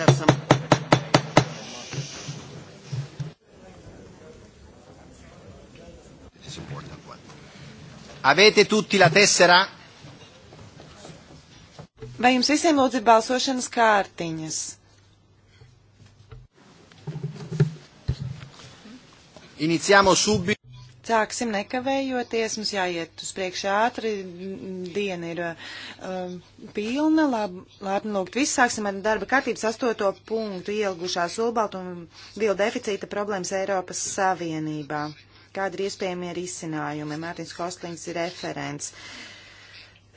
have some Avete tutti la tessera? Vai jums visiem lūdzu balsošanas kārtiņas? Iniziamo subito. Sāksim nekavējoties, mums jāiet uz priekšu ātri, diena ir um, pilna, labi, labi nu, lūgt. Viss sāksim ar darba kārtības astoto punktu ielgušā sulbaltu un vielu deficīta problēmas Eiropas Savienībā. Kāda ir iespējamie risinājumi? Mērķis Kostlings ir referents.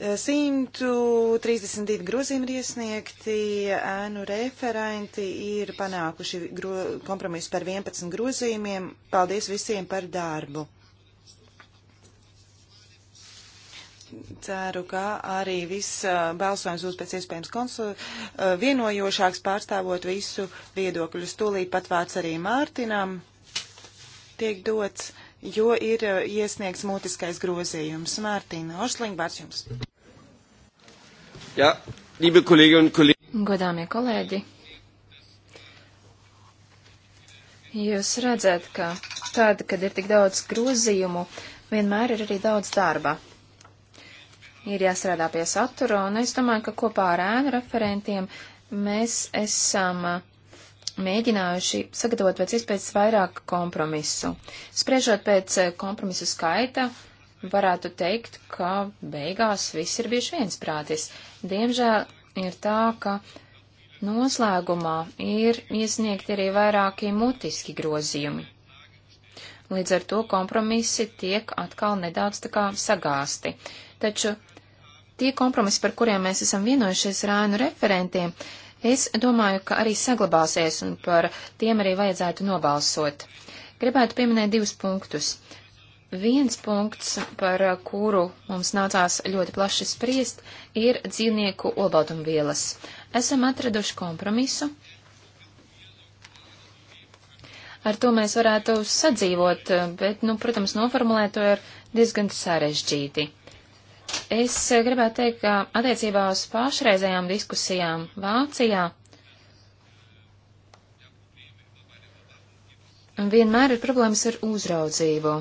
132 eh, grozījumi ir iesniegti, ēnu referenti ir panākuši gro, kompromisu par 11 grozījumiem. Paldies visiem par darbu! ceru, ka arī viss balsojums būs pēc iespējams konsul, vienojošāks, pārstāvot visu viedokļu. Stūlīt pat vārds arī Mārtinam tiek dots, jo ir iesniegts mutiskais grozījums. Mārtina, Ošling, vārds jums. Jā, liebe kolēģi un kolēģi. Godāmie kolēģi. Jūs redzat, ka tad, kad ir tik daudz grozījumu, vienmēr ir arī daudz darba ir jāstrādā pie satura, un es domāju, ka kopā ar ēnu referentiem mēs esam uh, mēģinājuši sagatavot pēc iespējas vairāk kompromisu. Spriežot pēc uh, kompromisu skaita, varētu teikt, ka beigās viss ir bijis viensprātis. Diemžēl ir tā, ka noslēgumā ir iesniegti arī vairāki mutiski grozījumi. Līdz ar to kompromisi tiek atkal nedaudz tā kā sagāsti. Taču tie kompromisi, par kuriem mēs esam vienojušies ar ēnu referentiem, es domāju, ka arī saglabāsies un par tiem arī vajadzētu nobalsot. Gribētu pieminēt divus punktus. Viens punkts, par kuru mums nācās ļoti plaši spriest, ir dzīvnieku olbaltumvielas. Esam atraduši kompromisu. Ar to mēs varētu sadzīvot, bet, nu, protams, noformulēt to ir diezgan sarežģīti. Es gribētu teikt, ka attiecībā uz pašreizējām diskusijām Vācijā vienmēr ir problēmas ar uzraudzību.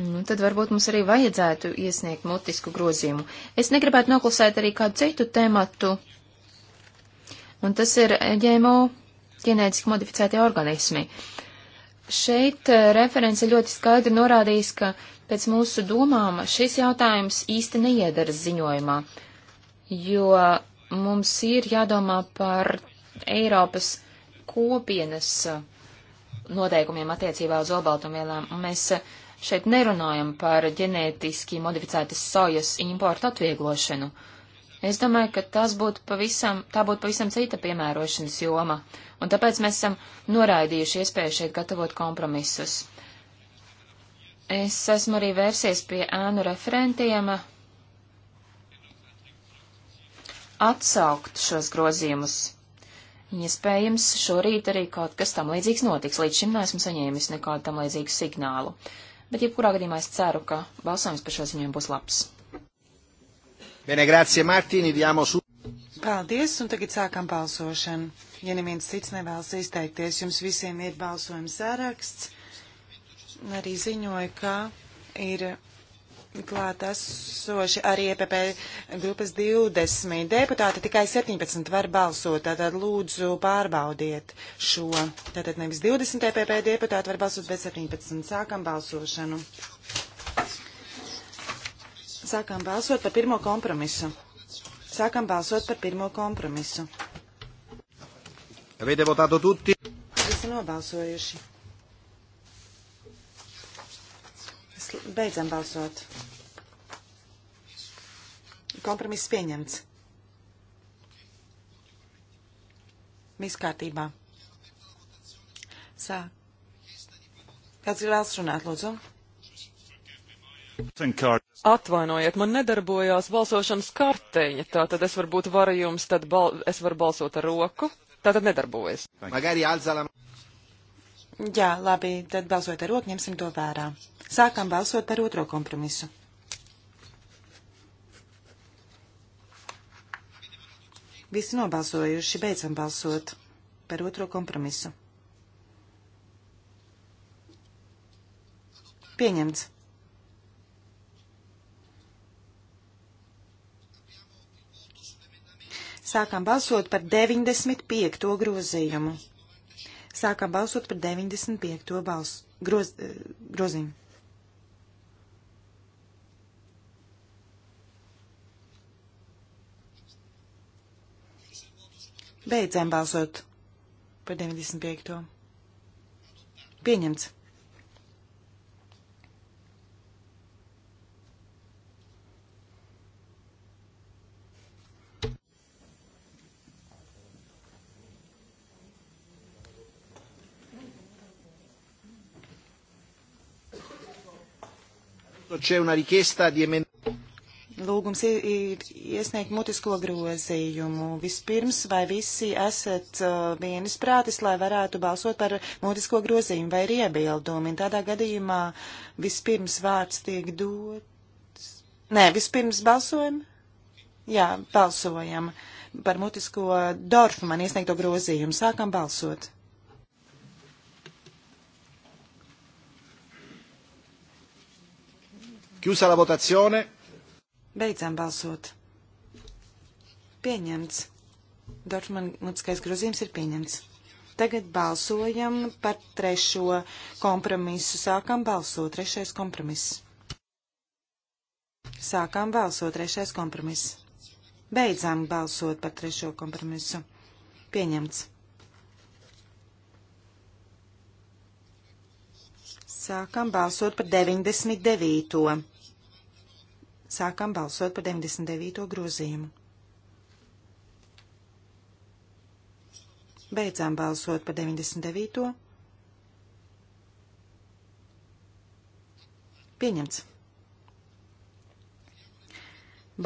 Nu, tad varbūt mums arī vajadzētu iesniegt mutisku grozījumu. Es negribētu noklusēt arī kādu citu tematu, un tas ir ģēmo ģenētiski modificētie organismi. Šeit eh, referents ir ļoti skaidri norādījis, ka Pēc mūsu domām šis jautājums īsti neiedaras ziņojumā, jo mums ir jādomā par Eiropas kopienas uh, noteikumiem attiecībā uz olbaltumvielām. Mēs uh, šeit nerunājam par ģenētiski modificētas sojas importu atvieglošanu. Es domāju, ka tas būtu pavisam, tā būtu pavisam cita piemērošanas joma, un tāpēc mēs esam noraidījuši iespēju šeit gatavot kompromisus. Es esmu arī vērsies pie ēnu referentiem atsaukt šos grozījumus. Iespējams, ja šorīt arī kaut kas tam līdzīgs notiks. Līdz šim neesmu saņēmis nekādu tam līdzīgu signālu. Bet jebkurā gadījumā es ceru, ka balsojums par šo ziņojumu būs labs. Bene, grazie, Martini, diamo su. Paldies, un tagad sākam balsošanu. Ja neviens cits nevēlas izteikties, jums visiem ir balsojums saraksts arī ziņoja, ka ir klāt esoši arī EPP grupas 20 deputāti, tikai 17 var balsot, tātad lūdzu pārbaudiet šo. Tātad nevis 20 EPP deputāti var balsot, bet 17. Sākam balsošanu. Sākam balsot par pirmo kompromisu. Sākam balsot par pirmo kompromisu. Avete votato tutti? Visi nobalsojuši. Beidzam balsot. Kompromiss pieņemts. Viss kārtībā. Sā. Kāds vēlas runāt, lūdzu? Atvainojiet, man nedarbojās balsošanas karteņa, tātad es varbūt varu jums, tad bal es varu balsot ar roku, tātad nedarbojas. Jā, labi, tad balsot ar roku, ņemsim to vērā. Sākam balsot par otro kompromisu. Visi nobalsojuši, beidzam balsot par otro kompromisu. Pieņemts. Sākām balsot par 95. grozījumu. Sākām balsot par 95. Balsu, groz, eh, grozījumu. Beidzām balsot par 95. Pieņemts. C'è una richiesta di emendamento lūgums ir iesniegt mutisko grozījumu. Vispirms, vai visi esat uh, vienisprātis, lai varētu balsot par mutisko grozījumu vai ir iebildumi? Tādā gadījumā vispirms vārds tiek dots. Nē, vispirms balsojam? Jā, balsojam par mutisko Dorfu man iesniegto grozījumu. Sākam balsot. Chiusa la votazione. Beidzām balsot. Pieņemts. Dorfman mutiskais grozījums ir pieņemts. Tagad balsojam par trešo kompromisu. Sākam balsot. Trešais kompromiss. Sākām balsot. Trešais kompromiss. Beidzām balsot par trešo kompromisu. Pieņemts. Sākam balsot par 99. Sākam balsot par 99. grozījumu. Beidzām balsot par 99. Pieņemts.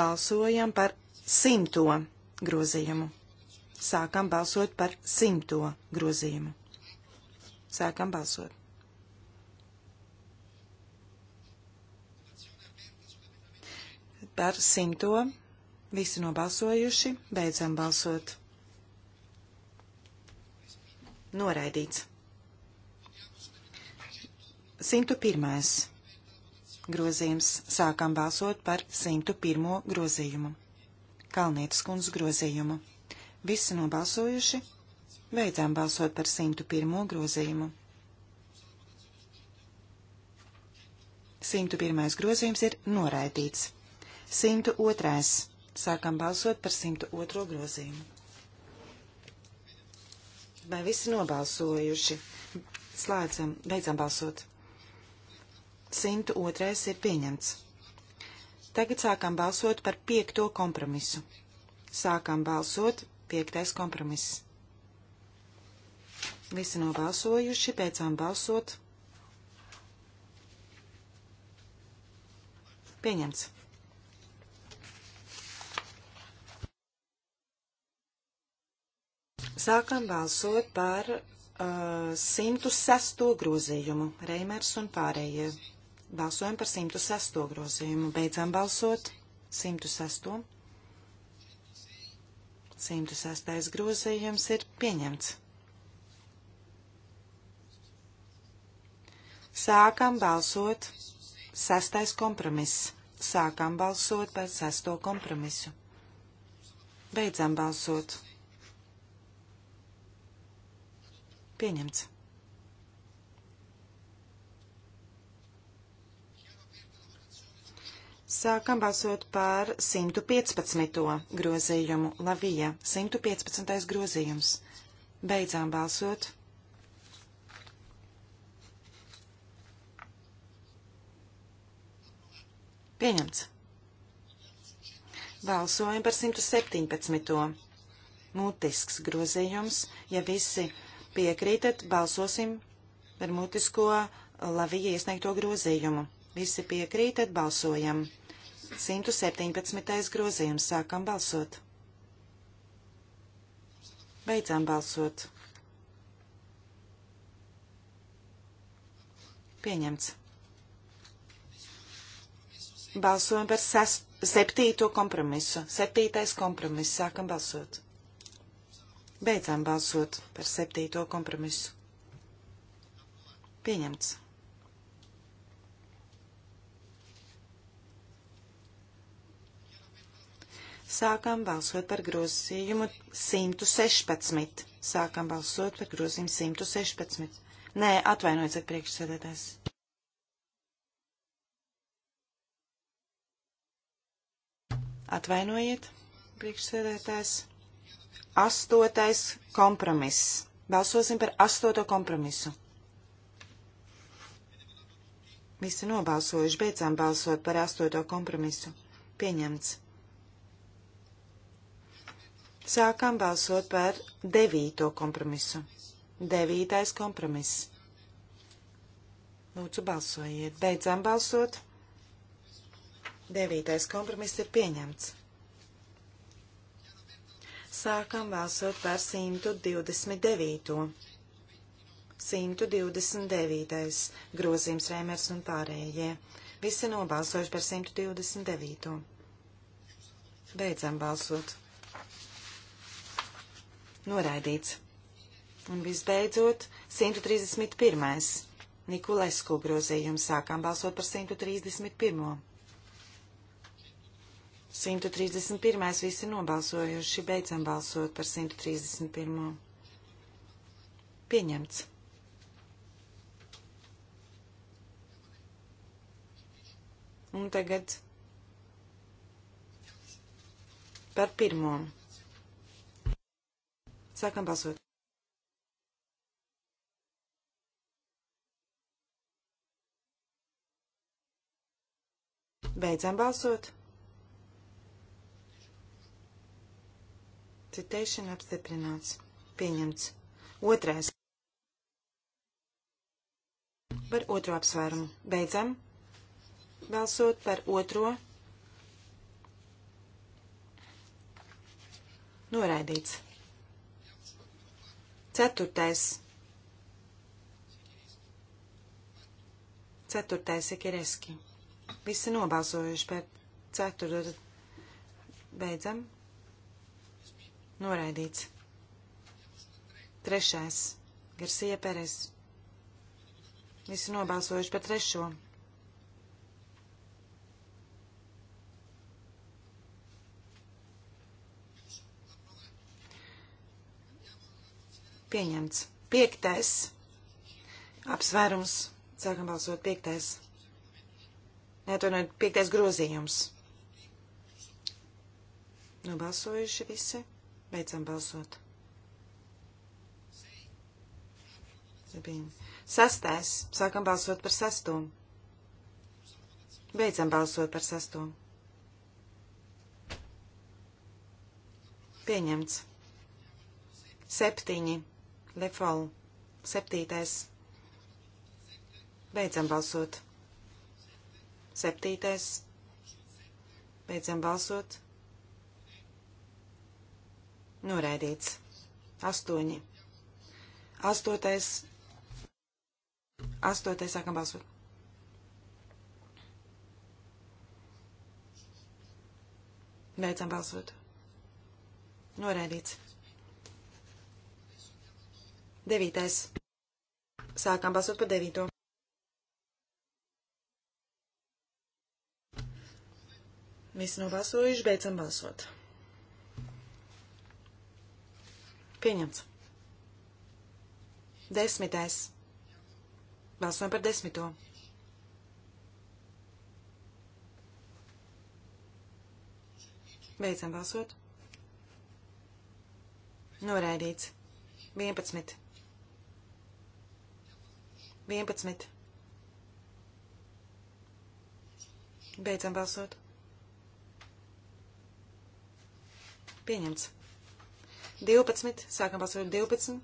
Balsojam par simto grozījumu. Sākam balsot par simto grozījumu. Sākam balsot. par simto. Visi nobalsojuši, beidzam balsot. Noraidīts. 101. grozījums. Sākam balsot par 101. grozījumu. Kalnietis kundz grozījumu. Visi nobalsojuši, beidzām balsot par 101. grozījumu. 101. grozījums ir noraidīts. 102. Sākam balsot par 102. grozījumu. Vai visi nobalsojuši? Slēdzam, beidzam balsot. 102. ir pieņemts. Tagad sākam balsot par piekto kompromisu. Sākam balsot piektais kompromiss. Visi nobalsojuši, beidzām balsot. Pieņemts. Sākam balsot par uh, 106. grozījumu. Reimers un pārējie. Balsojam par 106. grozījumu. Beidzam balsot. 106. 106. grozījums ir pieņemts. Sākam balsot. Sastais kompromiss. Sākam balsot par sesto kompromisu. Beidzam balsot. Pieņemts. Sākam balsot par 115. grozījumu. Lavija 115. grozījums. Beidzām balsot. Pieņemts. Balsojam par 117. Mutisks grozījums. Ja visi Piekrītat, balsosim par mutisko Lavija iesniegto grozījumu. Visi piekrītat, balsojam. 117. grozījums. Sākam balsot. Beidzām balsot. Pieņemts. Balsojam par sest, septīto kompromisu. Septītais kompromiss. Sākam balsot. Beidzām balsot par septīto kompromisu. Pieņemts. Sākām balsot par grozījumu 116. Sākām balsot par grozījumu 116. Nē, atvainojiet, cik priekšsēdētājs. Atvainojiet, priekšsēdētājs. Astotais kompromiss. Balsosim par astoto kompromisu. Visi nobalsojuši, beidzām balsot par astoto kompromisu. Pieņemts. Sākām balsot par devīto kompromisu. Devītais kompromiss. Lūdzu, balsojiet. Beidzām balsot. Devītais kompromiss ir pieņemts. Sākam balsot par 129. 129. grozījums Rēmers un pārējie. Visi nobalsojuši par 129. Beidzam balsot. Noraidīts. Un visbeidzot, 131. Nikulesku grozījums sākām balsot par 131. 131. visi nobalsojuši, beidzam balsot par 131. Pieņemts. Un tagad par pirmo. Sākam balsot. Beidzam balsot. Citēšana apstiprināts. Pieņemts. Otrais. Par otro apsvērumu. Beidzam. Balsot par otro. Noraidīts. Ceturtais. Ceturtais ir Kireski. Visi nobalsojuši par ceturto. Beidzam. Noraidīts. Trešais. Garsie Peres. Visi nobalsojuši par trešo. Pieņemts. Piektais. Apsvērums. Sākam balsot piektais. Neatvainojiet, piektais grozījums. Nobalsojuši visi. Beidzam balsot. Sabīna. Sastais. Sākam balsot par sesto. Beidzam balsot par sesto. Pieņemts. Septiņi. Lefol. Septītais. Beidzam balsot. Septītais. Beidzam balsot. Noraidīts. Astoņi. Astotais. Astotais sākam balsot. Beidzam balsot. Noraidīts. Devītais. Sākam balsot par devīto. Visi nobalsojuši, beidzam balsot. Pieņemts. Desmitais. Balsojam par desmito. Beidzam balsot. Noraidīts. 11. 11. Beidzam balsot. Pieņemts. 12. Sākam balsot 12.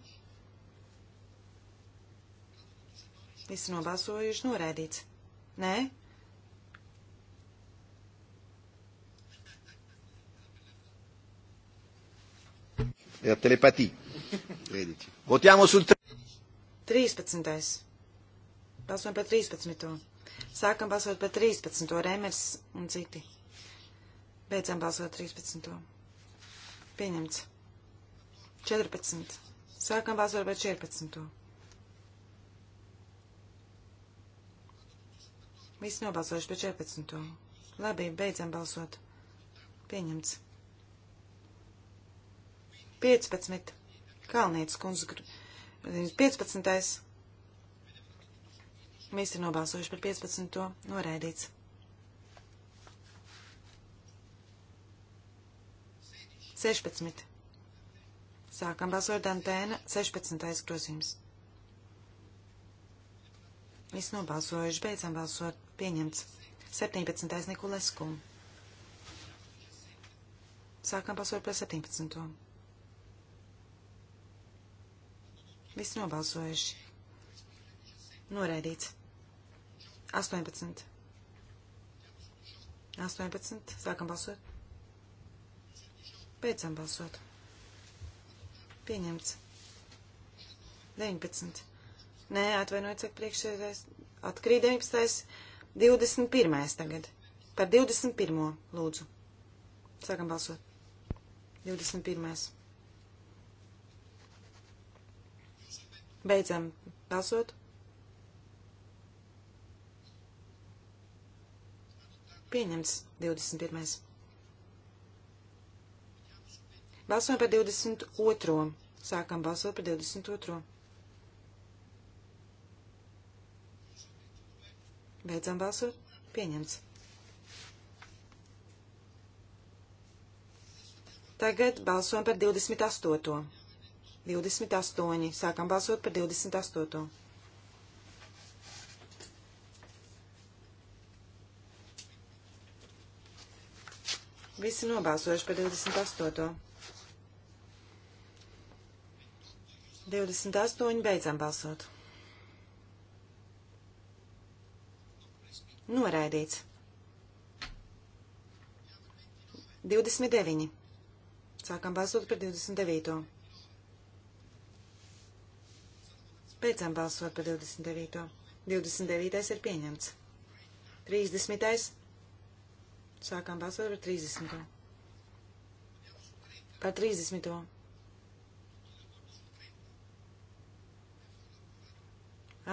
Visi nobalsojuši noraidīts. Nē? La telepatija. Votiamo sul 13. Balsojam par 13. Sākam balsot par 13. Remers un citi. Beidzam balsot 13. Pieņemts. 14. Sākam balsot par 14. Visi nobalsojuši par 14. Labi, beidzam balsot. Pieņemts. 15. Kalnietis kundze. 15. Visi ir nobalsojuši par 15. Noraidīts. 16. Sākam balsot Dantēna 16. grozījums. Viss nobalsojuši, beidzam balsot, pieņemts 17. Nikolesku. Sākam balsot par 17. Viss nobalsojuši. Noraidīts. 18. 18. Sākam balsot. Beidzam balsot pieņemts. 19. Nē, atvainojiet, cik priekšējais. Atkrīt 19. 21. tagad. Par 21. lūdzu. Sākam balsot. 21. Beidzam balsot. Pieņemts 21. Balsojam par 22. Sākam balsot par 22. Beidzam balsot. Pieņemts. Tagad balsojam par 28. 28. Sākam balsot par 28. Visi nobalsojuši par 28. 28. Beidzam balsot. Noraidīts. 29. Sākam balsot par 29. Beidzam balsot par 29. 29. ir pieņemts. 30. Sākam balsot par 30. Par 30.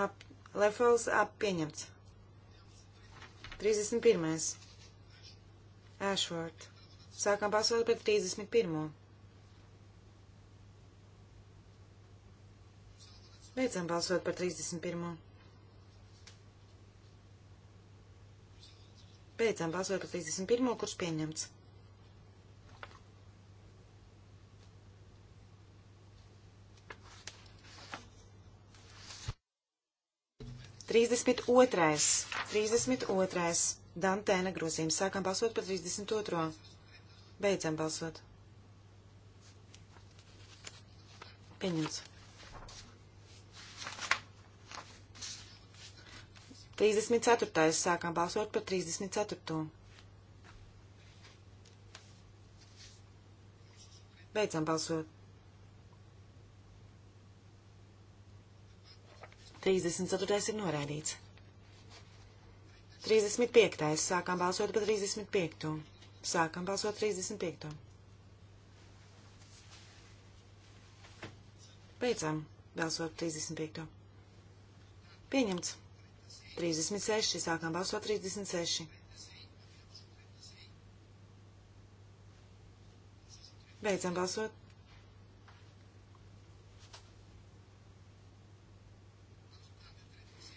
Ap, Lefels ap pieņemts. 31. Ashford. Sākam balsot par 31. Beidzam balsot par 31. Beidzam balsot par 31. kurš pieņemts. 32. 32. Dantēna grozījums. Sākam balsot par 32. Beidzam balsot. Pieņemts. 34. Sākam balsot par 34. Beidzam balsot. 34. ir noraidīts. 35. sākām balsot par 35. Sākam balsot 35. Beidzam balsot 35. Pieņemts. 36. Sākām balsot 36. Beidzam balsot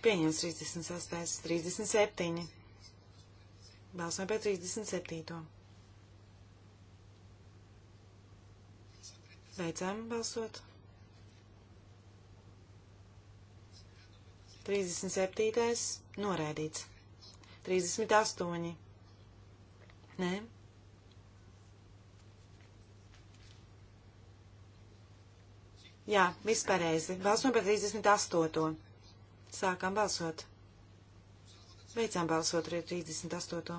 Pieņems 36. 37. Balsojam par 37. Beidzām balsot. 37. noraidīts. 38. Nē. Jā, viss pareizi. Balsojam par 38. Sākām balsot. Beidzām balsot arī 38.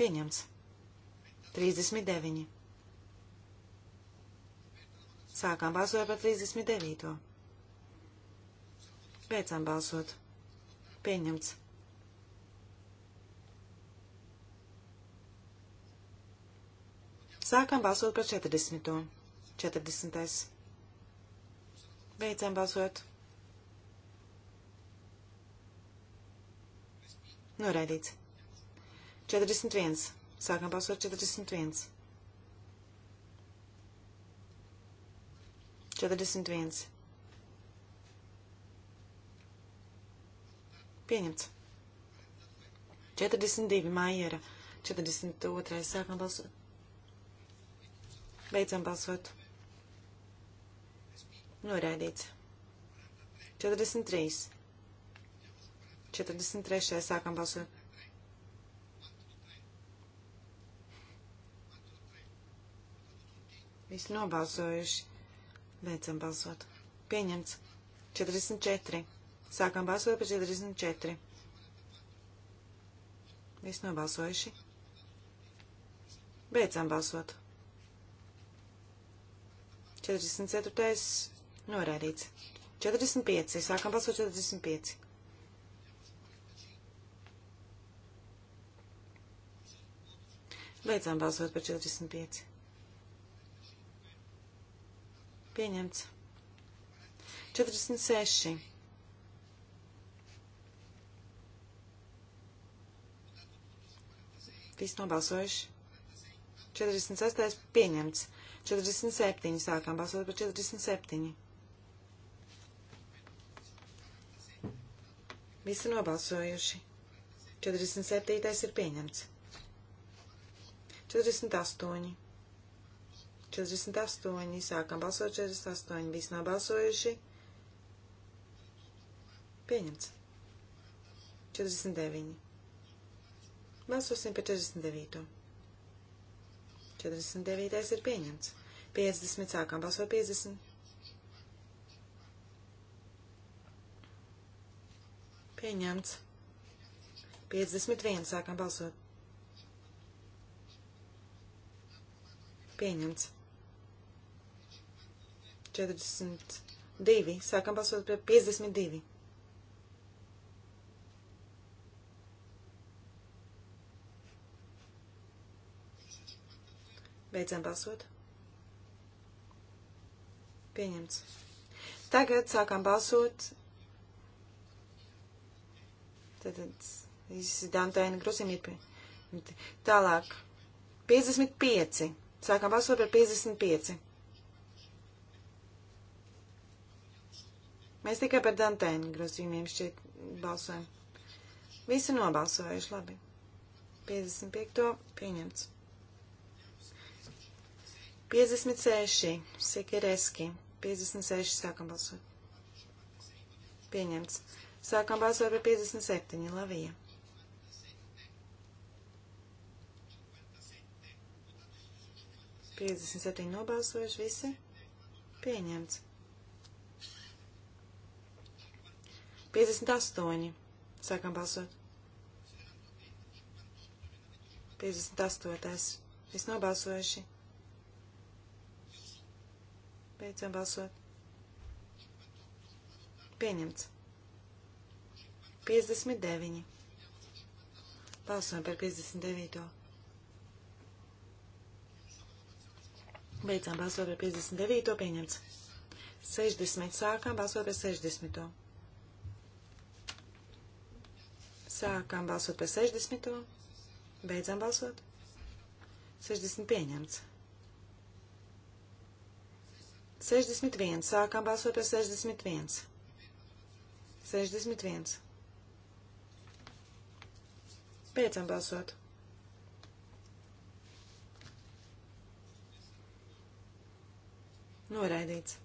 Pieņemts. 39. Sākām balsot par 39. Beidzām balsot. Pieņemts. Sākām balsot par 40. 40. Beidzām balsot. Noraidīts. 41. Sākam balsot 41. 41. Pieņemts. 42. Maiera. 42. Sākam balsot. Beidzam balsot. Noraidīts. 43. 43. sākam balsot. Visi nobalsojuši. Beidzam balsot. Pieņemts. 44. Sākam balsot par 44. Visi nobalsojuši. Beidzam balsot. 44. Norādīts. 45. Sākam balsot 45. Beidzām balsot par 45. Pieņemts. 46. Viss nobalsojuši. 46. pieņemts. 47. sākām balsot par 47. Visi nobalsojuši. 47. ir pieņemts. 48. 48. Sākam balsot 48. Visi nobalsojuši. Pieņemts. 49. Balsosim par 49. 49. ir pieņemts. 50. Sākam balsot 50. Pieņemts. 51. Sākam balsot. Pieņemts. 42. Sākam balsot par 52. Beidzam balsot. Pieņemts. Tagad sākam balsot. Tad izsidām tā viena grozījuma ir. Tālāk. 55. Sākam balsot par 55. Mēs tikai par dantēnu grozījumiem šķiet balsojam. Visi nobalsojuši labi. 55. pieņemts. 56. Sikereski. 56. Sākam balsot. Pieņemts. Sākam balsot par 57. Lavija. 57 nobalsojuši visi. Pieņemts. 58. Sākam balsot. 58. Viss nobalsojuši. Beidzam balsot. Pieņemts. 59. Balsojam par 59. Beidzām balsot par 59. pieņemts. 60. Sākām balsot par 60. Sākām balsot par 60. Beidzām balsot. 60 pieņemts. 61. Sākām balsot par 61. 61. Beidzam balsot. Noraidīts.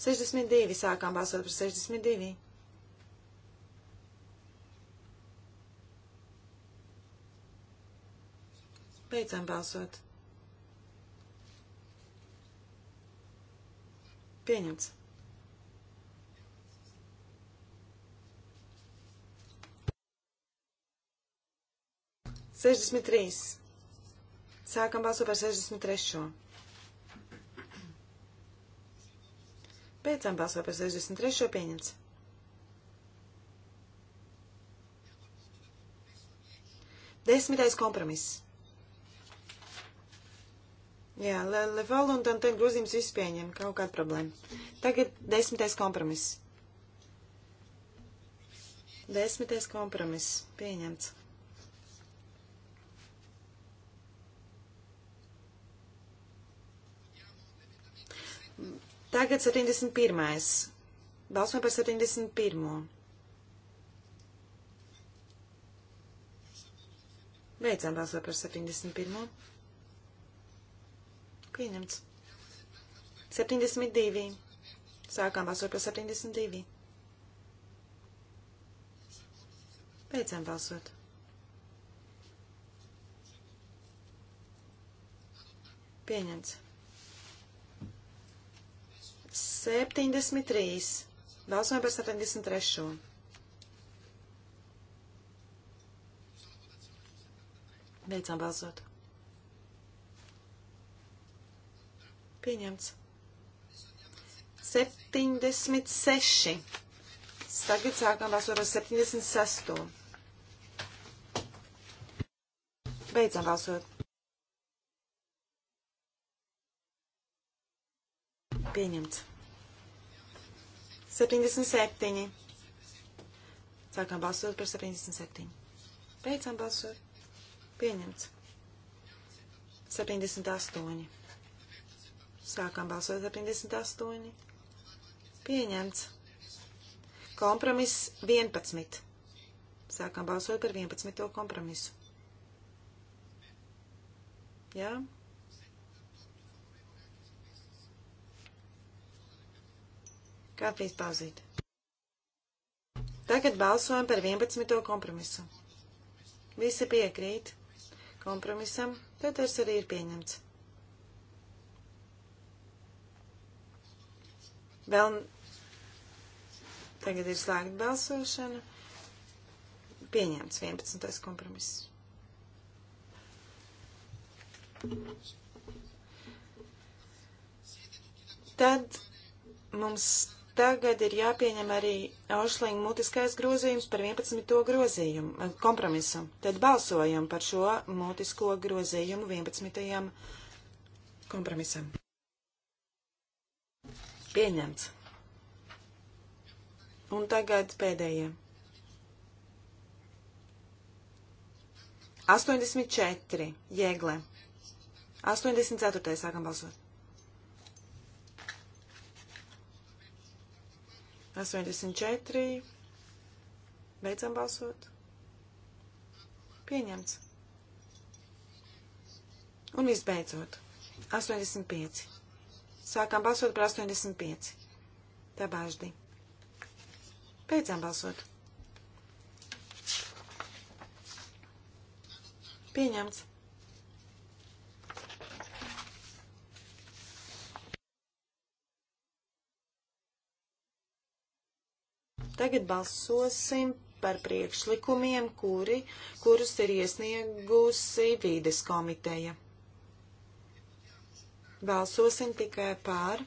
62. Sākām balsot par 62. Beidzām balsot. Pieņemts. Sešdesmit trīs. Sākam balsot par 63. Beidzam balsot par 63. pieņemts. Desmitais kompromiss. Jā, Levalu un Tanten grozījums viss pieņem, kaut kāda problēma. Tagad desmitais kompromiss. Desmitais kompromiss pieņemts. Tagad 71. Balsojam par 71. Beidzām balsot par 71. Pieņemts. 72. Sākām balsot par 72. Beidzām balsot. Pieņemts. 73. Balsojam par 73. Beidzām balsot. Pieņemts. 76. Tagad sākam balsot par 76. Beidzām balsot. Pieņemts. 77. Sākām balsot par 77. Beidzām balsot. Pieņemts. 78. Sākām balsot 78. Pieņemts. Kompromiss 11. Sākām balsot par 11. kompromisu. Jā. Ja? Kafijas pauzīte. Tagad balsojam par 11. kompromisu. Visi piekrīt kompromisam, tad tas arī ir pieņemts. Vēl tagad ir slēgta balsošana. Pieņemts 11. kompromiss. Tad mums tagad ir jāpieņem arī Ošlinga mutiskais grozījums par 11. grozījumu, eh, kompromisu. Tad balsojam par šo mutisko grozījumu 11. kompromisam. Pieņemts. Un tagad pēdējie. 84. Jēgle. 84. sākam balsot. 84. Beidzam balsot. Pieņemts. Un visbeidzot, 85. Sākām balsot par 85. Tabāždi. Beidzām balsot. Pieņemts. Tagad balsosim par priekšlikumiem, kuri, kurus ir iesniegusi vīdes komiteja. Balsosim tikai par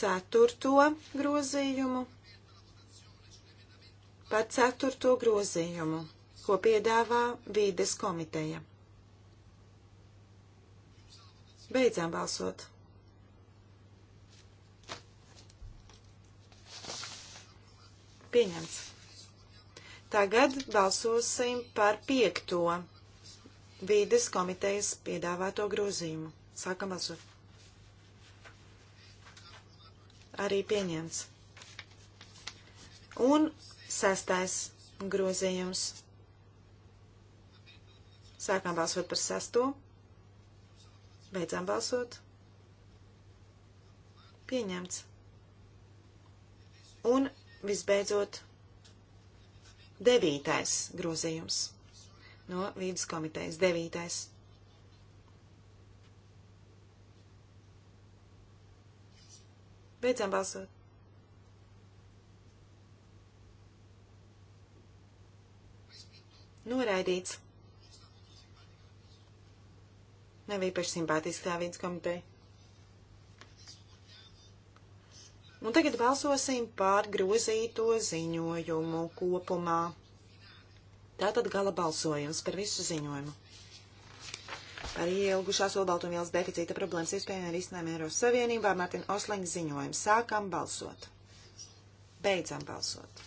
ceturto grozījumu, par ceturto grozījumu, ko piedāvā vīdes komiteja. Beidzām balsot. pieņemts. Tagad balsosim par piekto vīdes komitejas piedāvāto grozījumu. Sākam balsot. Arī pieņemts. Un sestais grozījums. Sākam balsot par sesto. Beidzam balsot. Pieņemts. Un visbeidzot, devītais grozījums no vīdas komitejas. Devītais. Beidzam balsot. Noraidīts. Nav īpaši simpātiski tā vīdas komiteja. Un tagad balsosim par grozīto ziņojumu kopumā. Tātad gala balsojums par visu ziņojumu. Par ielgušās olbaltumvielas deficīta problēmas iespējami risinājumu Eiropas Savienībā Martina Osliņa ziņojumu. Sākam balsot. Beidzam balsot.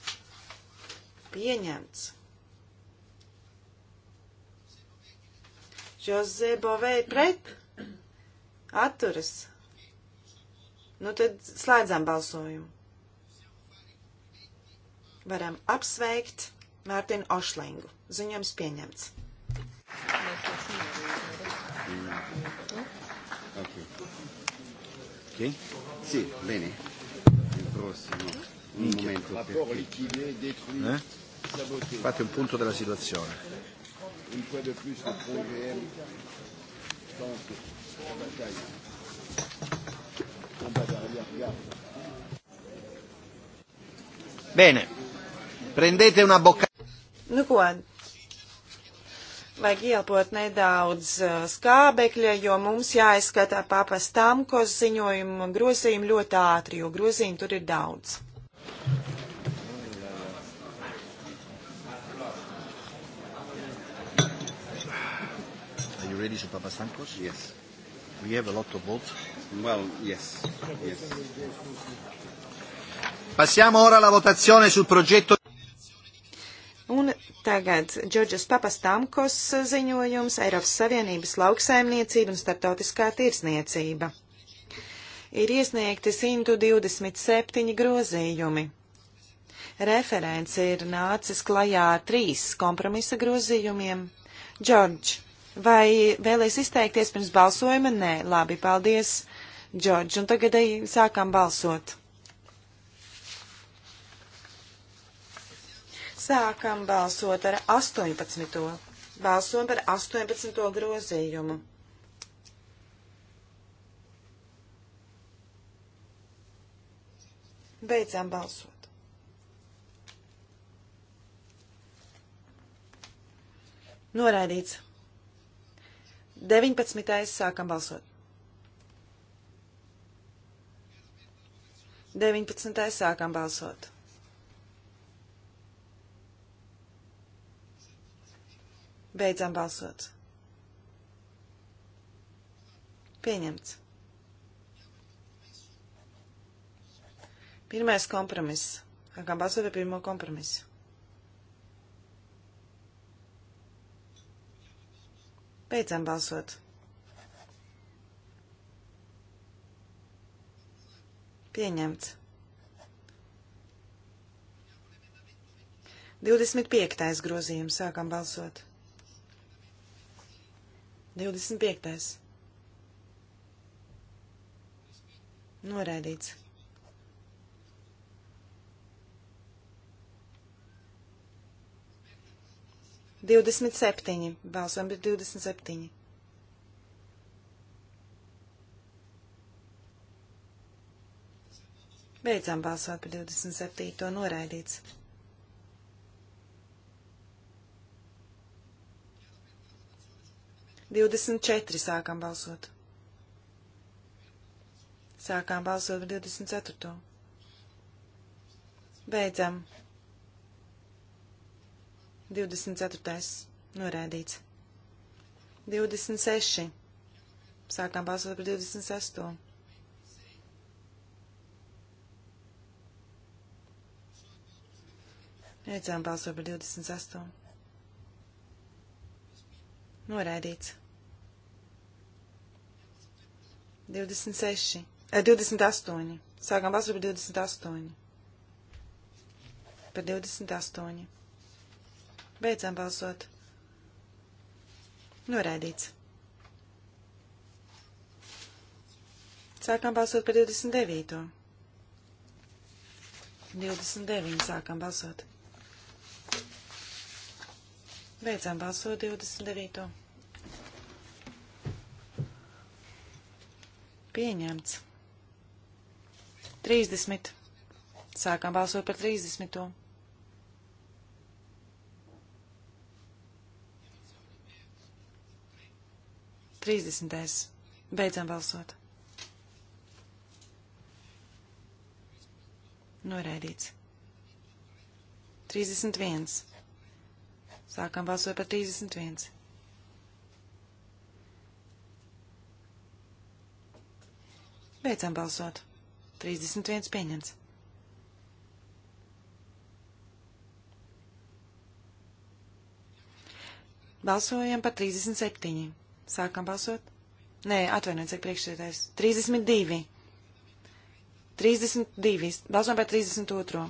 Pieņemts. Jose Bovei pret atturas. Nu tad slēdzam balsojumu. Varam apsveikt Mārtiņu Ošlingu. Ziņojums pieņemts. Okay. Okay. Sì, bene. Il prossimo. Un momento. Rapporto liquidier, détruit, eh? saboté. Fate un punto della situazione. Une fois de plus, le eh. programme tente la bataille. Bene, prendete una boccata. Nu ko, vajag ielpot nedaudz uh, skābekļa, jo mums jāizskatā papas Tamkos ziņojumu grozījumu ļoti ātri, jo grozījumu tur ir daudz. Are you ready to Papa Stamkos? Yes. We have a lot of votes. Well, yes. yes. Passiamo ora alla votazione sul progetto. Un tagad Džordžas Papastamkos ziņojums Eiropas Savienības lauksaimniecība un startautiskā tirsniecība. Ir iesniegti 127 grozījumi. Referents ir nācis klajā ar trīs kompromisa grozījumiem. Džordž, vai vēlēs izteikties pirms balsojuma? Nē, labi, paldies. Džordž. Un tagad ej, sākam balsot. Sākam balsot ar 18. Balsojam par 18. grozījumu. Beidzām balsot. Noraidīts. 19. sākam balsot. 19. sākam balsot. Beidzam balsot. Pieņemts. Pirmais kompromiss. Sākam balsot par pirmo kompromisu. Beidzam balsot. Pieņemts. 25. grozījums. Sākam balsot. 25. Noraidīts. Divdesmit septiņi. Balsojam, bet divdesmit septiņi. Beidzām balsot par 27. noraidīts. Divdesmit četri sākām balsot. Sākām balsot par 24. Beidzam. 24. Norēdīts. 26. Sākām balsot par 26. Redzām balso par 28. Noraidīts. 26. Eh, 28. Sākam balsot par 28. Eh, par 28. Beidzām balsot. Noraidīts. Sākam balsot par 29. 29. Sākam balsot. Beidzām balsot 29. Pieņemts. 30. Sākām balsot par 30. Trīsdesmitais. Beidzam balsot. Noraidīts. 31. Sākam balsot par 31. Beidzam balsot. 31 pieņemts. Balsojam par 37. Sākam balsot. Nē, atvainojiet, cik priekšsēdētājs. 32. 32. Balsojam par 32.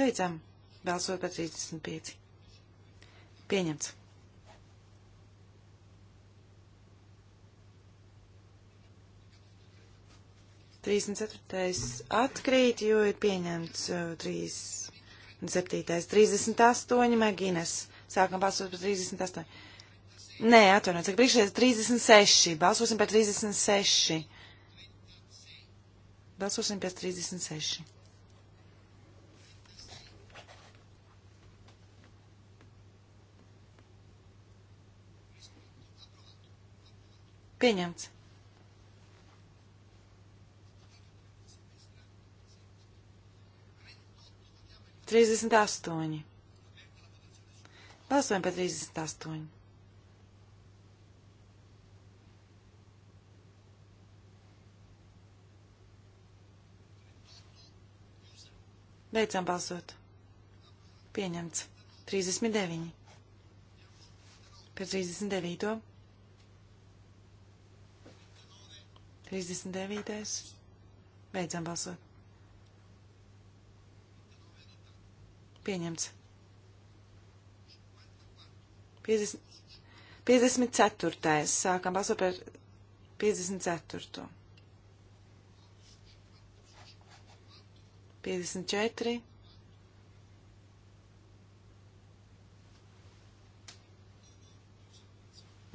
Beidzam balsot par 35. Pieņemts. Trīsdesmit ceturtais atkrīt, jo ir pieņemts uh, trīs un septītais. Trīsdesmit astoņi Magines. Sākam balsot par trīsdesmit astoņi. Nē, atvainojiet, saka priekšējais 36. Balsosim par 36. Balsosim pēc 36. Pieņemts. Trīsdesmit astoņi. Balsojam par trīsdesmit astoņi. Beidzam balsot. Pieņemts. 39. Par 39. 39. Beidzam balsot. Pieņemts. 50, 54. Sākam balsot par 54. 54.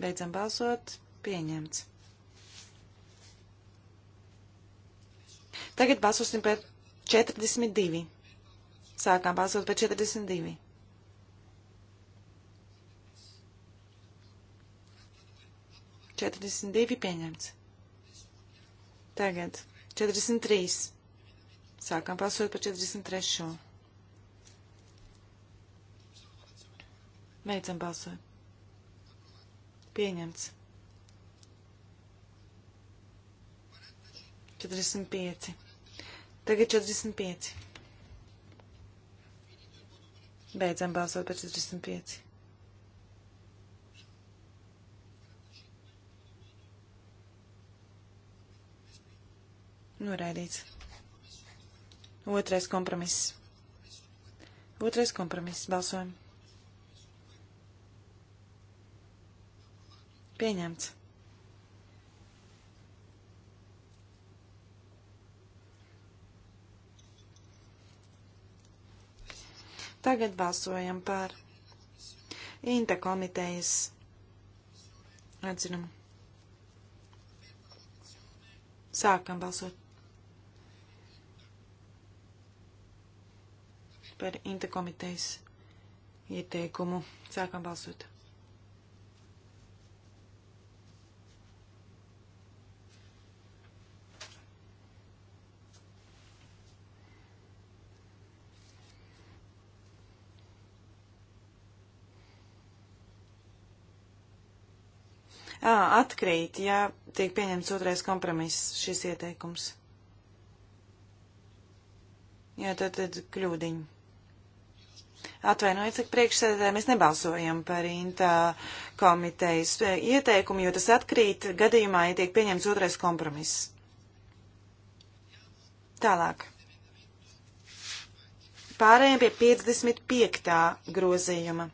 Beidzam balsot. Pieņemts. Tagad balsosim par 42. Sākām balsot par 42. Četrdesmit divi pieņemts. Tagad četrdesmit trīs. Sākam balsot par 43. Beidzam balsot. Pieņemts. 45. Tagad 45. Beidzam balsot par 45. Noraidīts. Otrais kompromiss. Otrais kompromiss. Balsojam. Pieņemts. Tagad balsojam par Inta komitejas atzinumu. Sākam balsot par Inta komitejas ieteikumu. Sākam balsot. atkrīt, ja tiek pieņemts otrais kompromiss šis ieteikums. Jā, tad, tad kļūdiņa. Atvainojiet, cik priekšsēdētāji mēs nebalsojam par intā komitejas ieteikumu, jo tas atkrīt gadījumā, ja tiek pieņemts otrais kompromiss. Tālāk. Pārējiem pie 55. grozījuma.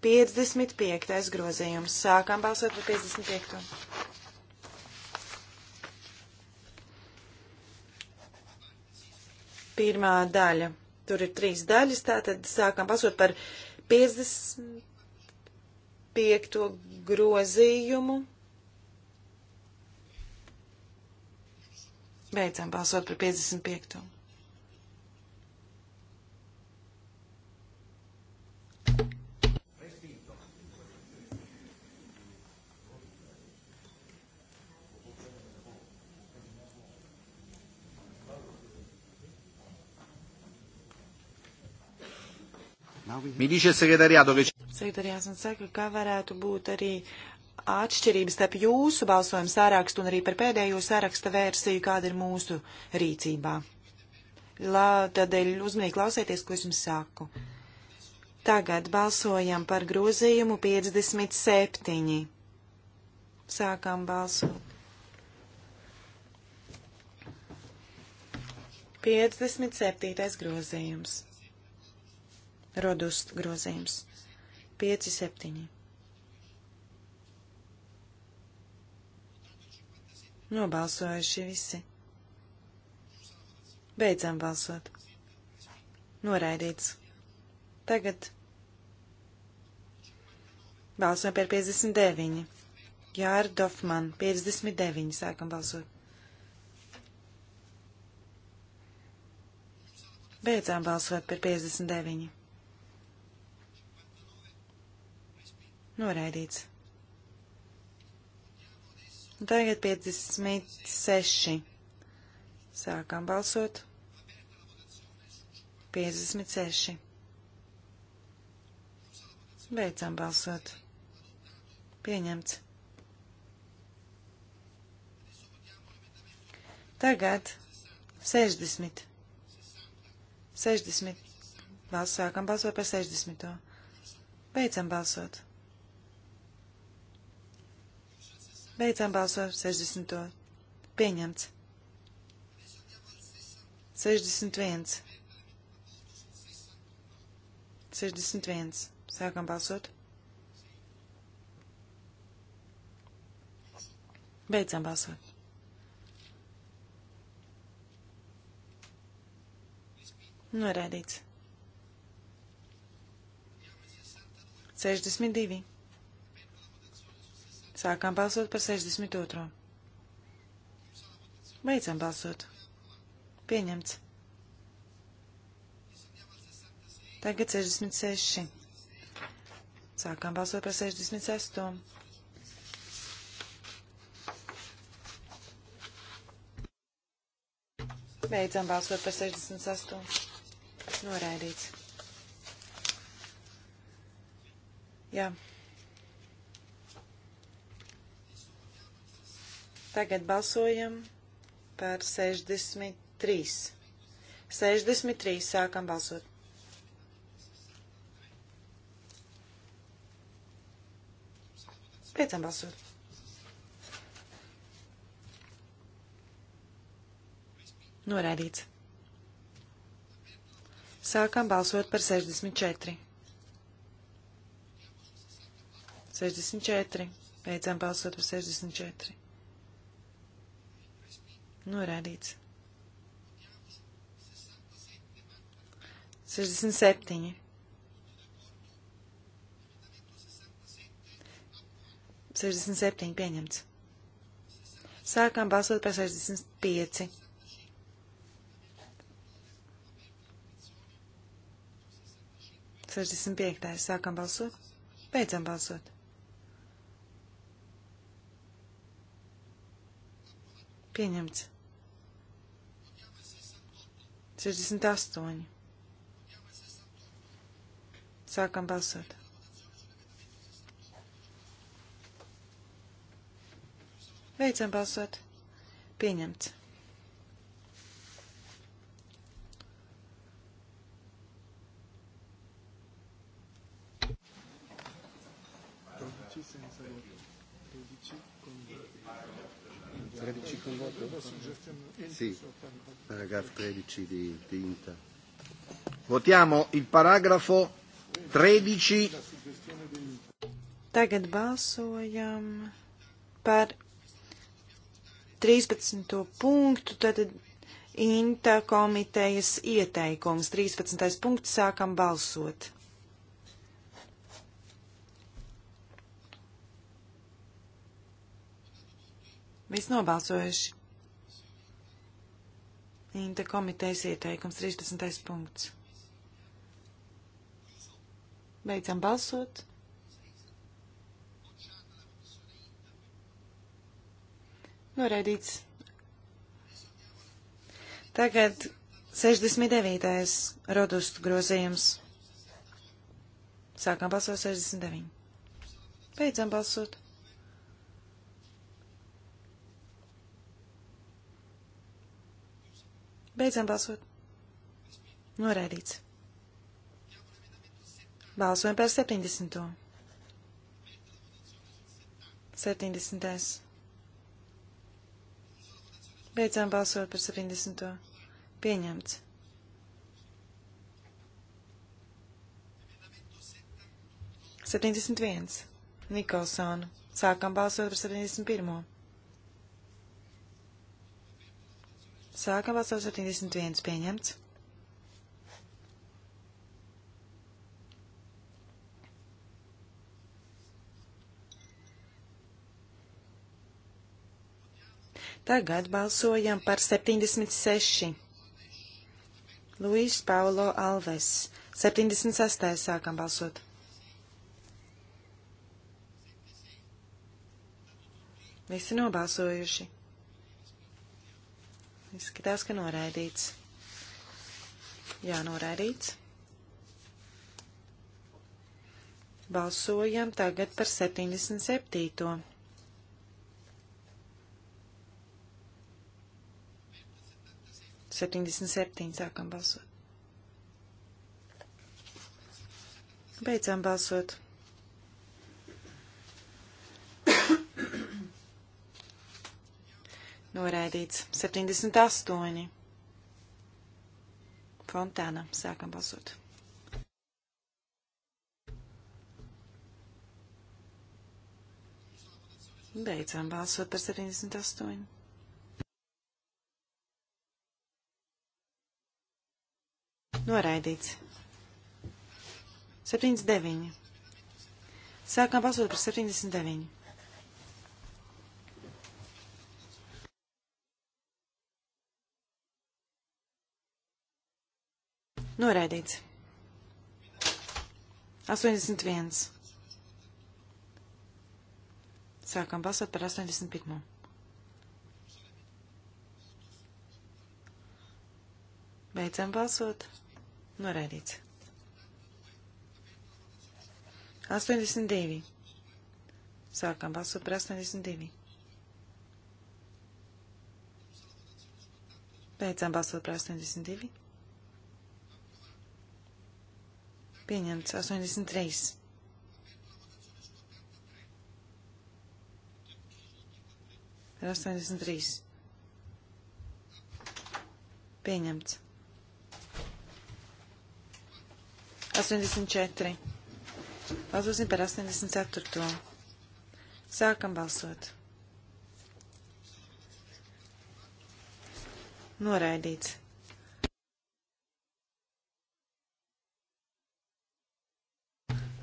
55. grozījums. Sākam balsot par 55. Pirmā daļa. Tur ir trīs daļas, tātad sākam balsot par 55. grozījumu. Beidzam balsot par 55. Mi dice segretariāto, ka... Sekretariāts man saka, kā varētu būt arī atšķirības starp jūsu balsojumu sārakstu un arī par pēdējo sāraksta versiju, kāda ir mūsu rīcībā. La, tādēļ uzmanīgi klausieties, ko es jums saku. Tagad balsojam par grozījumu 57. Sākam balsot. 57. grozījums. Rodust grozījums. 5, 7. Nobalsojuši visi. Beidzam balsot. Noraidīts. Tagad balsojam par 59. Jāra Dofman, 59. Sākam balsot. Beidzām balsot par 59. Noraidīts. Un tagad 56. Sākam balsot. 56. Beidzam balsot. Pieņemts. Tagad 60. 60. Balsākam balsot par 60. Beidzam balsot. Beidzām balsot 60. Pieņemts. 61. 61. Sākam balsot. Beidzām balsot. Norādīts. 62. Sākām balsot par 62. Beidzam balsot. Pieņemts. Tagad 66. Sākām balsot par 68. Beidzam balsot par 68. Noraidīts. Jā. Yeah. Tagad balsojam par 63. 63. Sākam balsot. Beidzam balsot. Noraidīts. Sākam balsot par 64. 64. Beidzam balsot par 64. Norādīts. 67. 67 pieņemts. Sākām balsot par 65. Sešdesmit piektais. Sākam balsot. Beidzam balsot. Pieņemts. 68. Sākam balsot. Beidzam balsot. Pieņemts. 13 col voto? Sì, paragrafo 13 di, di INTA. Votiamo il paragrafo 13. Tagad balsojam par 13. punktu, tātad INTA komitejas ieteikums. 13. punkts sākam balsot. Viss nobalsojuši. Inta komitejas ieteikums 30. punkts. Beidzam balsot. Noraidīts. Tagad 69. rodustu grozījums. Sākam balsot 69. Beidzam balsot. Beidzam balsot. Noraidīts. Balsojam par 70. 70. Beidzām balsot par 70. Pieņemts. Septiņdesmit viens. Nikolsona. Sākam balsot par septiņdesmit pirmo. Sākam balsot 71 pieņemts. Tagad balsojam par 76. Luis Paulo Alves. 76. sākam balsot. Visi nobalsojuši. Izskatās, ka noraidīts. Jā, noraidīts. Balsojam tagad par 77. Septiņdesmit septiņi sākam balsot. Beidzām balsot. Noraidīts. 78. Fontāna. Sākam balsot. Beidzām balsot par 78. Noraidīts. 79. Sākam balsot par 79. Noraidīts. 81. Sākam balsot par 81. Beidzam balsot. Noraidīts. 82. Sākam balsot par 82. Beidzam balsot par 82. Pieņemts 83. Ir 83. Pieņemts. 84. Balsosim par 84. Sākam balsot. Noraidīts.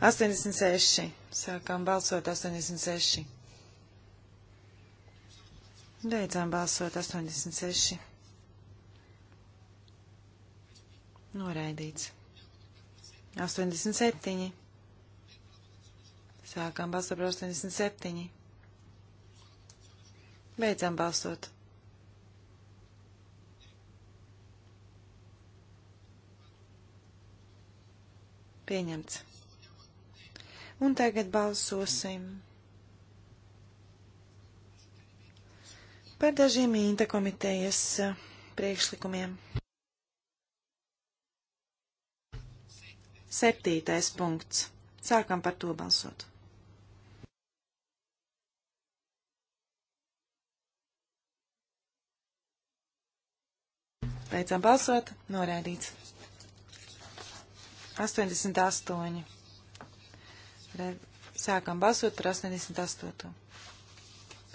86. Sākām balsot 86. Beidzām balsot 86. Noraidīts. 87. Sākām balsot par 87. Beidzām balsot. Pieņemts. Un tagad balsosim par dažiem īnta komitejas eh, priekšlikumiem. Septītais punkts. Sākam par to balsot. Beidzam balsot, norādīts. 88. Re, sākam balsot par 88.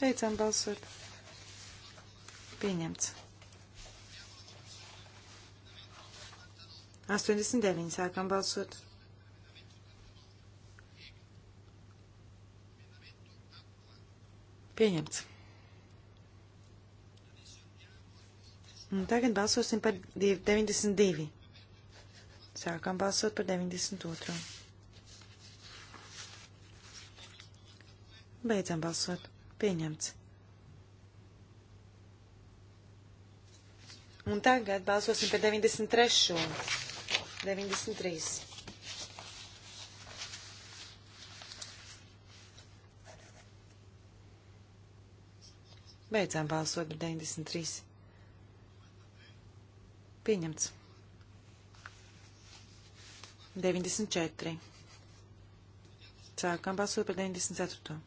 Beidzam balsot. Pieņemts. 89. Sākam balsot. Pieņemts. Un tagad balsosim par 92. Sākam balsot par 92. Beidzam balsot. Pieņemts. Un tagad balsosim par 93. 93. Beidzām balsot par 93. Pieņemts. 94. Sākam balsot par 94.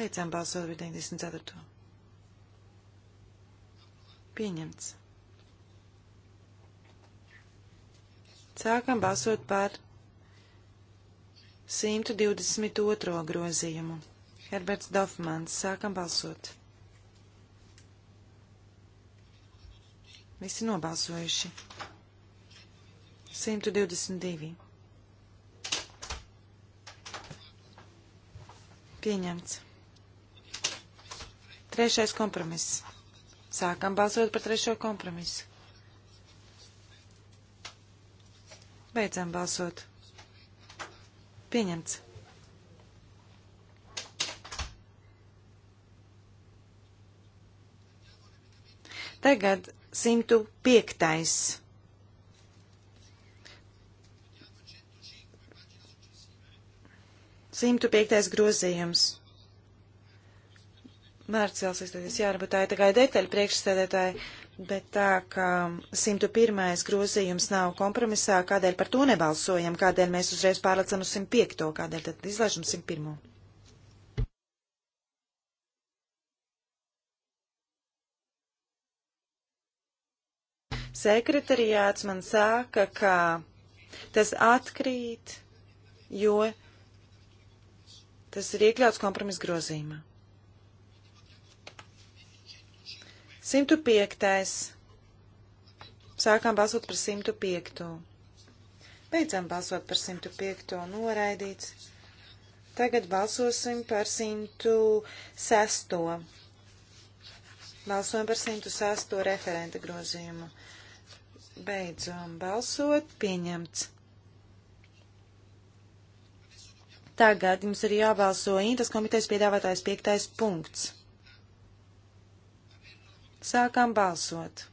Beidzām balsot par 94. Pieņemts. Sākam balsot par 122. grozījumu. Herberts Dofmans. Sākam balsot. Visi nobalsojuši. 122. Pieņemts. Trešais kompromiss. Sākam balsot par trešo kompromisu. Beidzam balsot. Pieņemts. Tagad 105. Simtu piektais grozījums. Mērķis izdoties, jā, varbūt tā ir tikai detaļa priekšsēdētāji, bet tā, ka 101. grozījums nav kompromisā, kādēļ par to nebalsojam, kādēļ mēs uzreiz pārlecam uz 105. kādēļ tad izlaižam 101. Sekretariāts man saka, ka tas atkrīt, jo tas ir iekļauts kompromisa grozījumā. 105. Sākām balsot par 105. Beidzām balsot par 105. noraidīts. Tagad balsosim par 106. Balsojam par 106. referenta grozījumu. Beidzam balsot. Pieņemts. Tagad mums ir jābalso Intas komitejas piedāvātājs piektais punkts. Sākam balsot.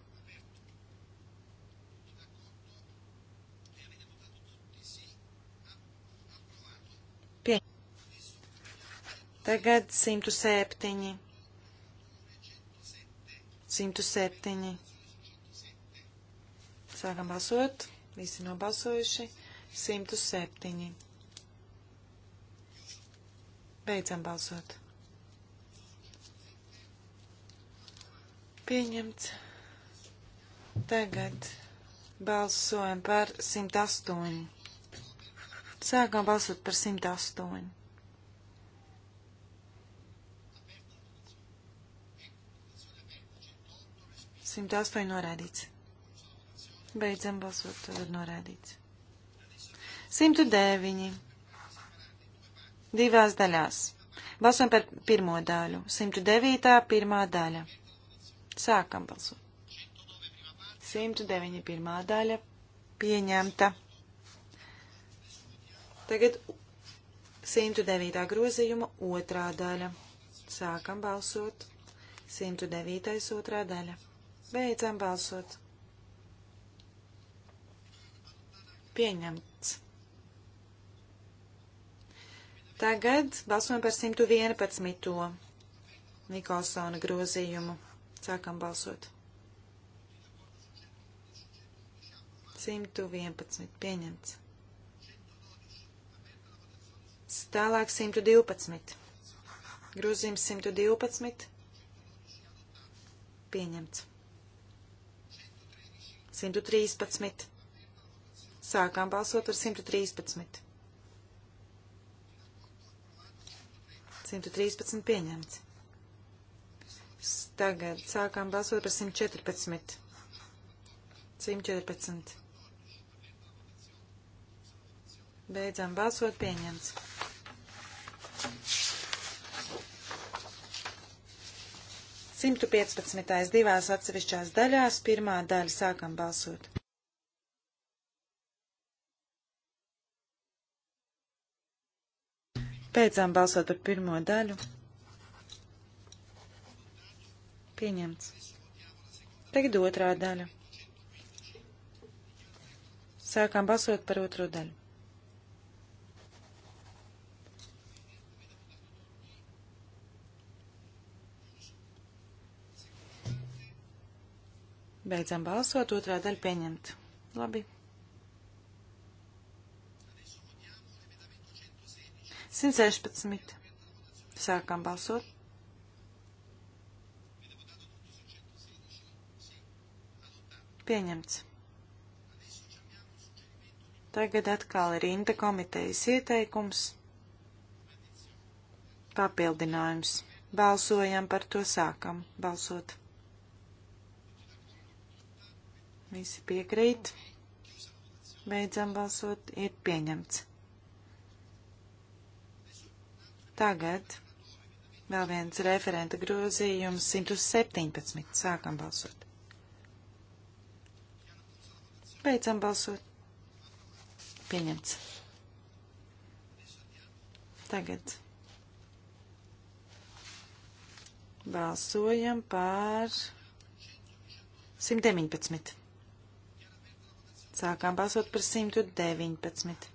Pie. Tagad 107. 107. Sākam balsot. Visi nobalsojuši. 107. Beidzam balsot. Pieņemts. Tagad balsojam par 108. Sākam balsot par 108. Simt astoņi norādīts. Beidzam balsot, tad ir norādīts. 109. Divās daļās. Balsojam par pirmo daļu. 109. pirmā daļa. Sākam balsot. 109. pirmā daļa pieņemta. Tagad 109. grozījuma otrā daļa. Sākam balsot. 109. otrā daļa. Beidzam balsot. Pieņemts. Tagad balsojam par 111. Nikolsona grozījumu. Sākam balsot. 111. Pieņemts. Tālāk 112. Grūzījums 112. Pieņemts. 113. Sākām balsot ar 113. 113 pieņemts. Tagad sākām balsot par 114. 114. Beidzām balsot pieņemts. Simtu piecpadsmitais divās atsevišķās daļās, pirmā daļa sākam balsot. Beidzām balsot par pirmo daļu. Pieņemts. Tagad otrā daļa. Sākām balsot par otro daļu. Beidzam balsot, otrā daļa pieņemta. Labi. 116. Sākām balsot. Pieņemts. Tagad atkal ir Inta komitejas ieteikums. Papildinājums. Balsojam par to sākam balsot. Visi piekrīt. Beidzam balsot. Ir pieņemts. Tagad vēl viens referenta grozījums 117. Sākam balsot. Beidzam balsot. Pieņemts. Tagad balsojam par 119. Sākām balsot par 119.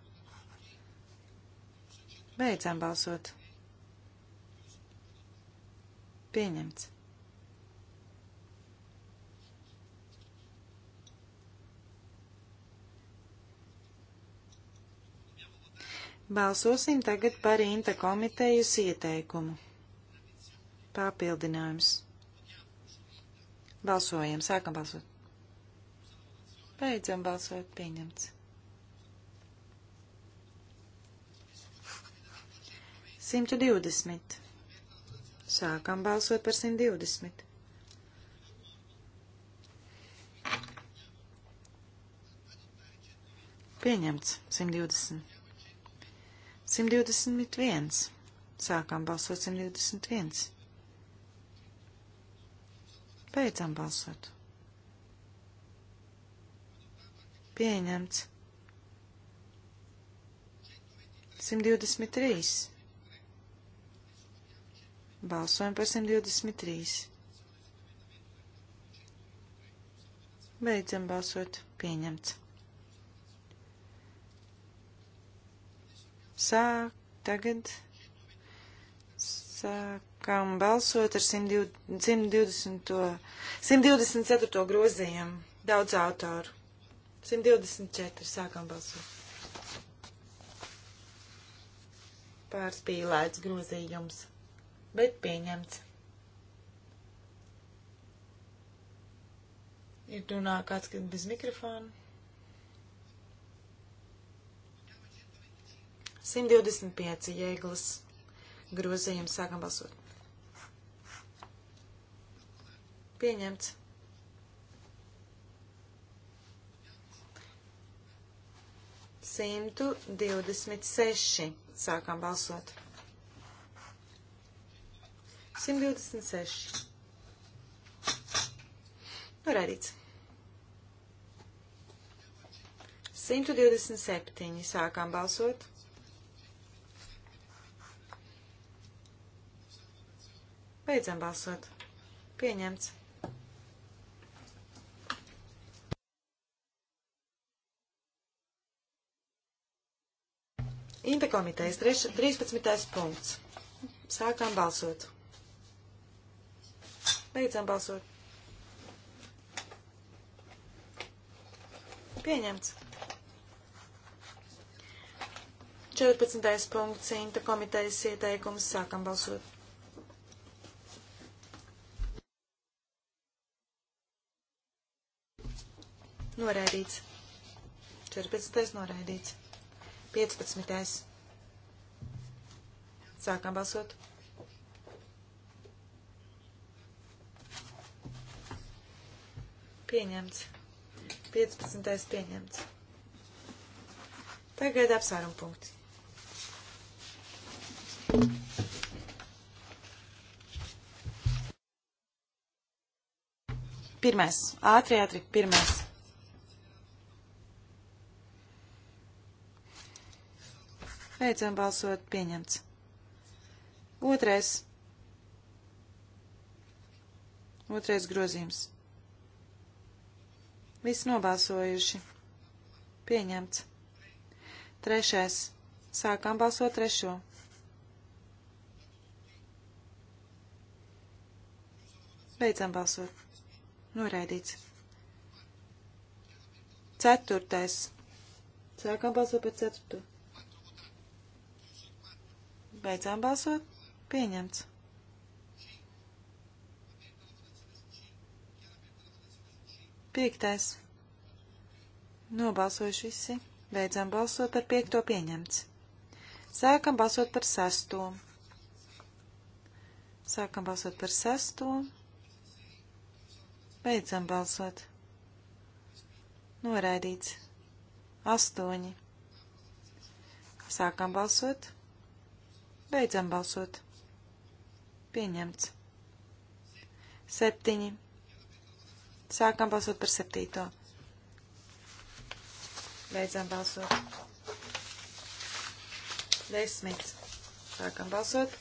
Beidzām balsot. Pieņemts. Balsosim tagad par Inta komitejas ieteikumu. Papildinājums. Balsojam, sākam balsot. Beidzam balsot, pieņemts. Simtu divdesmit. Sākam balsot par 120. Pieņemts 120. 121. Sākām balsot 121. Beidzam balsot. Pieņemts. 123. Balsojam par 123. Beidzam balsot. Pieņemts. Sāk tagad. Sākam balsot ar 120, 124. grozījumu. Daudz autoru. 124. Sākam balsot. Pārspīlēts grozījums, bet pieņemts. Ir runā kāds, kad bez mikrofona. 125 jēglas grozījums. Sākam balsot. Pieņemts. Simtu divdesmit seši. Sākam balsot. 126. Norādīts. 127. Sākām balsot. Beidzam balsot. Pieņemts. Impe komitejas 13. punkts. Sākām balsot. Beidzam balsot. Pieņemts. 14. punkts. Impe komitejas ieteikums. Sākām balsot. Noraidīts. 14. noraidīts. 15. Sākam balsot. Pieņemts. 15. pieņemts. Tagad apsvērumu punkts. Pirmais. Ātri, ātri. Pirmais. Beidzam balsot. Pieņemts. Otrais. Otrais grozījums. Viss nobalsojuši. Pieņemts. Trešais. Sākam balsot trešo. Beidzam balsot. Noraidīts. Ceturtais. Sākam balsot par ceturto. Beidzām balsot. Pieņemts. Piektais. Nobalsojuši visi. Beidzām balsot par piekto pieņemts. Sākam balsot par sesto. Sākam balsot par sesto. Beidzam balsot. Noraidīts. Astoņi. Sākam balsot. Beidzam balsot. Pieņemts. Septiņi. Sākam balsot par septīto. Beidzam balsot. Desmit. Sākam balsot.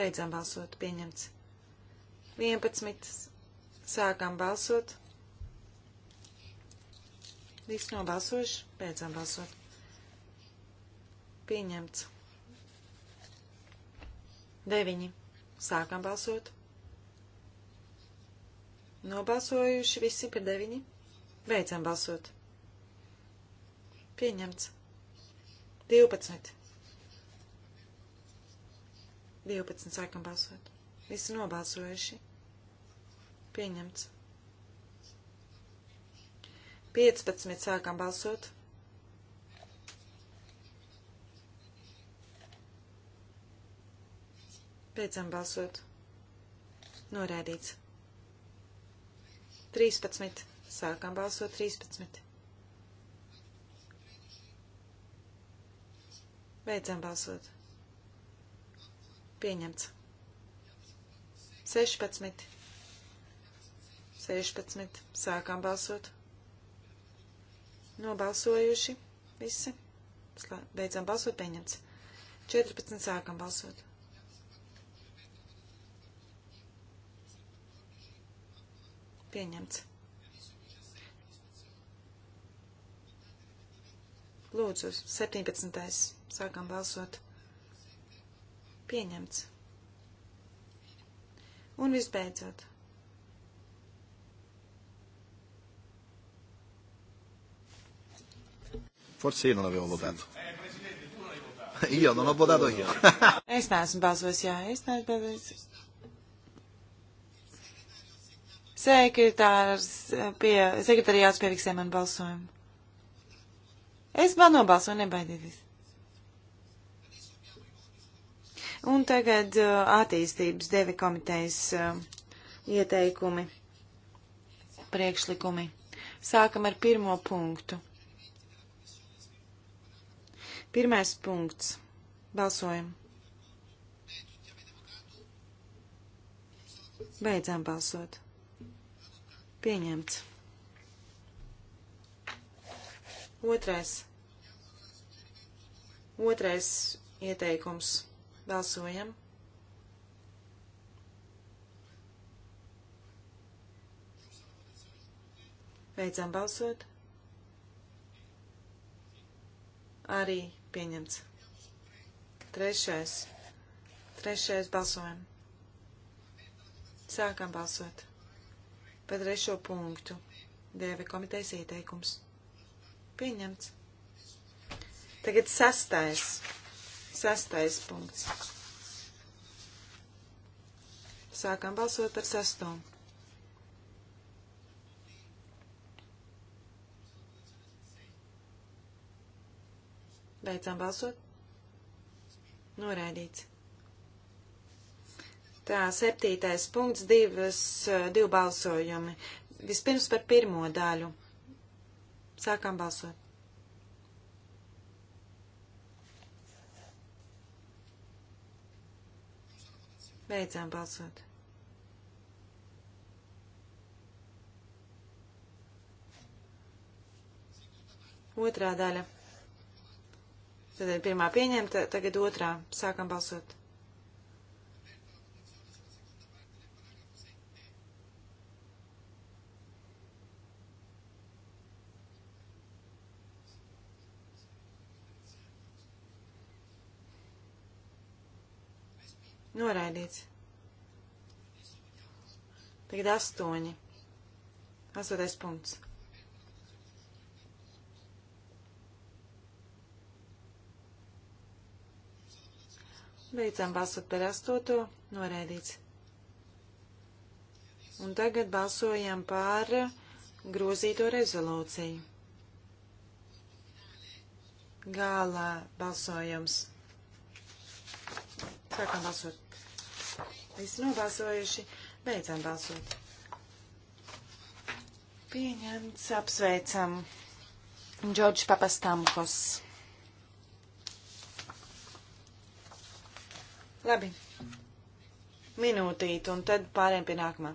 Beidzam balsot. Pieņemts. Vienpadsmit. Sākam balsot. Viss nobalsojuši, beidzam balsot. Pieņemts. Deviņi. Sākam balsot. Nobalsojuši visi par deviņi. Beidzam balsot. Pieņemts. 12. 12. Sākam balsot. Visi nobalsojuši. Pieņemts. 15. Sākam balsot. Beidzam balsot. Norēdīts. 13. Sākam balsot 13. Beidzam balsot. Pieņemts. 16. 16. Sākam balsot. Nobalsojuši visi. Beidzam balsot, pieņemts. 14. sākam balsot. Pieņemts. Lūdzu, 17. sākam balsot. Pieņemts. Un visbeidzot. Forse io non avevo eh, votato. Io non ho votato io. es neesmu balsojis, jā, es neesmu balsojis. Sekretārs pie, sekretariāts pierakstīja man balsojumu. Es man nobalsoju, nebaidieties. Un tagad uh, attīstības devi komitejas uh, ieteikumi, priekšlikumi. Sākam ar pirmo punktu. Pirmais punkts. Balsojam. Beidzām balsot. Pieņemts. Otrais. Otrais ieteikums. Balsojam. Beidzām balsot. Arī Pieņemts. Trešais. Trešais balsojam. Sākam balsot. Par trešo punktu. Dēvi komitejas ieteikums. Pieņemts. Tagad sastais. Sastais punkts. Sākam balsot par sastumu. Beidzām balsot. Noraidīts. Tā, septītais punkts, divas, eh, divi balsojumi. Vispirms par pirmo daļu. Sākām balsot. Beidzām balsot. Otrā daļa. Tad ir pirmā pieņemta, tagad otrā. Sākam balsot. Noraidīts. Tagad astoņi. Astotais punkts. Beidzām balsot par astoto, noraidīts. Un tagad balsojam par grozīto rezolūciju. Gālā balsojums. Sākam balsot. Visi nobalsojuši. Beidzam balsot. Pieņemts, apsveicam. Džordžs Papastamkos. Labi. Minūtīt, un tad pārējiem pie nākamā.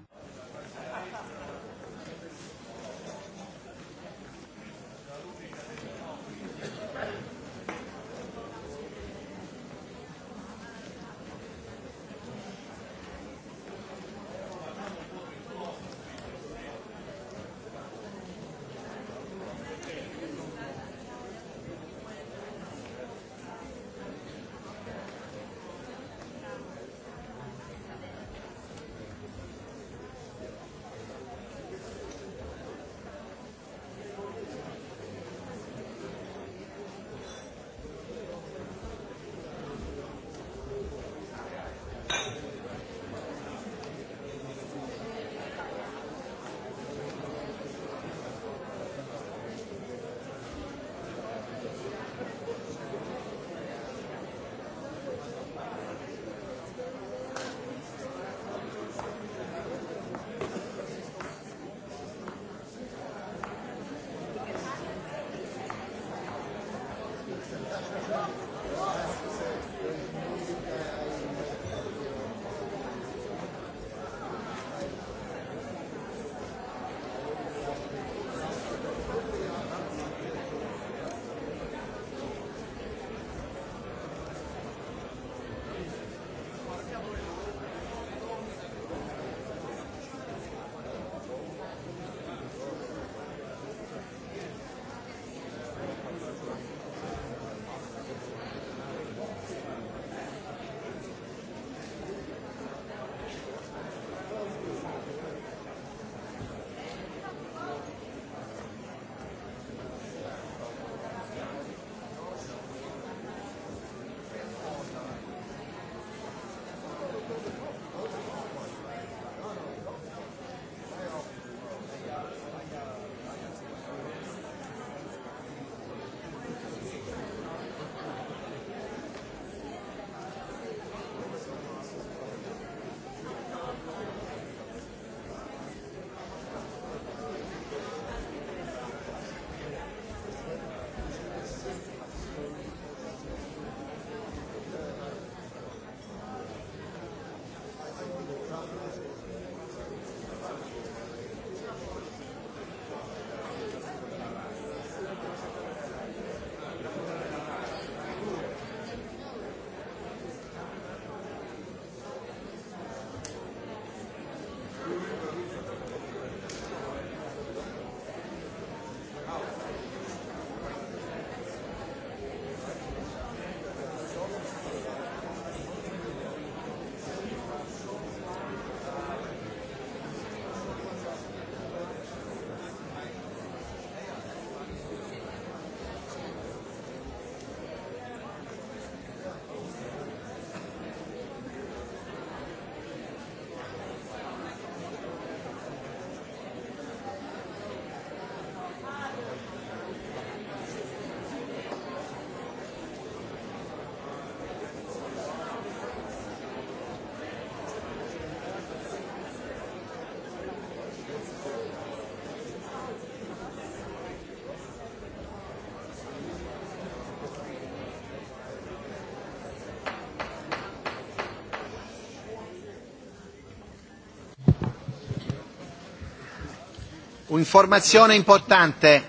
Informazione importante.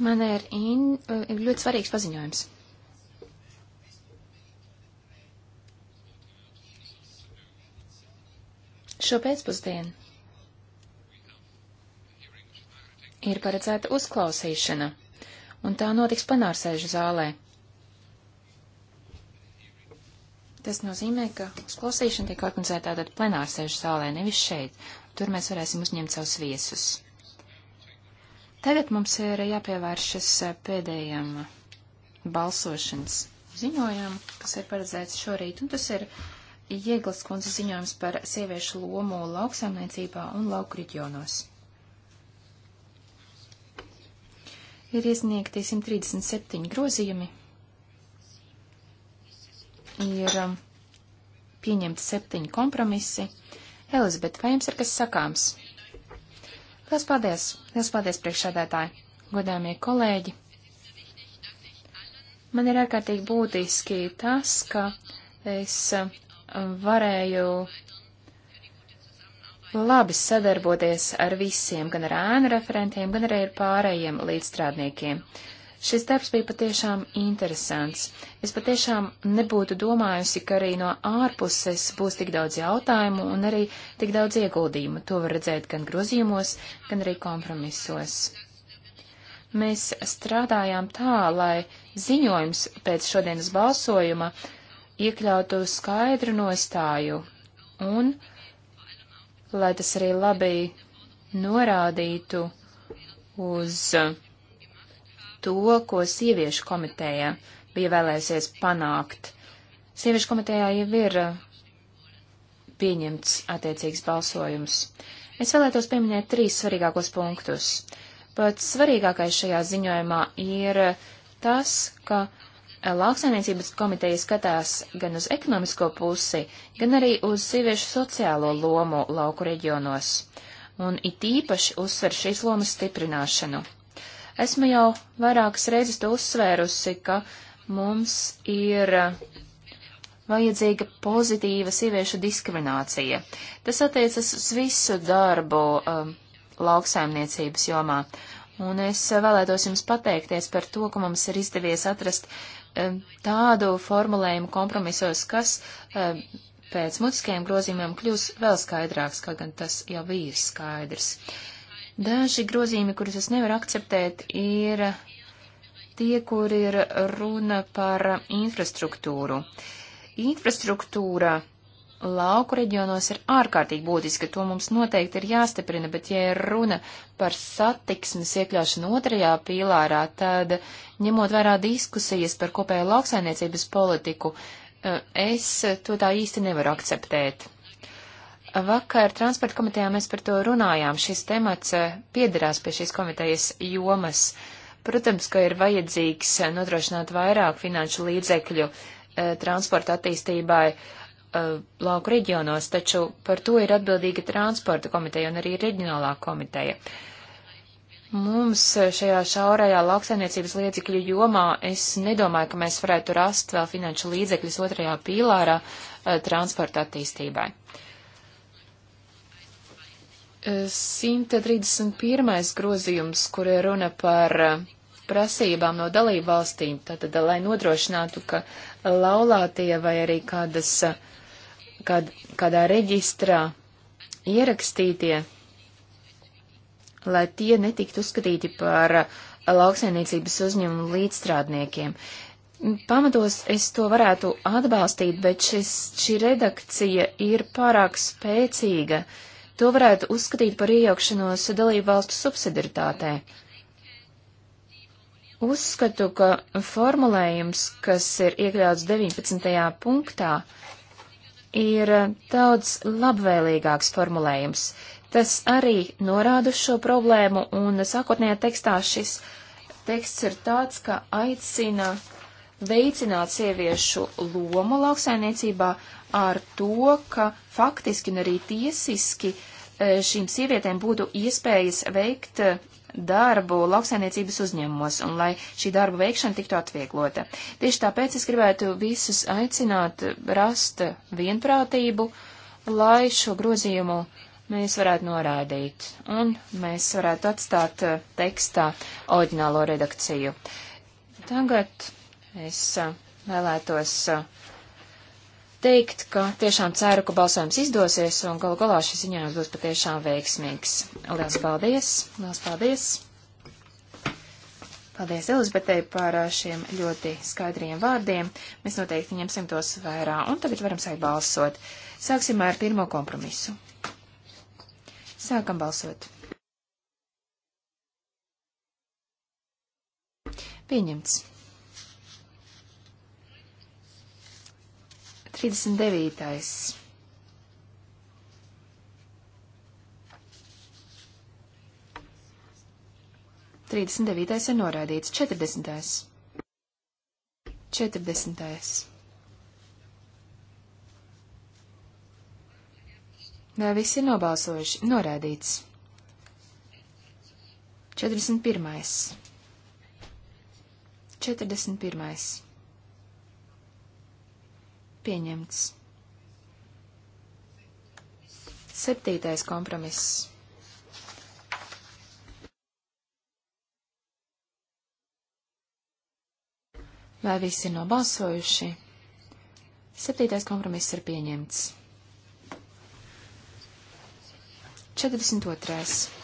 Man ir, in, ir ļoti svarīgs paziņojums. Šo pēcpusdienu ir paredzēta uzklausīšana, un tā notiks panārsēžu zālē. Tas nozīmē, ka uzklausīšana tiek organizēta tātad plenārsēžu zālē, nevis šeit. Tur mēs varēsim uzņemt savus viesus. Tagad mums ir jāpievēršas eh, pēdējiem eh, balsošanas ziņojumam, kas ir paredzēts šorīt, un tas ir Ieglas kundze ziņojums par sieviešu lomu lauksaimniecībā un lauku reģionos. Ir iesniegti 137 grozījumi, ir eh, pieņemti septiņi kompromisi, Elizabet, vai jums ir kas sakāms? Lielas paldies! Lielas paldies, priekšsēdētāji! Godāmie kolēģi! Man ir ārkārtīgi būtiski tas, ka es uh, varēju labi sadarboties ar visiem, gan ar ēnu referentiem, gan arī ar pārējiem līdzstrādniekiem. Uh, Šis darbs bija patiešām interesants. Es patiešām nebūtu domājusi, ka arī no ārpuses būs tik daudz jautājumu un arī tik daudz ieguldījumu. To var redzēt gan grozījumos, gan arī kompromisos. Mēs strādājām tā, lai ziņojums pēc šodienas balsojuma iekļautu skaidru nostāju un lai tas arī labi norādītu uz uh, to, ko sieviešu komiteja bija vēlēsies panākt. Sieviešu komitejā jau ir uh, pieņemts attiecīgs balsojums. Es vēlētos pieminēt trīs svarīgākos punktus. Pats svarīgākais šajā ziņojumā ir uh, tas, ka uh, lauksainiecības komiteja skatās gan uz ekonomisko pusi, gan arī uz sieviešu sociālo lomu lauku reģionos, un it īpaši uzsver šīs lomas stiprināšanu. Esmu jau vairākas reizes to uzsvērusi, ka mums ir uh, vajadzīga pozitīva sieviešu diskriminācija. Tas attiecas uz visu darbu um, lauksaimniecības jomā. Un es uh, vēlētos jums pateikties par to, ka mums ir izdevies atrast um, tādu formulējumu kompromisos, kas um, pēc mutiskajiem grozījumiem kļūs vēl skaidrāks, kaut gan tas jau bija skaidrs. Uh, Daži grozījumi, kurus es nevaru akceptēt, ir tie, kur ir runa par infrastruktūru. Infrastruktūra lauku reģionos ir ārkārtīgi būtiska, to mums noteikti ir jāstiprina, bet ja ir runa par satiksmes iekļaušanu otrajā pīlārā, tad ņemot vērā diskusijas par kopējo lauksainiecības politiku, eh, es to tā īsti nevaru akceptēt. Vakar transporta komitejā mēs par to runājām. Šis temats eh, piederās pie šīs komitejas jomas. Protams, ka ir vajadzīgs eh, nodrošināt vairāk finanšu līdzekļu eh, transporta attīstībai lauku reģionos, taču par to ir atbildīga transporta komiteja un arī reģionālā komiteja. Mums šajā šaurajā lauksainiecības līdzekļu jomā es nedomāju, ka mēs varētu rast vēl finanšu līdzekļus otrajā pīlārā transporta attīstībai. Uh, 131. grozījums, kur ir runa par eh, prasībām no dalību valstīm, tātad, lai nodrošinātu, ka laulātie vai arī kādas, eh, kād, kādā reģistrā ierakstītie, lai tie netiktu uzskatīti par eh, lauksainiecības uzņēmumu līdzstrādniekiem. Pamatos es to varētu atbalstīt, bet šis, šī redakcija ir pārāk spēcīga. Uh, to varētu uzskatīt par iejaukšanos dalību valstu subsidiritātē. Uzskatu, ka formulējums, kas ir iekļauts 19. punktā, ir daudz labvēlīgāks formulējums. Tas arī norāda uz šo problēmu, un sākotnējā tekstā šis teksts ir tāds, ka aicina veicināt sieviešu lomu lauksainiecībā ar to, ka faktiski un arī tiesiski e, šīm sievietēm būtu iespējas veikt e, darbu lauksainiecības uzņēmumos un lai šī darba veikšana tiktu atvieglota. Tieši tāpēc es gribētu visus aicināt rast vienprātību, lai šo grozījumu mēs varētu norādīt un mēs varētu atstāt e, tekstā oriģinālo redakciju. Tagad Es uh, vēlētos uh, teikt, ka tiešām ceru, ka balsojums izdosies un galu galā šis ziņojums būs patiešām veiksmīgs. Lielas paldies! Lielas paldies! Paldies Elizabetei par uh, šiem ļoti skaidriem vārdiem. Mēs noteikti ņemsim tos vērā un tagad varam sākt balsot. Sāksim ar pirmo kompromisu. Sākam balsot. Pieņemts. 39. Trīsdesmit devītais ir norādīts. Četrdesmitais. Četrdesmitais. Vai visi ir nobalsojuši? Norādīts. 41. 41. Pieņemts. Septītais kompromiss. Vai visi ir nobalsojuši? Septītais kompromiss ir pieņemts. 42.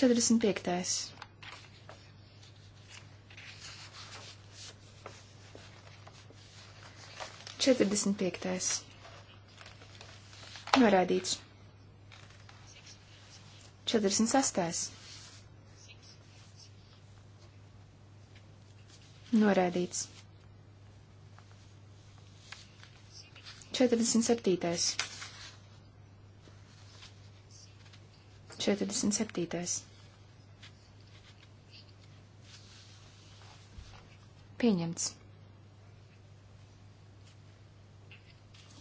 45. Četrdesmit piektais. Norādīts. Četrdesmit sastais. Norādīts. 47. 47. Pieņemts.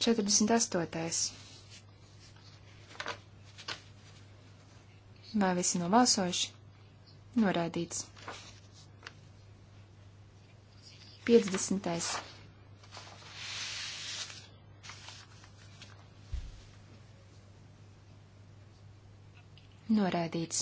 48. Vai visi nobalsojuši? Norādīts. 50. Norādīts.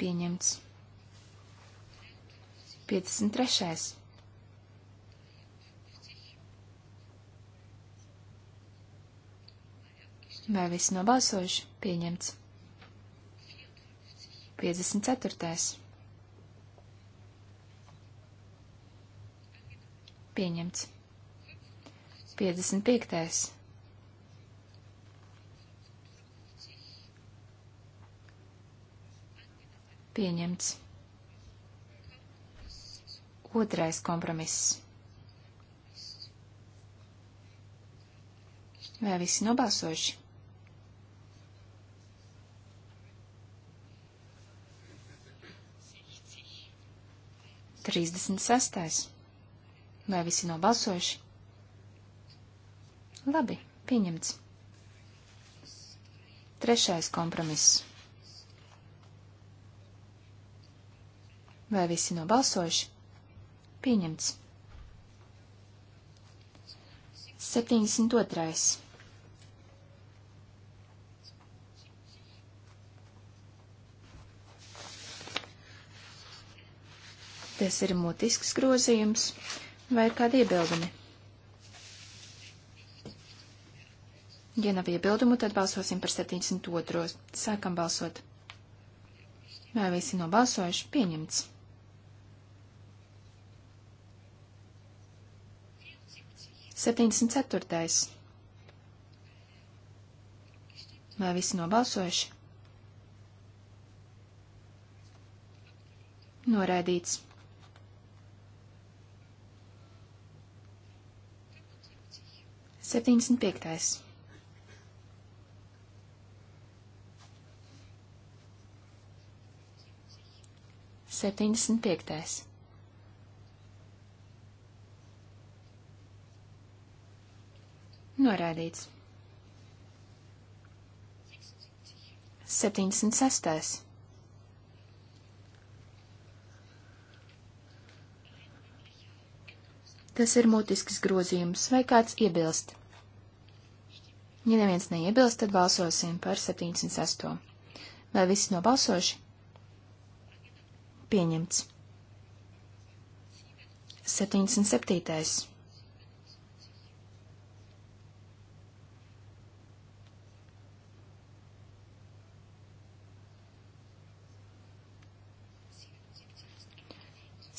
Pieņemts. 53. Vai visi nobalsojuši? Pieņemts. 54. Pieņemts. 55. Pieņemts. Otrais kompromiss. Vai visi nobalsojuši? Trīsdesmit sestais. Vai visi nobalsojuši? Labi, pieņemts. Trešais kompromiss. Vai visi nobalsojuši? Pieņemts. 72. Tas ir mutisks grozījums vai kādi iebildumi? Ja nav iebildumu, tad balsosim par 72. Sākam balsot. Vai visi nobalsojuši? Pieņemts. 74. Vai visi nobalsojuši? Noraidīts. 75. Septiņdesmit piektais. Norādīts. 76. Tas ir mutisks grozījums, vai kāds iebilst? Ja neviens neiebilst, tad balsosim par 76. Vai visi nobalsoši? Pieņemts. 77.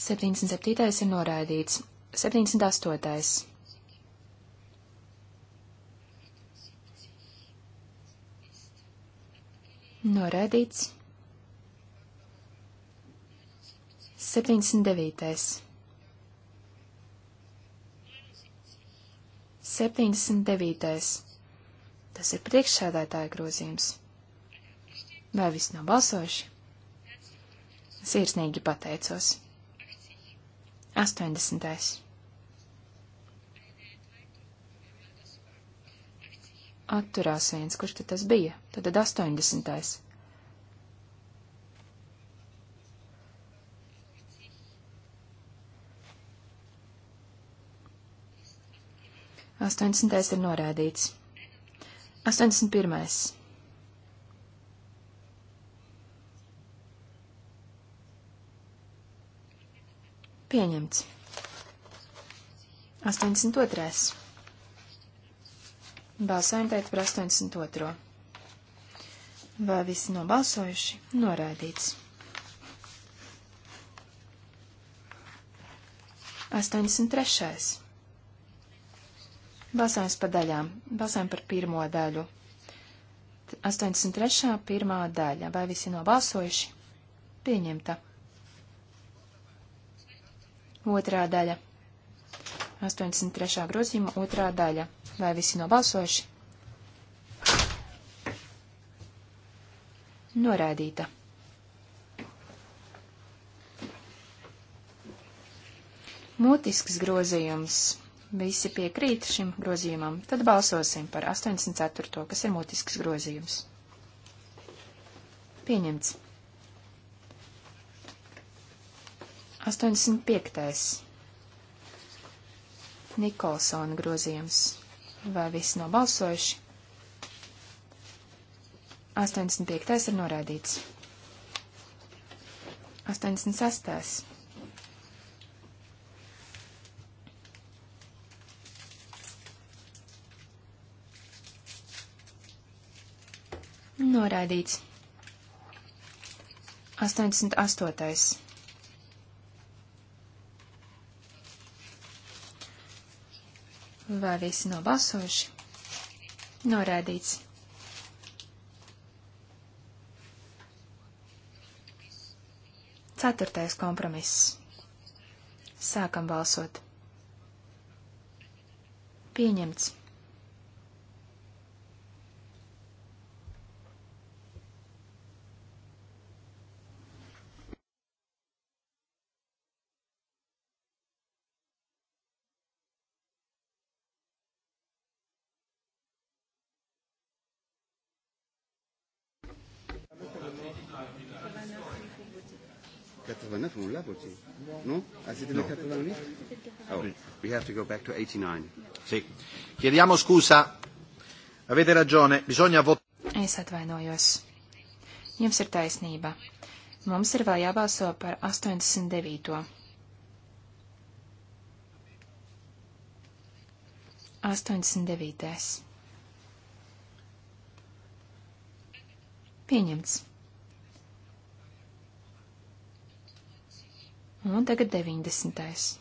77. ir noraidīts. 78. Noraidīts. 79. 79. Tas ir priekšsēdētāja grozījums. Vai viss nav balsojuši? Sirsnīgi pateicos. 80. Atturās viens, kurš tad tas bija? Tad 80. Astoņdesmitais ir norādīts. Astoņdesmit pirmais. Pieņemts. 82. Balsojam tagad par 82. Vai visi nobalsojuši? Norādīts. 83. Balsājums par daļām. Balsājam par pirmo daļu. 83. pirmā daļa. Vai visi nobalsojuši? Pieņemta. Otrā daļa. 83. grozījuma otrā daļa. Vai visi nobalsojuši? Norādīta. Mutisks grozījums. Visi piekrīt šim grozījumam. Tad balsosim par 84. To, kas ir mutisks grozījums. Pieņemts. 85. Nikolsona grozījums. Vai visi nobalsojuši? 85. ir noraidīts. 86. Noraidīts. 88. Vai visi nobalsojuši? Norēdīts. Ceturtais kompromiss. Sākam balsot. Pieņemts. up, or sí? No? Ah, siete no. Oh, we have to go back to 89. Sì. Chiediamo scusa. Avete ragione, bisogna votare. Es atvainojos. Jums ir taisnība. Mums ir vēl jābalso par 89. 89. Pieņemts. Un tagad 90.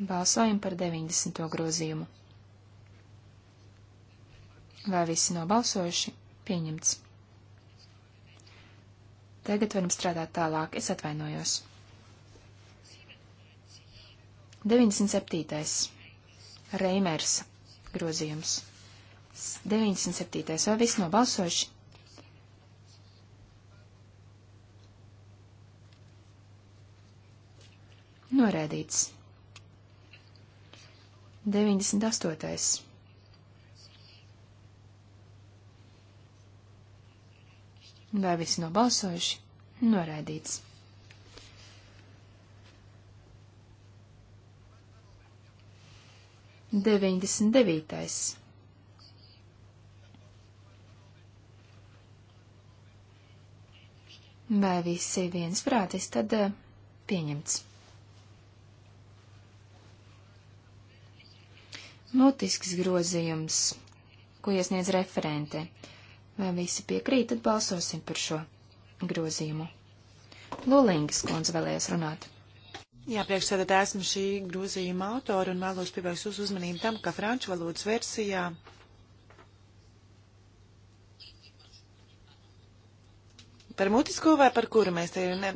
Balsojam par 90. grozījumu. Vai visi nobalsojuši? Pieņemts. Tagad varam strādāt tālāk. Es atvainojos. 97. Reimers grozījums. 97. Vai viss nobalsojuši? Noraidīts. 98. Vai visi nobalsojuši? Noraidīts. Deviņdesmit devītais. Vai visi viens prātis, tad eh, pieņemts. Mutisks grozījums, ko iesniedz referente. Vai visi piekrīt, tad balsosim par šo grozījumu. Lulīngas kundze vēlējās runāt. Jā, priekšsēdētāj, esmu šī grozījuma autora un vēlos pievērst jūsu uzmanību tam, ka franču valodas versijā par mutisko vai par kuru mēs te ne...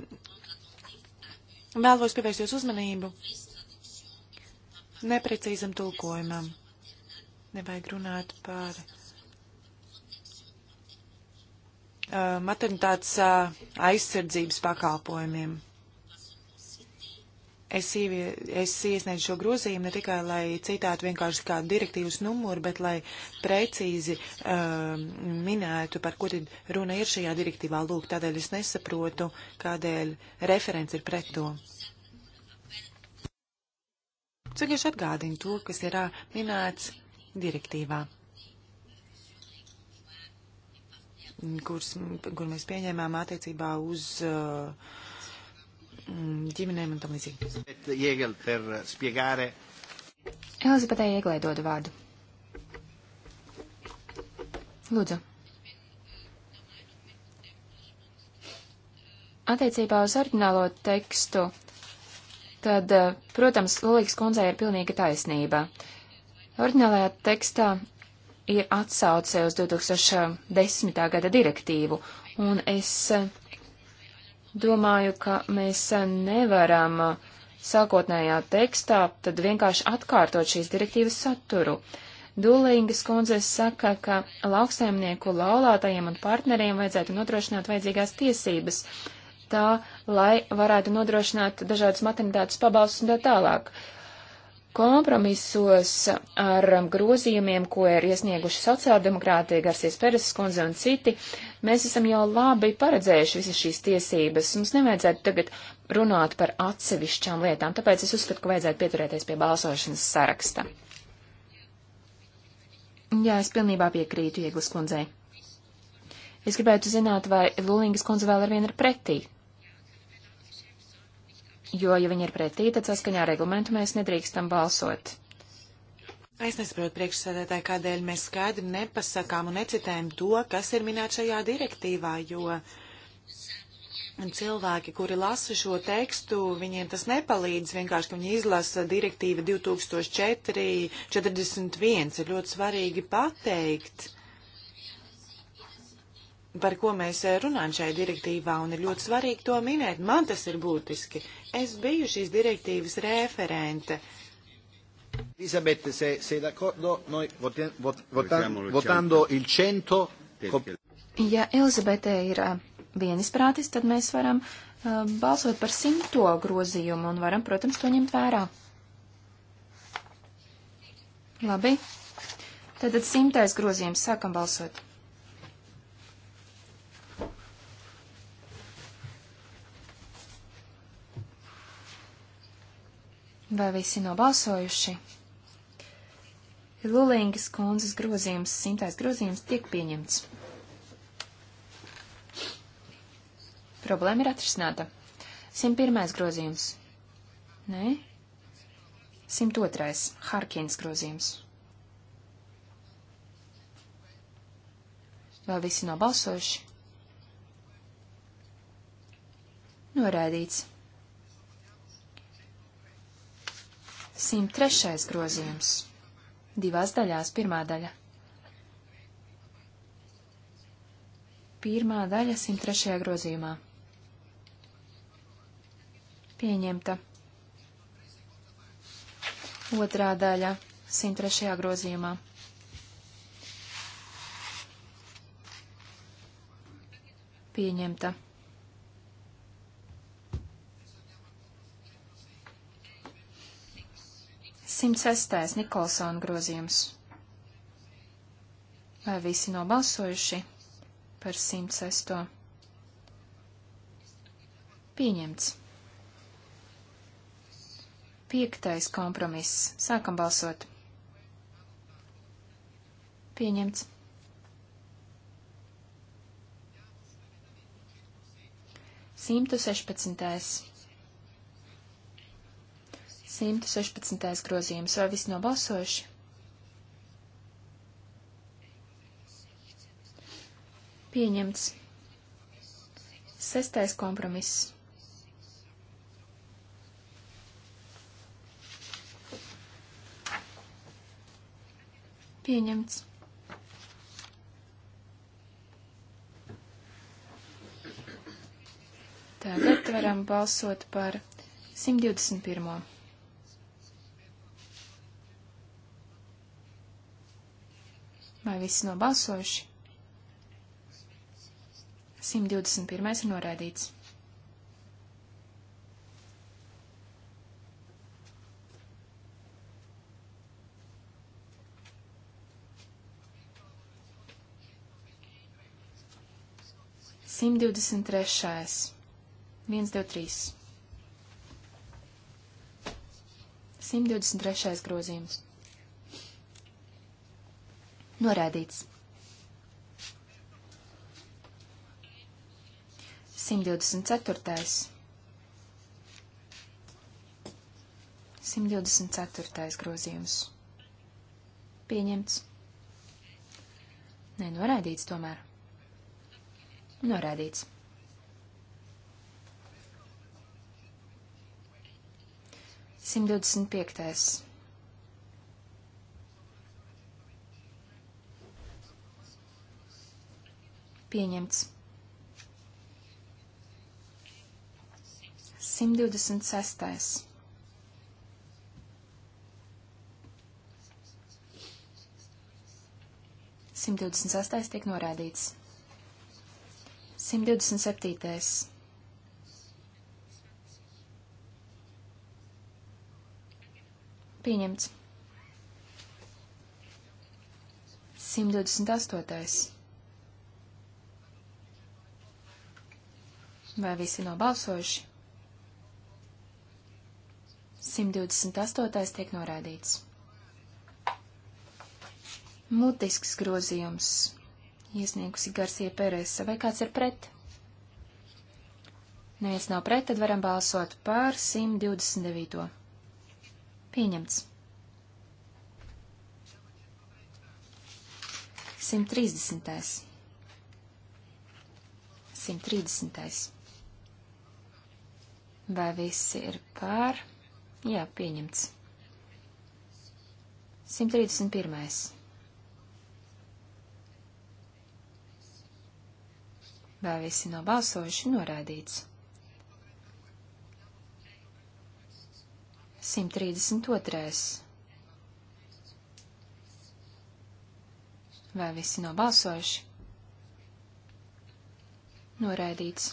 vēlos pievērst jūsu uzmanību neprecīzam tulkojumam. Nevajag runāt par uh, maternitātes uh, aizsardzības pakalpojumiem. Es, ievie, es iesniedzu šo grozījumu ne tikai, lai citātu vienkārši kādu direktīvas numuru, bet lai precīzi uh, minētu, par ko tad runa ir šajā direktīvā. Lūk, tādēļ es nesaprotu, kādēļ referents ir pret to. Uh, Es vienkārši atgādinu to, kas ir minēts direktīvā, kurs, kur mēs pieņēmām attiecībā uz ģimenēm un tam līdzīgi. Elizabetē Ieglē dodu vārdu. Lūdzu. Attiecībā uz oriģinālo tekstu tad, eh, protams, Lulīgas kundzei ir pilnīga taisnība. Ordinālajā tekstā ir atsauce uz 2010. gada direktīvu, un es eh, domāju, ka mēs eh, nevaram sākotnējā tekstā tad vienkārši atkārtot šīs direktīvas saturu. Dulīgas kundze saka, ka lauksaimnieku laulātajiem un partneriem vajadzētu nodrošināt vajadzīgās tiesības, uh, tā, lai varētu nodrošināt dažādas maternitātes pabalstus un tā tālāk. Kompromisos ar grozījumiem, ko ir iesnieguši sociāldemokrātie Garsies Pereses kundze un citi, mēs esam jau labi paredzējuši visas šīs tiesības. Mums nevajadzētu tagad runāt par atsevišķām lietām, tāpēc es uzskatu, ka vajadzētu pieturēties pie balsošanas saraksta. Jā, es pilnībā piekrītu Ieglas kundzei. Es gribētu zināt, vai Lulīngas kundze vēl ar vienu ir pretī jo, ja viņi ir pretī, tad saskaņā reglamentu mēs nedrīkstam balsot. Es nesaprotu priekšsēdētāji, kādēļ mēs skaidri nepasakām un necitējam to, kas ir minēts šajā direktīvā, jo cilvēki, kuri lasa šo tekstu, viņiem tas nepalīdz, vienkārši, ka viņi izlasa direktīva 2004, 41, ir ļoti svarīgi pateikt par ko mēs eh, runājam šajā direktīvā, un ir ļoti svarīgi to minēt. Man tas ir būtiski. Es biju šīs direktīvas referente. Elisabeth, se, se d'accordo, noi votiamo, vot, votando, votando il 100. Ja Elizabete ir eh, vienisprātis, tad mēs varam uh, balsot par simto grozījumu un varam, protams, to ņemt vērā. Labi. Tātad simtais grozījums sākam balsot. Vai visi nobalsojuši? Lulīngas kundzes grozījums, simtais grozījums tiek pieņemts. Problēma ir atrisināta. 101. grozījums. Nē? 102. Harkins grozījums. Vēl visi nobalsojuši? Noraidīts. 103. grozījums. Divās daļās. Pirmā daļa. Pirmā daļa 103. grozījumā. Pieņemta. Otrā daļa 103. grozījumā. Pieņemta. 106. Nikolsona grozījums. Vai visi nobalsojuši par 106. Pieņemts. Piektais kompromiss. Sākam balsot. Pieņemts. Simtu sešpadsmitais. 116. grozījums. Vai viss nobalsojuši? Pieņemts. Sestais kompromiss. Pieņemts. Tagad varam balsot par 121. Vai visi nobalsojuši? 121. ir noraidīts. Simt divdesmit trešais. Viens, divi, trīs. Simt divdesmit trešais grozījums. Norādīts. 124. 124. grozījums. Pieņemts. Nē, norādīts tomēr. Norādīts. 125. Pieņemts. 126. Simt divdesmit sastais tiek norādīts. Simt divdesmit septītais. Pieņemts. Simt divdesmit astotais. Vai visi nobalsojuši? 128. tiek norādīts. Mutisks grozījums. Iesniegusi Garsie Peresa. Vai kāds ir pret? Neviens nav pret, tad varam balsot par 129. Pieņemts. 130. 130. Vai visi ir pār? Jā, pieņemts. 131. Vai visi nobalsojuši norādīts? 132. Vai visi nobalsojuši? Noraidīts.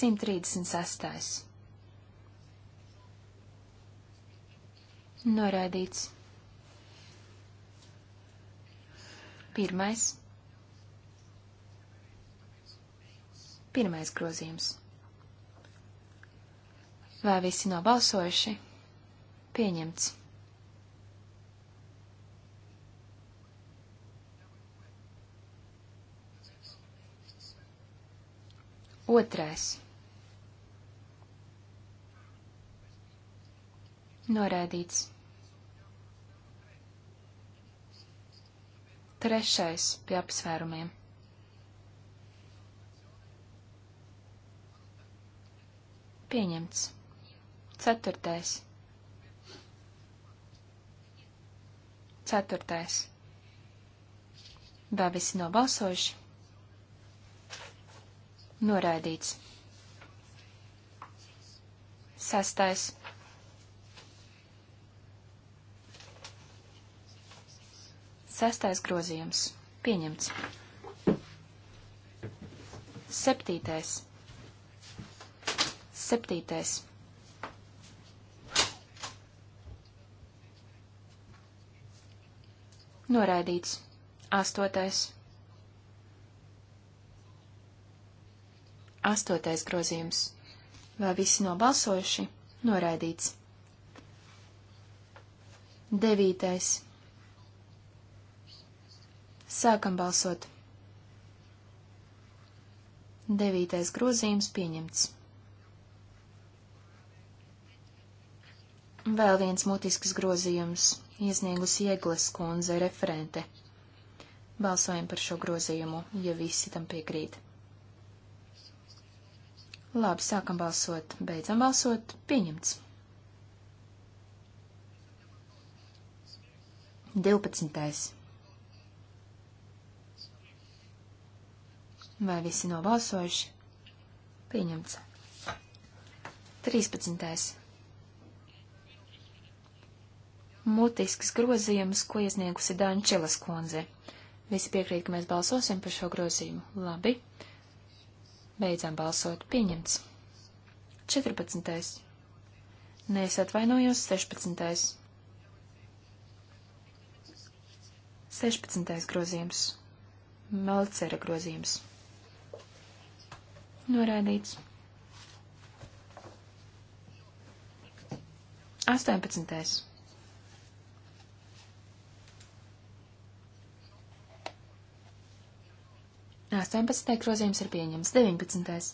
136. Noraidīts. Pirmais. Pirmais grozījums. Vai visi nobalsojuši? Pieņemts. Otrais. Noraidīts. Trešais pie apsvērumiem. Pieņemts. Ceturtais. Ceturtais. Vai visi nobalsojuši? Noraidīts. Sastais. Sestais grozījums. Pieņemts. Septītais. Septītais. Noraidīts. Astotais. Astotais grozījums. Vai visi nobalsojuši? Noraidīts. Devītais. Sākam balsot. Devītais grozījums pieņemts. Vēl viens mutisks grozījums iesniegusi Ieglas kundze referente. Balsojam par šo grozījumu, ja visi tam piekrīt. Labi, sākam balsot, beidzam balsot, pieņemts. 12. Vai visi nobalsojuši? Pieņemts. 13. Mutisks grozījums, ko iesniegusi Dančilas kundze. Visi piekrīt, ka mēs balsosim par šo grozījumu. Labi. Beidzām balsot. Pieņemts. 14. Nē, es atvainojos. 16. 16. grozījums. Melcera grozījums. Norādīts. 18. Astoņpadsmitais grozījums ir pieņemts. Deviņpadsmitais.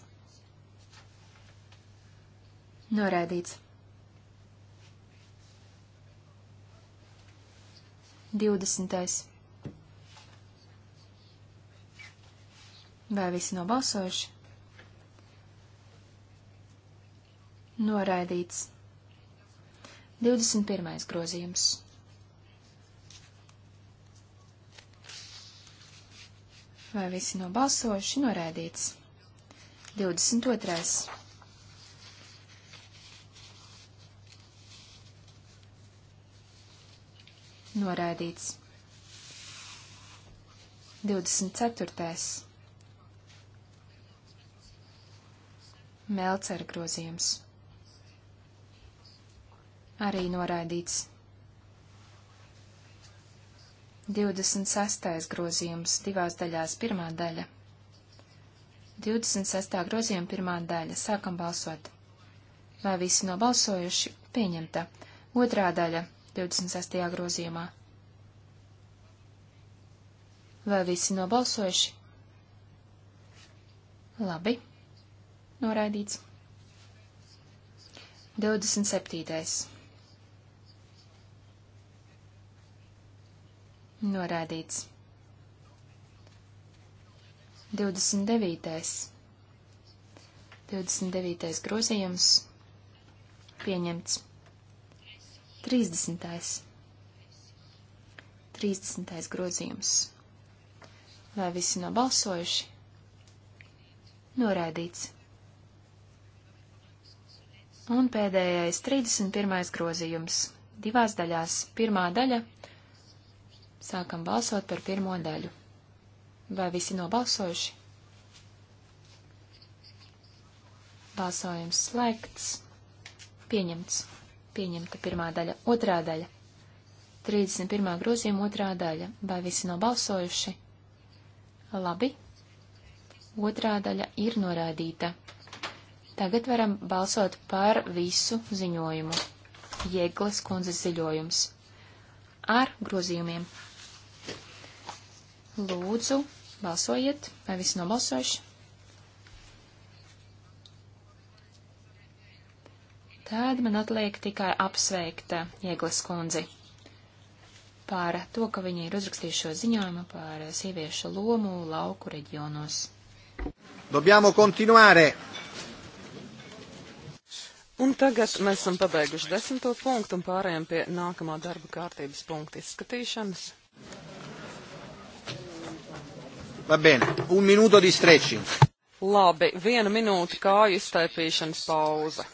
Norādīts. 20. Vai visi nobalsojuši? Noraidīts. 21. grozījums. Vai visi nobalsojuši? Noraidīts. 22. Noraidīts. 24. Melcer grozījums arī noraidīts. 26. grozījums divās daļās pirmā daļa. 26. grozījuma pirmā daļa. Sākam balsot. Vai visi nobalsojuši? Pieņemta. Otrā daļa 26. grozījumā. Vai visi nobalsojuši? Labi. Noraidīts. 27. Norādīts. 29. 29. grozījums pieņemts. 30. 30. grozījums. Vai visi nobalsojuši? Noraidīts. Un pēdējais 31. grozījums. Divās daļās. Pirmā daļa Sākam balsot par pirmo daļu. Vai visi nobalsojuši? Balsojums slēgts. Pieņemts. Pieņemta pirmā daļa. Otrā daļa. 31. grozījuma otrā daļa. Vai visi nobalsojuši? Labi. Otrā daļa ir norādīta. Tagad varam balsot par visu ziņojumu. Jēglas kundzes ziņojums. Ar grozījumiem Lūdzu, balsojiet, vai visi nobalsojuši? Tad man atliek tikai apsveikt Ieglas kundzi par to, ka viņi ir uzrakstījuši šo ziņojumu par sieviešu lomu lauku reģionos. Dobjāmo kontinuāre! Un tagad mēs esam pabeiguši desmito punktu un pārējām pie nākamā darba kārtības punkta izskatīšanas. Va bene, un minūto di stretching. Labi, viena minūte kāju iztaipīšanas pauze.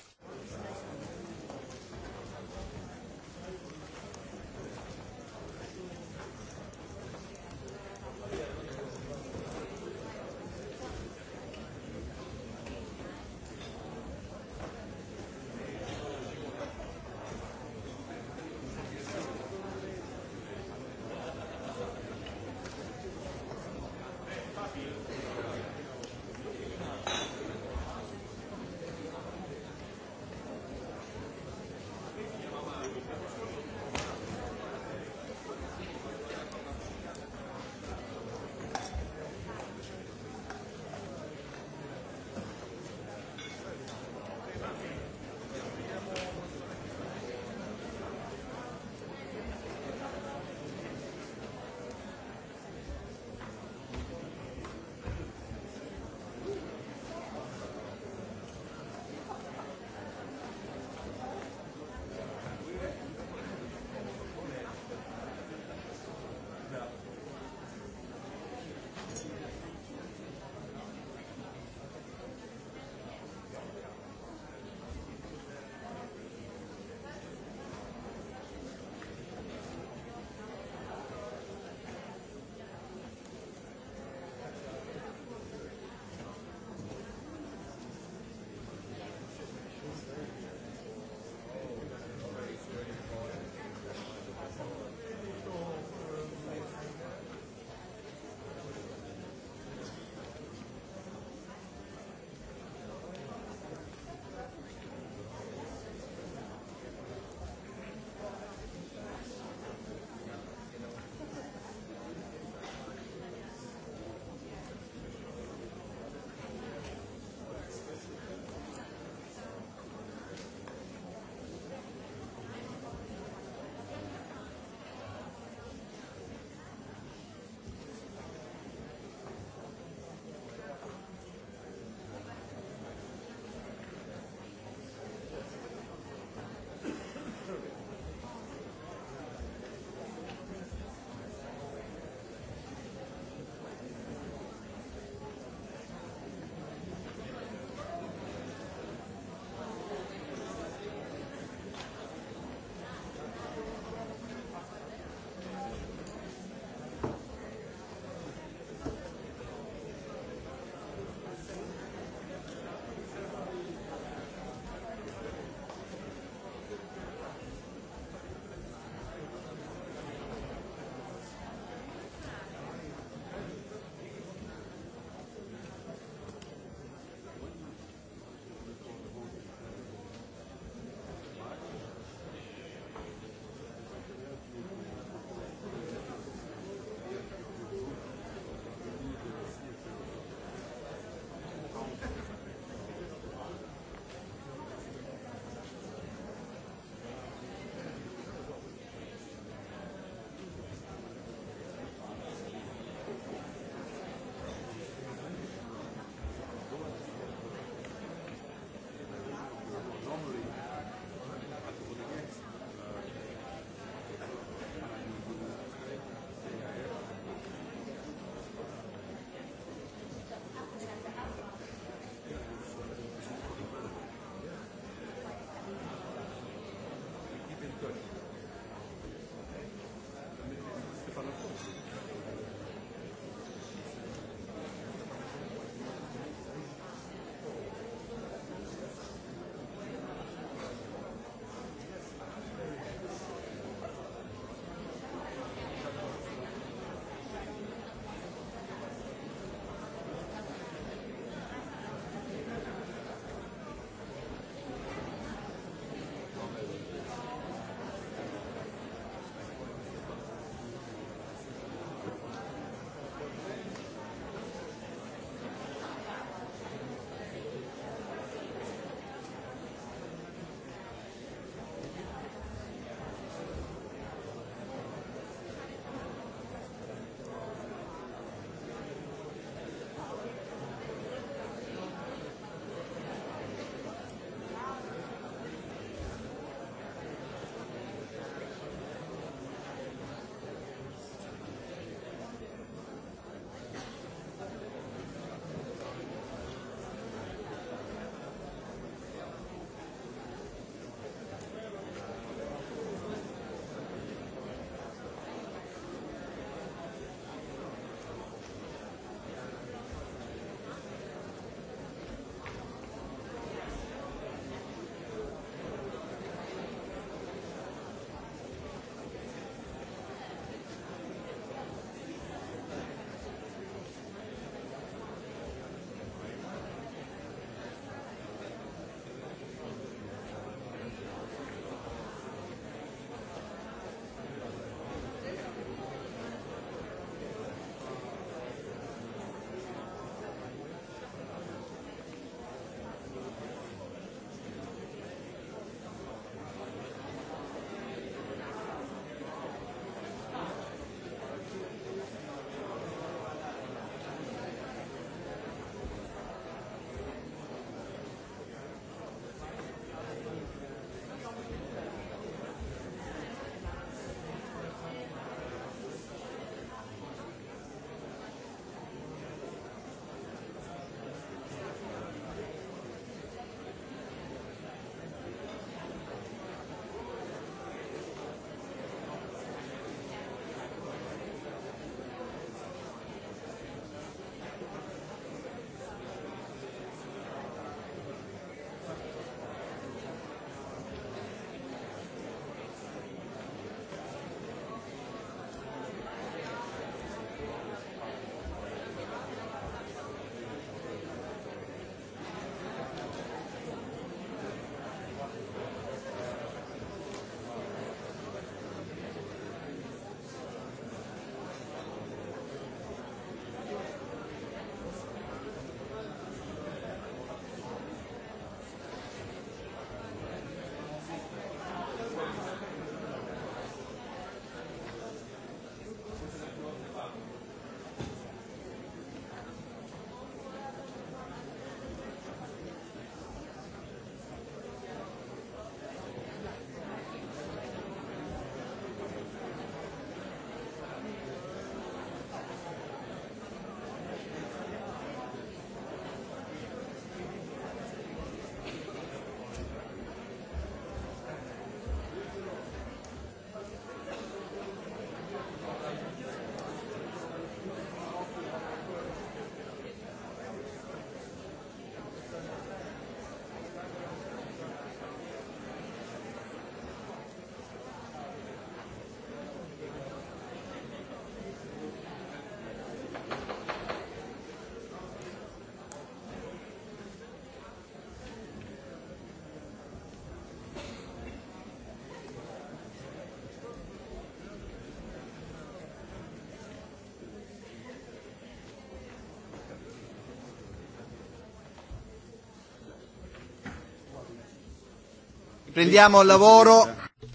Prendiamo il lavoro.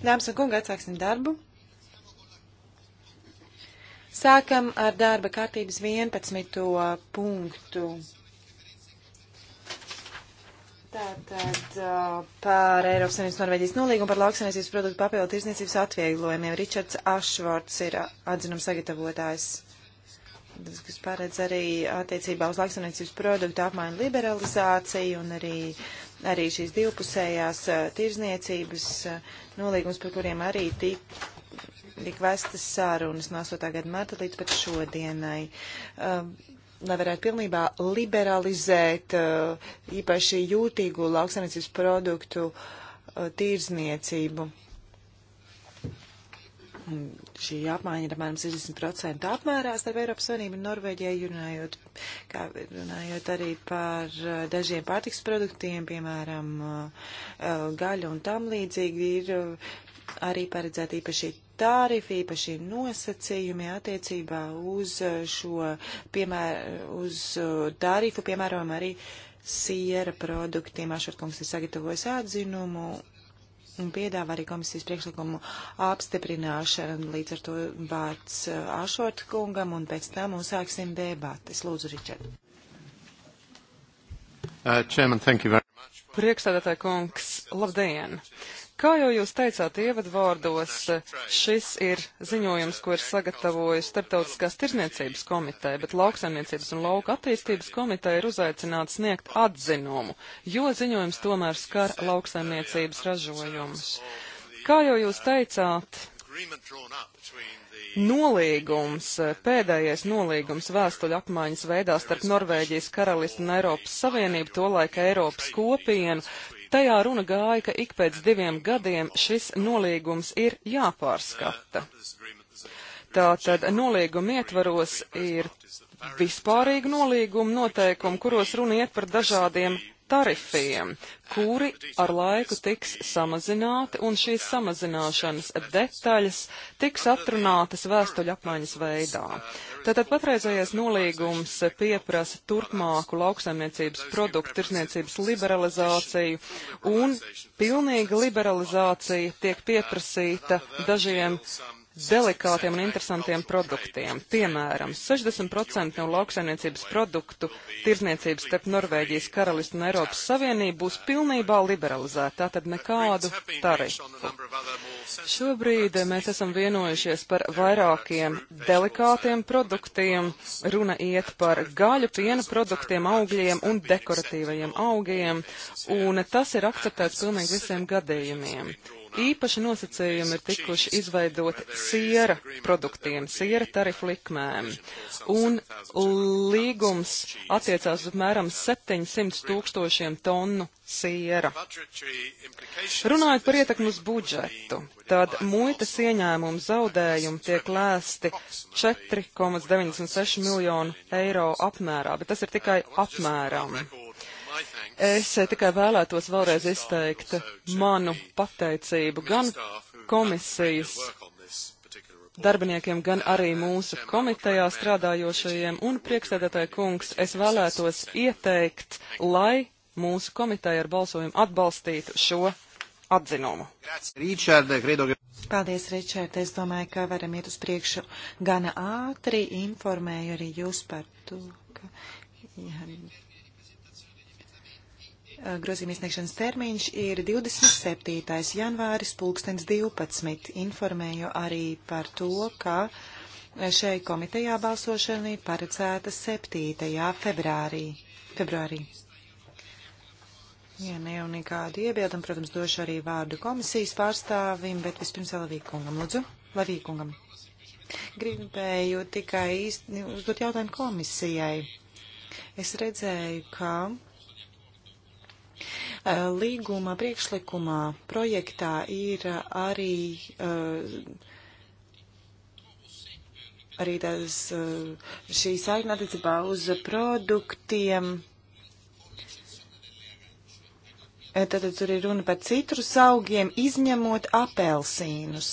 Dāmas un kungi, atsāksim darbu. Sākam ar darba kārtības 11. punktu. Tātad par Eiropas Savienības Norvēģijas nolīgumu par lauksainiecības produktu papildu tirsniecības atvieglojumiem Ričards Ašvorts ir atzinums sagatavotājs kas paredz arī attiecībā uz lauksaimniecības produktu apmaiņu liberalizāciju un arī arī šīs divpusējās tirzniecības nolīgums, par kuriem arī tik tika vestas sārunas no 8. gada marta līdz pat šodienai. Um, lai varētu pilnībā liberalizēt uh, īpaši jūtīgu lauksaimniecības produktu uh, tīrzniecību. Šī apmaiņa ir apmēram 60% apmērā starp Eiropas Savienību un Norvēģiju, runājot, kā, runājot arī par eh, dažiem pārtiks produktiem, piemēram, eh, eh, gaļu un tam līdzīgi ir arī paredzēta īpaši tarifi, īpaši nosacījumi attiecībā uz šo, piemēr, uz tarifu, piemēram, arī siera produktiem. Ašvarkungs ir sagatavojis atzinumu piedāvā arī komisijas priekšlikumu apstiprināšanu. Eh, līdz ar to vārds eh, Ašort kungam un pēc tam uzsāksim debates. Lūdzu, Ričard. Uh, chairman, Priekšstādātāja kungs, labdien! Kā jau jūs teicāt ievadvārdos, šis ir ziņojums, ko ir sagatavojusi Startautiskās tirzniecības komiteja, bet lauksaimniecības un lauka attīstības komiteja ir uzaicināta sniegt atzinumu, jo ziņojums tomēr skar lauksaimniecības ražojumus. Kā jau jūs teicāt, nolīgums, pēdējais nolīgums vēstuļu apmaiņas veidā starp Norvēģijas karalistu un Eiropas Savienību, tolaik Eiropas kopienu, Tajā runa gāja, ka ik pēc diviem gadiem šis nolīgums ir jāpārskata. Tātad nolīguma ietvaros ir vispārīgi nolīguma noteikumi, kuros runa iet par dažādiem tarifiem, kuri ar laiku tiks samazināti, un šīs samazināšanas detaļas tiks atrunātas vēstuļu apmaiņas veidā. Tātad patreizējais nolīgums pieprasa turpmāku lauksaimniecības produktu tirsniecības liberalizāciju, un pilnīga liberalizācija tiek pieprasīta dažiem delikātiem un interesantiem produktiem. Piemēram, 60% no lauksainiecības produktu tirzniecības starp Norvēģijas karalistu un Eiropas Savienību būs pilnībā liberalizēta, tātad nekādu tarifu. Šobrīd mēs esam vienojušies par vairākiem delikātiem produktiem. Runa iet par gaļu, piena produktiem, augļiem un dekoratīvajiem augiem, un tas ir akceptēts pilnīgi visiem gadījumiem īpaši nosacījumi ir tikuši izveidoti siera produktiem, siera tarifu likmēm. Un līgums attiecās apmēram 700 tūkstošiem tonu siera. Runājot par ietekmu uz budžetu, tad muitas ieņēmumu zaudējumi tiek lēsti 4,96 miljonu eiro apmērā, bet tas ir tikai apmēram. Es tikai vēlētos vēlreiz izteikt manu pateicību gan komisijas darbiniekiem, gan arī mūsu komitejā strādājošajiem un priekšsēdētāja kungs. Es vēlētos ieteikt, lai mūsu komiteja ar balsojumu atbalstītu šo atzinumu. Paldies, Ričard. Es domāju, ka varam iet uz priekšu gana ātri. Informēju arī jūs par to, ka jā, Grozījuma iesniegšanas termiņš ir 27. janvāris, pulkstens 12. Informēju arī par to, ka šai komitejā balsošana ir paredzēta 7. februārī. februārī. Ja ne jau nekādu iebildam, protams, došu arī vārdu komisijas pārstāvim, bet vispirms Lavīkungam, lūdzu. Lavīkungam. Gribēju tikai īsti uzdot jautājumu komisijai. Es redzēju, ka Eh, līguma priekšlikumā projektā ir eh, arī, eh, arī tās, šī saikna attiecībā uz produktiem. Tātad tur ir runa par citrus augiem, izņemot apelsīnus.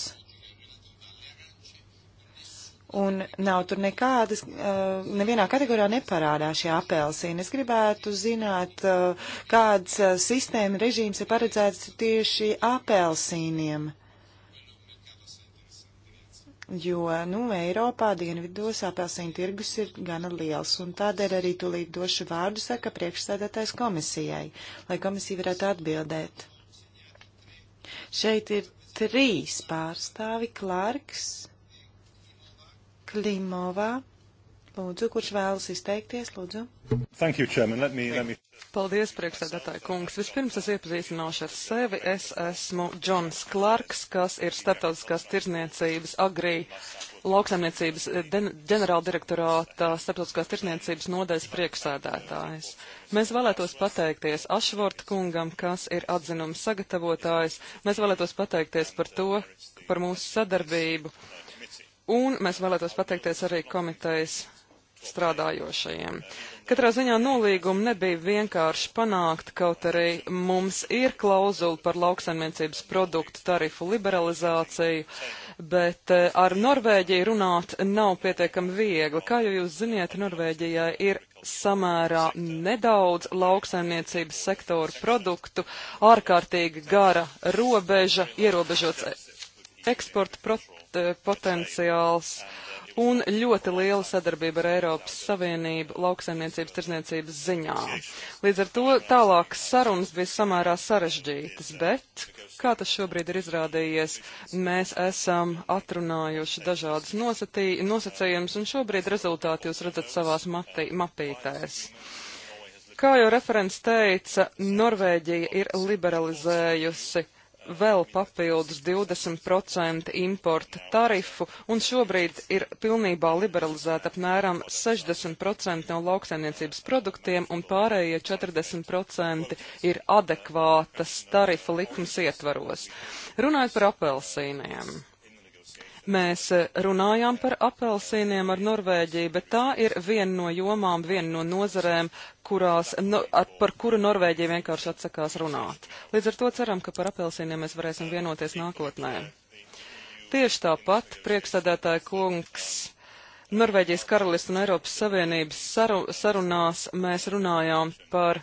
Un nav tur nekādas, eh, nevienā kategorijā neparādās šie apelsīni. Es gribētu zināt, eh, kāds eh, sistēma režīms ir paredzēts tieši apelsīniem. Jo, nu, Eiropā dienvidos apelsīnu tirgus ir gana liels, un tādēļ arī tulīt došu vārdu saka priekšsēdētājs komisijai, lai komisija varētu atbildēt. Šeit ir trīs pārstāvi Klarks. Klimovā. Lūdzu, kurš vēlas izteikties, lūdzu. Thank you, Chairman. Let me, let me... Paldies, priekšsēdētāji kungs. Vispirms es iepazīstināšu ar sevi. Es esmu Džons Klarks, kas ir starptautiskās tirzniecības agrī lauksaimniecības ģenerāldirektorāta starptautiskās tirzniecības nodaļas priekšsēdētājs. Mēs vēlētos pateikties Ašvort kungam, kas ir atzinums sagatavotājs. Mēs vēlētos pateikties par to, par mūsu sadarbību Un mēs vēlētos pateikties arī komitejas strādājošajiem. Katrā ziņā nolīgumu nebija vienkārši panākt, kaut arī mums ir klauzula par lauksaimniecības produktu tarifu liberalizāciju, bet eh, ar Norvēģiju runāt nav pietiekami viegli. Kā jau jūs ziniet, Norvēģijai ir samērā nedaudz lauksaimniecības sektoru produktu, ārkārtīgi gara robeža, ierobežots e-, eksporta E, potenciāls un ļoti liela sadarbība ar Eiropas Savienību lauksaimniecības tirzniecības ziņā. Līdz ar to tālāk sarunas bija samērā sarežģītas, bet, kā tas šobrīd ir izrādījies, mēs esam atrunājuši dažādas nosacījumus, un šobrīd rezultāti jūs redzat savās matī, mapītēs. Kā jau referents teica, Norvēģija ir liberalizējusi vēl papildus 20% importa tarifu, un šobrīd ir pilnībā liberalizēta apmēram 60% no lauksaimniecības produktiem, un pārējie 40% ir adekvātas tarifa likums ietvaros. Runājot par apelsīniem. Mēs e, runājām par apelsīniem ar Norvēģiju, bet tā ir viena no jomām, viena no nozarēm, kurās, no, ar, par kuru Norvēģija vienkārši atsakās runāt. Līdz ar to ceram, ka par apelsīniem mēs varēsim vienoties nākotnē. Tieši tāpat, priekšsēdētāja kungs, Norvēģijas karalists un Eiropas Savienības saru, sarunās mēs runājām par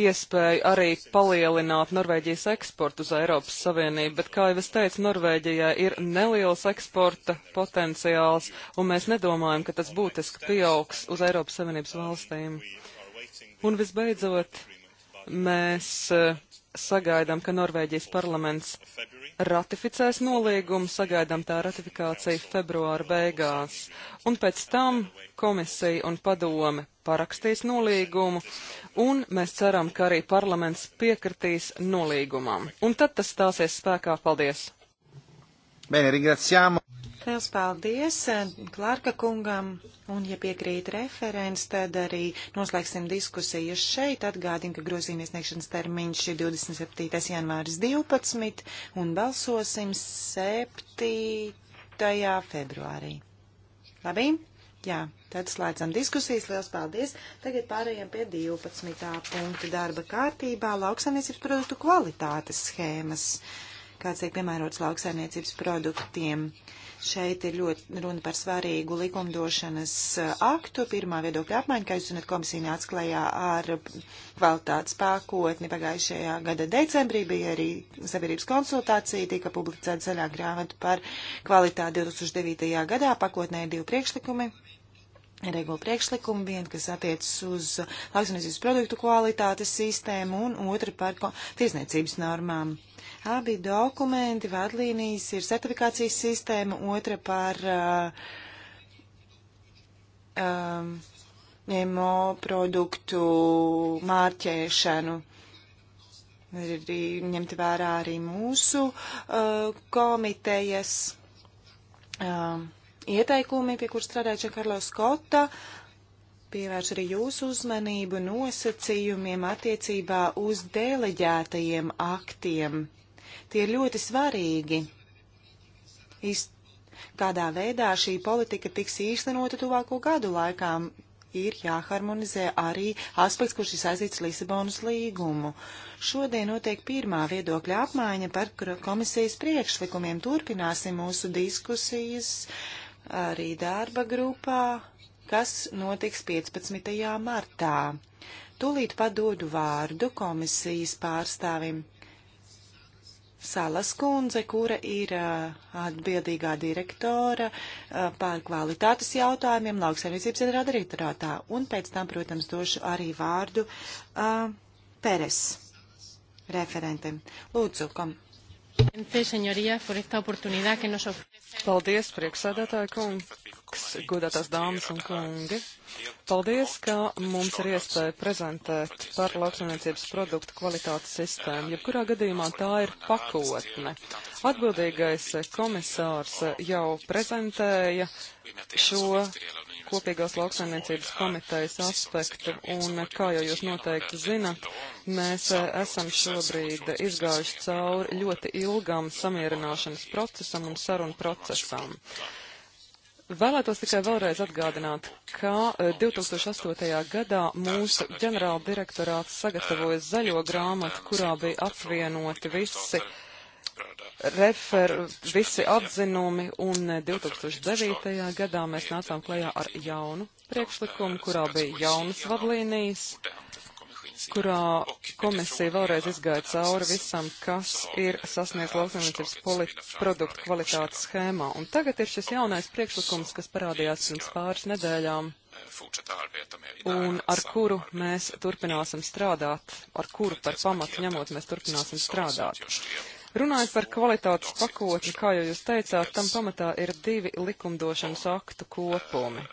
iespēju arī palielināt Norvēģijas eksportu uz Eiropas Savienību, bet, kā jau es teicu, Norvēģijai ir neliels eksporta potenciāls, un mēs nedomājam, ka tas būtiski pieaugs uz Eiropas Savienības valstīm. Un visbeidzot, mēs eh, sagaidām, ka Norvēģijas parlaments ratificēs nolīgumu, sagaidām tā ratifikācija februāra beigās, un pēc tam komisija un padome parakstīs nolīgumu, un mēs ceram, ka arī parlaments piekritīs nolīgumam. Un tad tas stāsies spēkā. Paldies! Bene, ringraziamo. Liels paldies eh, Klārka kungam, un ja piekrīt referents, tad arī noslēgsim diskusijas šeit. Atgādinu, ka grozījuma iesniegšanas termiņš ir 27. janvāris 12, un balsosim 7. februārī. Labi? Jā, tad slēdzam diskusijas. Liels paldies! Tagad pārējām pie 12. punkta darba kārtībā - lauksaimniecības produktu kvalitātes schēmas kāds tiek piemērots lauksaimniecības produktiem. Šeit ir ļoti runa par svarīgu likumdošanas uh, aktu. Pirmā viedokļa apmaiņa, kā jūs zināt, komisija atklājā ar kvalitātes pakotni pagājušajā gada decembrī. Bija arī sabiedrības konsultācija, tika publicēta zaļā grāmata par kvalitāti 2009. gadā. Pakotnē ir divi priekšlikumi regulu priekšlikumu, viena, kas attiecas uz lauksaimniecības produktu kvalitātes sistēmu un otra par tirzniecības normām. Abi dokumenti, vadlīnijas ir certifikācijas sistēma, otra par uh, um, ņemo produktu mārķēšanu. Ir arī ņemti vērā arī mūsu uh, komitejas uh, ieteikumi, pie kur strādāja Čakarlo Skota, pievērš arī jūsu uzmanību nosacījumiem attiecībā uz deleģētajiem aktiem. Tie ir ļoti svarīgi. Iz, kādā veidā šī politika tiks īstenota tuvāko gadu laikā, ir jāharmonizē arī aspekts, kurš ir saistīts Lisabonas līgumu. Šodien notiek pirmā viedokļa apmaiņa par komisijas priekšlikumiem. Turpināsim mūsu diskusijas arī darba grupā, kas notiks 15. martā. Tūlīt padodu vārdu komisijas pārstāvim Salas kundze, kura ir atbildīgā direktora par kvalitātes jautājumiem lauksaimniecības iedarā direktorātā. Un pēc tam, protams, došu arī vārdu uh, Peres referentiem. Lūdzu, kom. Paldies, prieksēdētāja kungs kungs, godātās dāmas un kungi. Paldies, ka mums ir iespēja prezentēt par lauksaimniecības produktu kvalitātes sistēmu. Jebkurā gadījumā tā ir pakotne. Atbildīgais komisārs jau prezentēja šo kopīgās lauksaimniecības komitejas aspektu, un kā jau jūs noteikti zinat, mēs esam šobrīd izgājuši cauri ļoti ilgam samierināšanas procesam un sarunu procesam. Uh, Vēlētos tikai vēlreiz atgādināt, ka 2008. Eh, gadā mūsu ģenerāla direktorāts sagatavoja zaļo grāmatu, kurā bija apvienoti visi refer, visi atzinumi, un 2009. Eh, gadā mēs nācām klajā ar jaunu priekšlikumu, kurā bija jaunas vadlīnijas kurā komisija vēlreiz izgāja cauri visam, kas ir sasniegts lauksaimniecības produktu kvalitātes schēmā. Un tagad ir šis jaunais priekšlikums, kas parādījās pirms pāris nedēļām, un ar kuru mēs turpināsim strādāt, ar kuru par pamatu ņemot mēs turpināsim strādāt. Runājot par kvalitātes pakotni, kā jau jūs teicāt, tam pamatā ir divi likumdošanas aktu kopumi.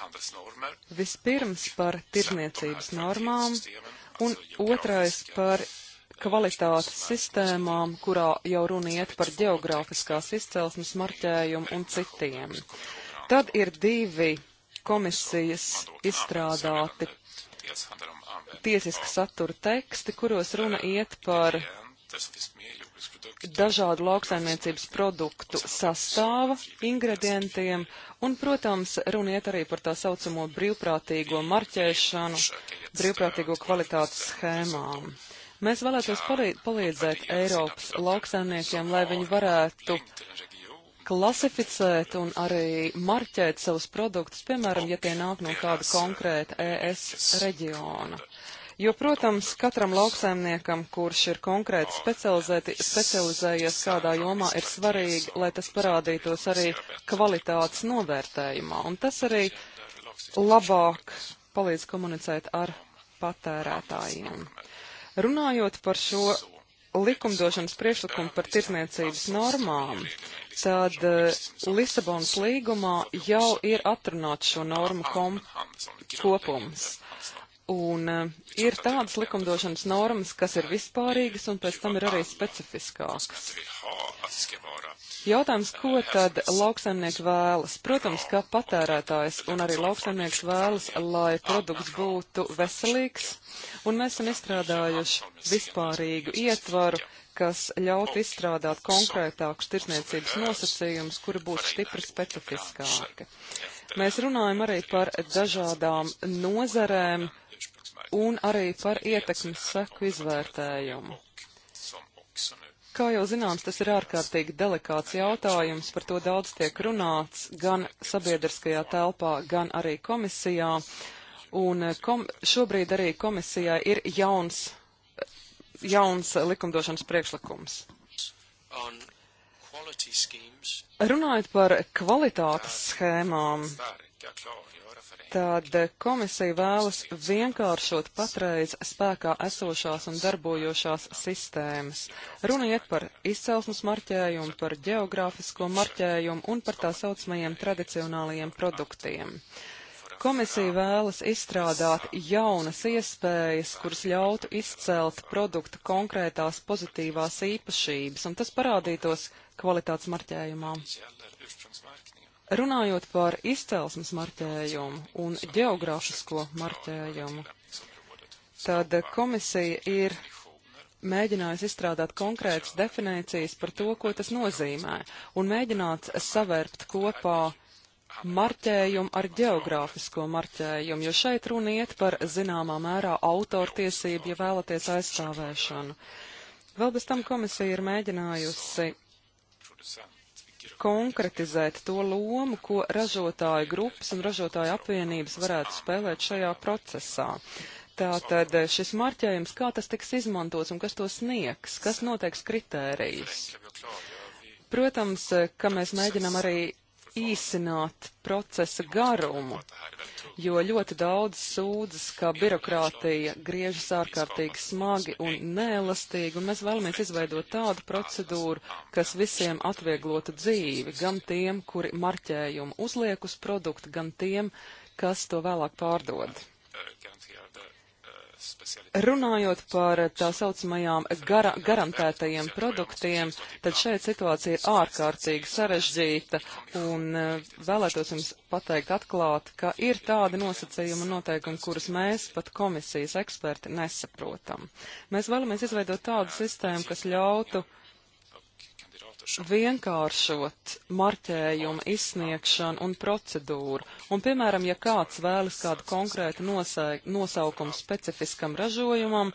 Ah, Vispirms par tirniecības normām un otrais par eh, kvalitātes sistēmām, kurā jau runa iet par geogrāfiskās izcelsmes marķējumu un citiem. Tad ir divi komisijas izstrādāti tiesiska satura teksti, kuros runa eh, iet par dažādu lauksaimniecības produktu sastāva, ingredientiem, un, protams, runiet arī par tā saucamo brīvprātīgo marķēšanu, brīvprātīgo kvalitātes schēmām. Mēs vēlētos palīdzēt Eiropas lauksaimniekiem, lai viņi varētu klasificēt un arī marķēt savus produktus, piemēram, ja tie nāk no kāda konkrēta ES reģiona. Jo, protams, katram lauksaimniekam, kurš ir konkrēti specializējies kādā jomā, ir svarīgi, lai tas parādītos arī kvalitātes novērtējumā. Un tas arī labāk palīdz komunicēt ar patērētājiem. Runājot par šo likumdošanas priekšlikumu par tirsniecības normām, tad eh, Lisabonas līgumā jau ir atrunāts šo normu kopums. Un uh, ir tādas likumdošanas normas, kas ir vispārīgas, un pēc tam ir arī specifiskākas. Jautājums, ko tad lauksaimnieks vēlas? Protams, kā patērētājs un arī lauksaimnieks vēlas, lai produkts būtu veselīgs, un mēs esam izstrādājuši vispārīgu ietvaru, kas ļautu izstrādāt konkrētākus tirsniecības nosacījumus, kuri būtu stipri specifiskāki. Mēs runājam arī par dažādām nozarēm, un arī par ietekmes seku izvērtējumu. Kā jau zināms, tas ir ārkārtīgi delikāts jautājums, par to daudz tiek runāts gan sabiedriskajā telpā, gan arī komisijā. Un eh, kom šobrīd arī komisijā ir jauns, eh, jauns likumdošanas priekšlikums. Runājot par kvalitātes schēmām, Tātad komisija vēlas vienkāršot patreiz spēkā esošās un darbojošās sistēmas. Runa iet par izcelsmes marķējumu, par geogrāfisko marķējumu un par tā saucamajiem tradicionālajiem produktiem. Komisija vēlas izstrādāt jaunas iespējas, kuras ļautu izcelt produktu konkrētās pozitīvās īpašības, un tas parādītos kvalitātes marķējumā. Yeah. Runājot par izcelsmes marķējumu un geogrāfisko marķējumu, tad komisija ir mēģinājusi izstrādāt konkrētas definīcijas par to, ko tas nozīmē, un mēģināts savērpt kopā marķējumu ar geogrāfisko marķējumu, jo šeit runa iet par zināmā mērā autortiesību, ja vēlaties aizstāvēšanu. Vēl bez tam komisija ir mēģinājusi konkretizēt to lomu, ko ražotāju grupas un ražotāju apvienības varētu spēlēt šajā procesā. Tātad eh, šis marķējums, kā tas tiks izmantots un kas to sniegs, kas noteiks kritērijus? Protams, eh, ka mēs mēģinam arī īsināt procesa garumu, jo ļoti daudz sūdzas, ka birokrātija griežas ārkārtīgi smagi un neelastīgi, un mēs vēlamies izveidot tādu procedūru, kas visiem atvieglotu dzīvi, gan tiem, kuri marķējumu uzliek uz produktu, gan tiem, kas to vēlāk pārdod. Runājot par tā saucamajām gara, garantētajiem produktiem, tad šeit situācija ir ārkārtīgi sarežģīta un eh, vēlētos jums pateikt atklāti, ka ir tādi nosacījumi un noteikumi, kurus mēs, pat komisijas eksperti, nesaprotam. Mēs vēlamies izveidot tādu sistēmu, kas ļautu uh, vienkāršot marķējumu izsniegšanu un procedūru. Un, piemēram, ja kāds vēlas kādu konkrētu nosaukumu specifiskam ražojumam,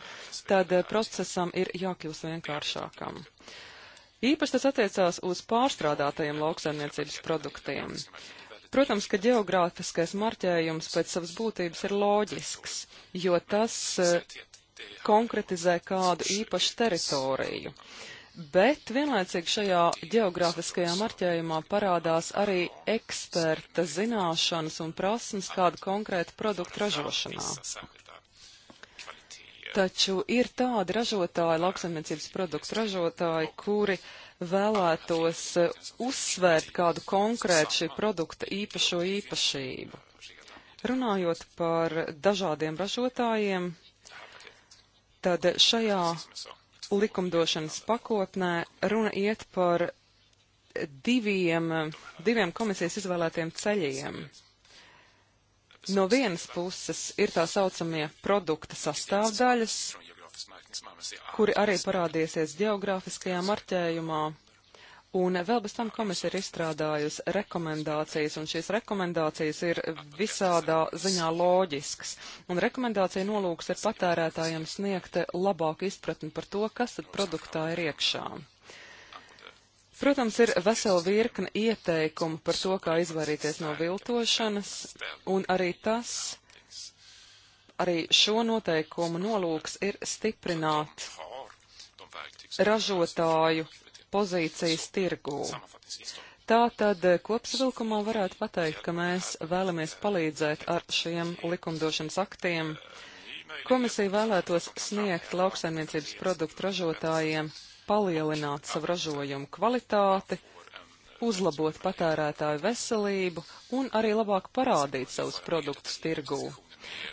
tad eh, procesam ir jākļūst vienkāršākam. Īpaši tas attiecās uz pārstrādātajiem lauksaimniecības produktiem. Protams, ka geogrāfiskais marķējums pēc savas būtības ir loģisks, jo tas eh, konkretizē kādu īpašu teritoriju. Uh, bet vienlaicīgi šajā geogrāfiskajā marķējumā parādās arī eksperta zināšanas un prasmes kādu konkrētu produktu ražošanā. Taču ir tādi ražotāji, lauksaimniecības produktu ražotāji, kuri vēlētos uzsvērt kādu konkrētu šī produkta īpašo īpašību. Runājot par dažādiem ražotājiem, tad šajā likumdošanas pakotnē runa iet par diviem, diviem komisijas izvēlētiem ceļiem. No vienas puses ir tā saucamie produkta sastāvdaļas, kuri arī parādīsies geogrāfiskajā marķējumā, Un vēl bez tam komisija ir izstrādājusi rekomendācijas, un šīs rekomendācijas ir visādā ziņā loģisks. Un rekomendācija nolūks ir patērētājiem sniegt labāku izpratni par to, kas tad produktā ir iekšā. Protams, ir vesela virkne ieteikumu par to, kā izvairīties no viltošanas, un arī tas, arī šo noteikumu nolūks ir stiprināt ražotāju pozīcijas tirgū. Tā tad kopsavilkumā varētu pateikt, ka mēs vēlamies palīdzēt ar šiem likumdošanas aktiem. Komisija vēlētos sniegt lauksaimniecības produktu ražotājiem, palielināt savu ražojumu kvalitāti, uzlabot patērētāju veselību un arī labāk parādīt savus produktus tirgū.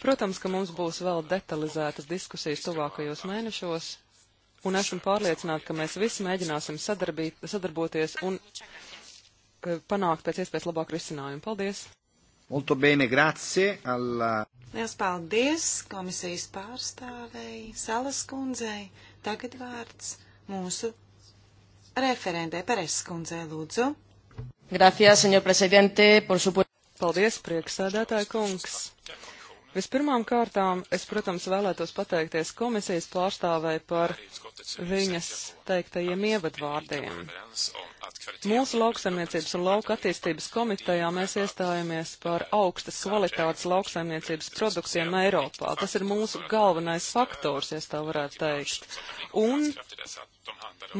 Protams, ka mums būs vēl detalizētas diskusijas tuvākajos mēnešos, un esmu pārliecināta, ka mēs visi mēģināsim sadarbīt, sadarboties un panākt pēc iespējas labāku risinājumu. Paldies! Molto bene, grazie alla... Liels paldies komisijas pārstāvēji, Salas kundzei. Tagad vārds mūsu referentē Peres kundzei, lūdzu. Gracias, senor presidente, por supuesto. Paldies, prieksēdētāja kungs. Vispirmām kārtām es, protams, vēlētos pateikties komisijas pārstāvēji par viņas teiktajiem ievadvārdiem. Mūsu lauksaimniecības un lauka attīstības komitejā mēs iestājāmies par augstas kvalitātes lauksaimniecības produktiem Eiropā. Tas ir mūsu galvenais faktors, ja tā varētu teikt. Un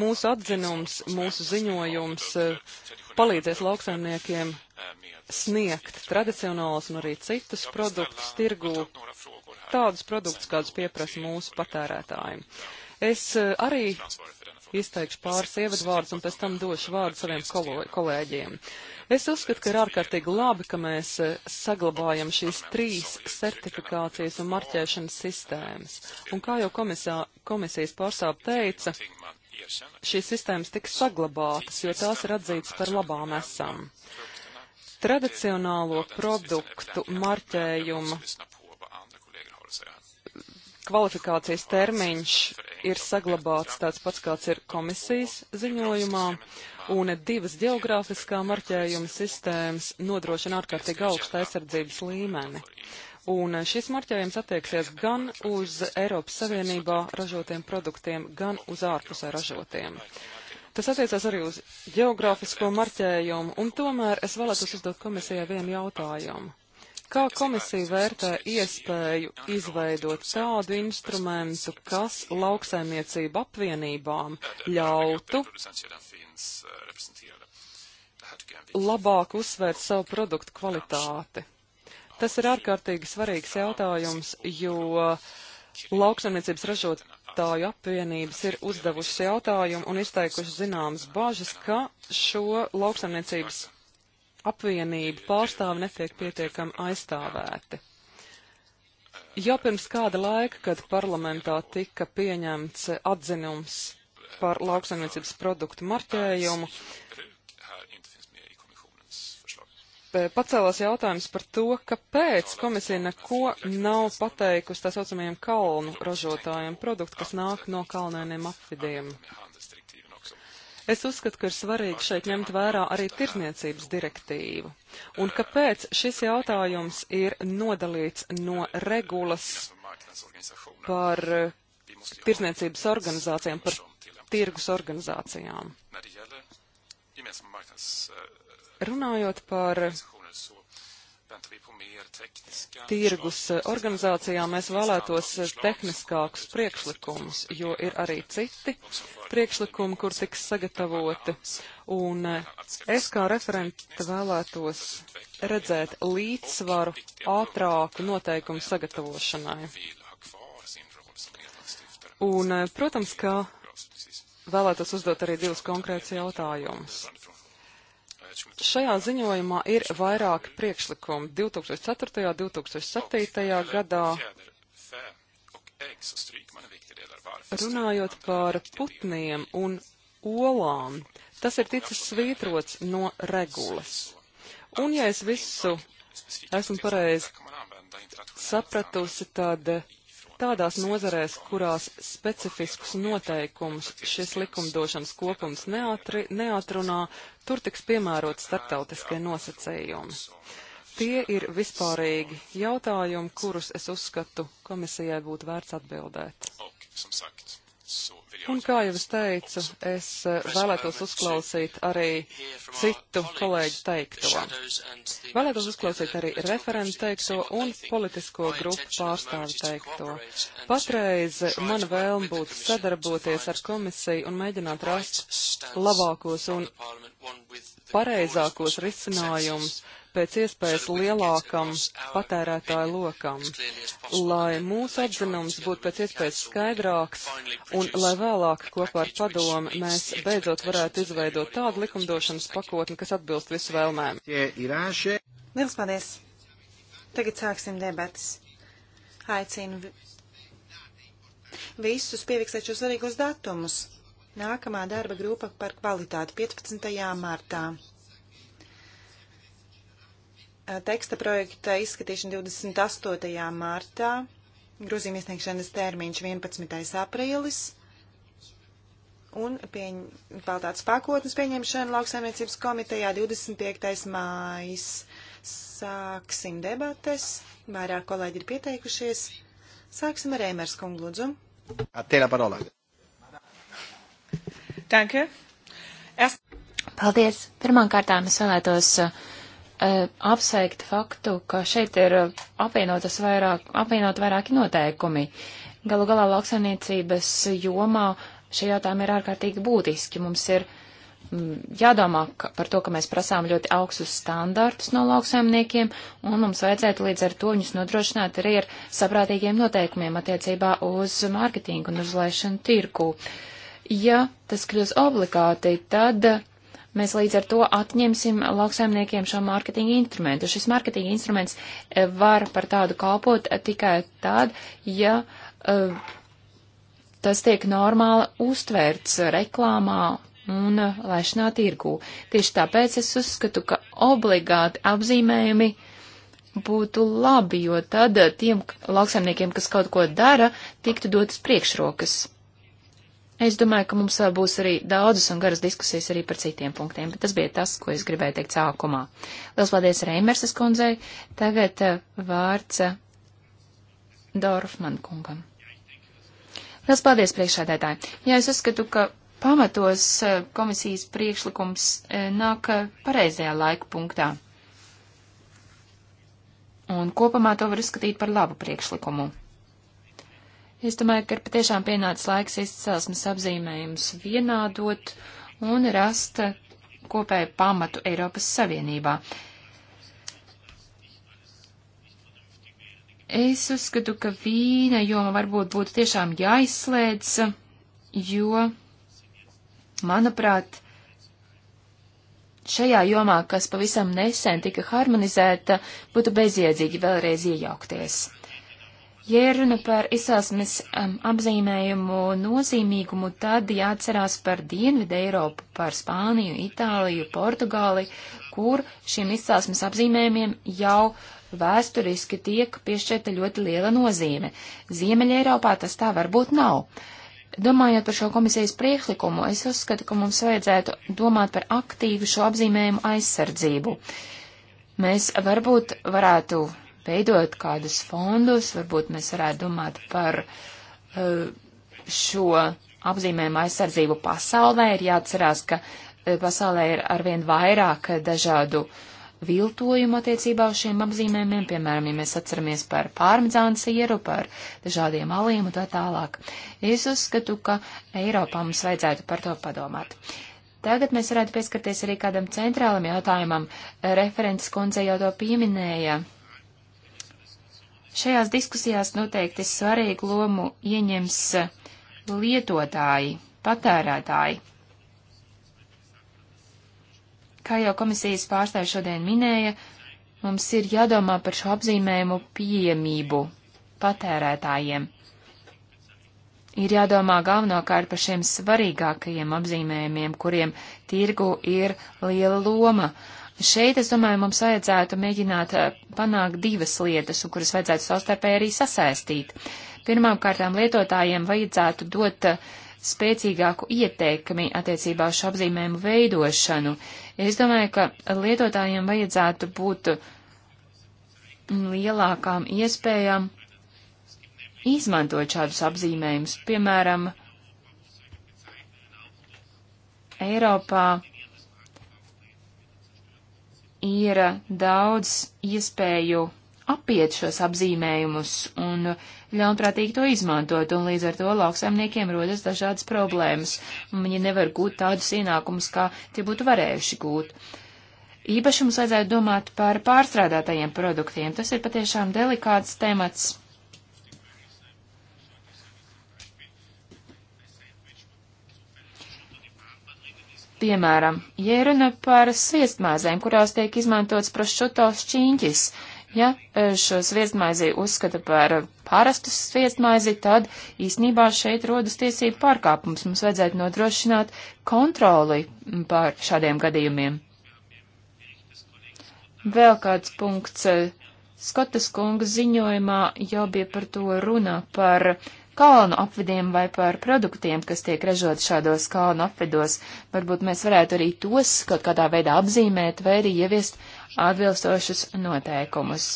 mūsu atzinums, mūsu ziņojums eh, palīdzēs lauksaimniekiem sniegt tradicionālus un arī citus produktus tirgū, tādus produktus, kādus pieprasa mūsu patērētājiem. Es eh, arī izteikšu pāris ievadvārdus un pēc tam došu vārdu saviem kol kolēģiem. Es uzskatu, ka ir ārkārtīgi labi, ka mēs eh, saglabājam šīs trīs certifikācijas un marķēšanas sistēmas. Un kā jau komisā, komisijas pārstāv teica, šīs sistēmas tiks saglabātas, jo tās ir atzītas par labām esam tradicionālo produktu marķējumu kvalifikācijas termiņš ir saglabāts tāds pats, kāds ir komisijas ziņojumā, un divas geogrāfiskā marķējuma sistēmas nodrošina ārkārtīgi augstu aizsardzības līmeni. Un šis marķējums attieksies gan uz Eiropas Savienībā ražotiem produktiem, gan uz ārpusē ražotiem. Tas attiecās arī uz geogrāfisko marķējumu, un tomēr es vēlētos uzdot komisijai vienu jautājumu. Kā komisija vērtē iespēju izveidot tādu instrumentu, kas lauksaimniecību apvienībām ļautu labāk uzsvērt savu produktu kvalitāti? Tas ir ārkārtīgi svarīgs jautājums, jo lauksaimniecības ražot lietotāju apvienības ir uzdevušas jautājumu un izteikušas zināmas bažas, ka šo lauksamniecības apvienību pārstāvi netiek pietiekami aizstāvēti. Jau pirms kāda laika, kad parlamentā tika pieņemts atzinums par lauksaimniecības produktu marķējumu, pacēlās jautājums par to, kāpēc komisija neko nav pateikusi tā saucamajiem kalnu ražotājiem produktu, kas nāk no kalnainiem apvidiem. Es uzskatu, ka ir svarīgi šeit ņemt vērā arī tirzniecības direktīvu. Un kāpēc šis jautājums ir nodalīts no regulas par eh, tirzniecības organizācijām, par tirgus organizācijām? Runājot par tirgus organizācijām, mēs vēlētos tehniskākus priekšlikumus, jo ir arī citi priekšlikumi, kur tiks sagatavoti. Un es kā referenta vēlētos redzēt līdzsvaru ātrāku noteikumu sagatavošanai. Un, protams, ka vēlētos uzdot arī divus konkrētus jautājumus. Šajā ziņojumā ir vairāki priekšlikumi 2004. un 2007. gadā. Runājot par putniem un olām, tas ir ticis svītrots no regulas. Un ja es visu esmu pareizi sapratusi, tad tādās nozarēs, kurās specifiskus noteikumus šis likumdošanas kopums neatri, neatrunā, tur tiks piemērot starptautiskie nosacījumi. Tie ir vispārīgi jautājumi, kurus es uzskatu komisijai būtu vērts atbildēt. Okay, Un kā jau es teicu, es uh, vēlētos uzklausīt arī citu kolēģu teikto. Vēlētos uzklausīt arī referentu teikto un politisko grupu pārstāvu teikto. Patreiz uh, man vēlme būtu sadarboties ar komisiju un mēģināt rast labākos un pareizākos risinājumus pēc iespējas lielākam patērētāju lokam, lai mūsu atzinums būtu pēc iespējas skaidrāks un lai vēlāk kopā ar padomu mēs beidzot varētu izveidot tādu likumdošanas pakotni, kas atbilst visu vēlmēm. Liels paldies! Tagad sāksim debatas. Aicinu visus pieviksēt šos svarīgos datumus. Nākamā darba grupa par kvalitāti 15. martā. Eh, teksta projekta izskatīšana 28. martā, grozījuma iesniegšanas termiņš 11. aprīlis un pieņ, paldāts pakotnes pieņemšana lauksaimniecības komitejā 25. mājas. Sāksim debates, vairāk kolēģi ir pieteikušies. Sāksim ar Ēmers kungu, lūdzu. Atēlā parola. Danke. Es... Paldies. Pirmkārtām es vēlētos uh, E, apsveikt faktu, ka šeit ir apvienotas vairāk, apvienot vairāki noteikumi. Galu galā lauksaimniecības jomā šie jautājumi ir ārkārtīgi būtiski. Mums ir jādomā par to, ka mēs prasām ļoti augstus standārtus no lauksaimniekiem, un mums vajadzētu līdz ar to viņus nodrošināt arī ar saprātīgiem noteikumiem attiecībā uz mārketingu un uzlaišanu tirku. Ja tas kļūs obligāti, tad Mēs līdz ar to atņemsim lauksaimniekiem šo mārketinga instrumentu. Šis mārketinga instruments e, var par tādu kalpot tikai tad, ja e, tas tiek normāli uztvērts reklāmā un laišanā tirgū. Tieši tāpēc es uzskatu, ka obligāti apzīmējumi būtu labi, jo tad tiem lauksaimniekiem, kas kaut ko dara, tiktu dotas priekšrokas. Es domāju, ka mums vēl uh, būs arī daudzas un garas diskusijas arī par citiem punktiem, bet tas bija tas, ko es gribēju teikt sākumā. Lielas paldies Reimerses kundzei. Tagad uh, vārds uh, Dorfman kungam. Lielas paldies priekšādētāji. Jā, es uzskatu, ka pamatos komisijas priekšlikums nāk pareizajā laika punktā. Un kopumā to var uzskatīt par labu priekšlikumu. Es domāju, ka ir patiešām pienācis laiks izcelsmes apzīmējumus vienādot un rast kopēju pamatu Eiropas Savienībā. Es uzskatu, ka vīna joma varbūt būtu tiešām jāizslēdz, jo, manuprāt, šajā jomā, kas pavisam nesen tika harmonizēta, būtu bezjēdzīgi vēlreiz iejaukties. Ja ir runa par izsāsmes um, apzīmējumu nozīmīgumu, tad jāatcerās par Dienvidu Eiropu, par Spāniju, Itāliju, Portugāli, kur šiem izsāsmes apzīmējumiem jau vēsturiski tiek piešķirta ļoti liela nozīme. Ziemeļa Eiropā tas tā varbūt nav. Domājot par šo komisijas priekšlikumu, es uzskatu, ka mums vajadzētu domāt par aktīvu šo apzīmējumu aizsardzību. Mēs varbūt varētu veidot kādus fondus, varbūt mēs varētu domāt par eh, šo apzīmējumu aizsardzību pasaulē. Ir jāatcerās, ka eh, pasaulē ir arvien vairāk dažādu viltojumu attiecībā uz šiem apzīmējumiem, piemēram, ja mēs atceramies par pārmedzānu sieru, par dažādiem aliem un tā tālāk. Es uzskatu, ka Eiropā mums vajadzētu par to padomāt. Tagad mēs varētu pieskarties arī kādam centrālam jautājumam. Referents kundze jau to pieminēja. Šajās diskusijās noteikti svarīgu lomu ieņems eh, lietotāji, patērētāji. Kā jau komisijas pārstāvis šodien minēja, mums ir jādomā par šo apzīmējumu pieejamību patērētājiem. Ir jādomā galvenokārt par šiem svarīgākajiem apzīmējumiem, kuriem tirgu ir liela loma. Uh, Šeit, es domāju, mums vajadzētu mēģināt eh, panākt divas lietas, kuras vajadzētu savstarpēji arī sasaistīt. Pirmām kārtām lietotājiem vajadzētu dot eh, spēcīgāku ieteikumi attiecībā uz šo apzīmējumu veidošanu. Es domāju, ka lietotājiem vajadzētu būt mm, lielākām iespējām izmantot šādus apzīmējumus. Piemēram, Eiropā ir daudz iespēju apiet šos apzīmējumus un ļaunprātīgi to izmantot, un līdz ar to lauksaimniekiem rodas dažādas problēmas, un viņi nevar gūt tādus ienākumus, kā tie būtu varējuši gūt. Īpaši mums vajadzētu domāt par pārstrādātajiem produktiem. Tas ir patiešām delikāts temats. Piemēram, ja runa par sviestmāzēm, kurās tiek izmantots prošuto šķīņķis, ja e, šo sviestmaizi uzskata par parastu sviestmaizi, tad īsnībā šeit rodas tiesību pārkāpums. Mums vajadzētu nodrošināt kontroli pār šādiem gadījumiem. Vēl kāds punkts. Skotas kunga ziņojumā jau bija par to runa par uh, kalnu apvidiem vai par produktiem, kas tiek ražoti šādos kalnu apvidos. Varbūt mēs varētu arī tos kaut kādā veidā apzīmēt vai arī ieviest atbilstošus noteikumus.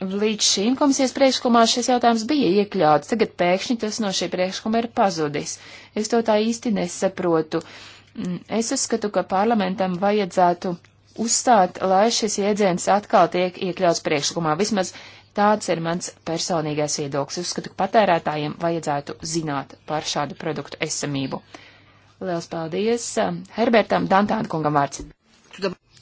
Līdz šīm komisijas priekšlikumā šis jautājums bija iekļauts, tagad pēkšņi tas no šī priekšlikuma ir pazudis. Es to tā īsti nesaprotu. Mm, es uzskatu, ka parlamentam vajadzētu uzstāt, lai šis jēdziens atkal tiek iekļauts priekšlikumā. Vismaz uh, Tāds ir mans personīgais viedoklis. Uzskatu, ka patērētājiem vajadzētu zināt par šādu produktu esamību. Liels paldies um, Herbertam Dantāna kungam vārds.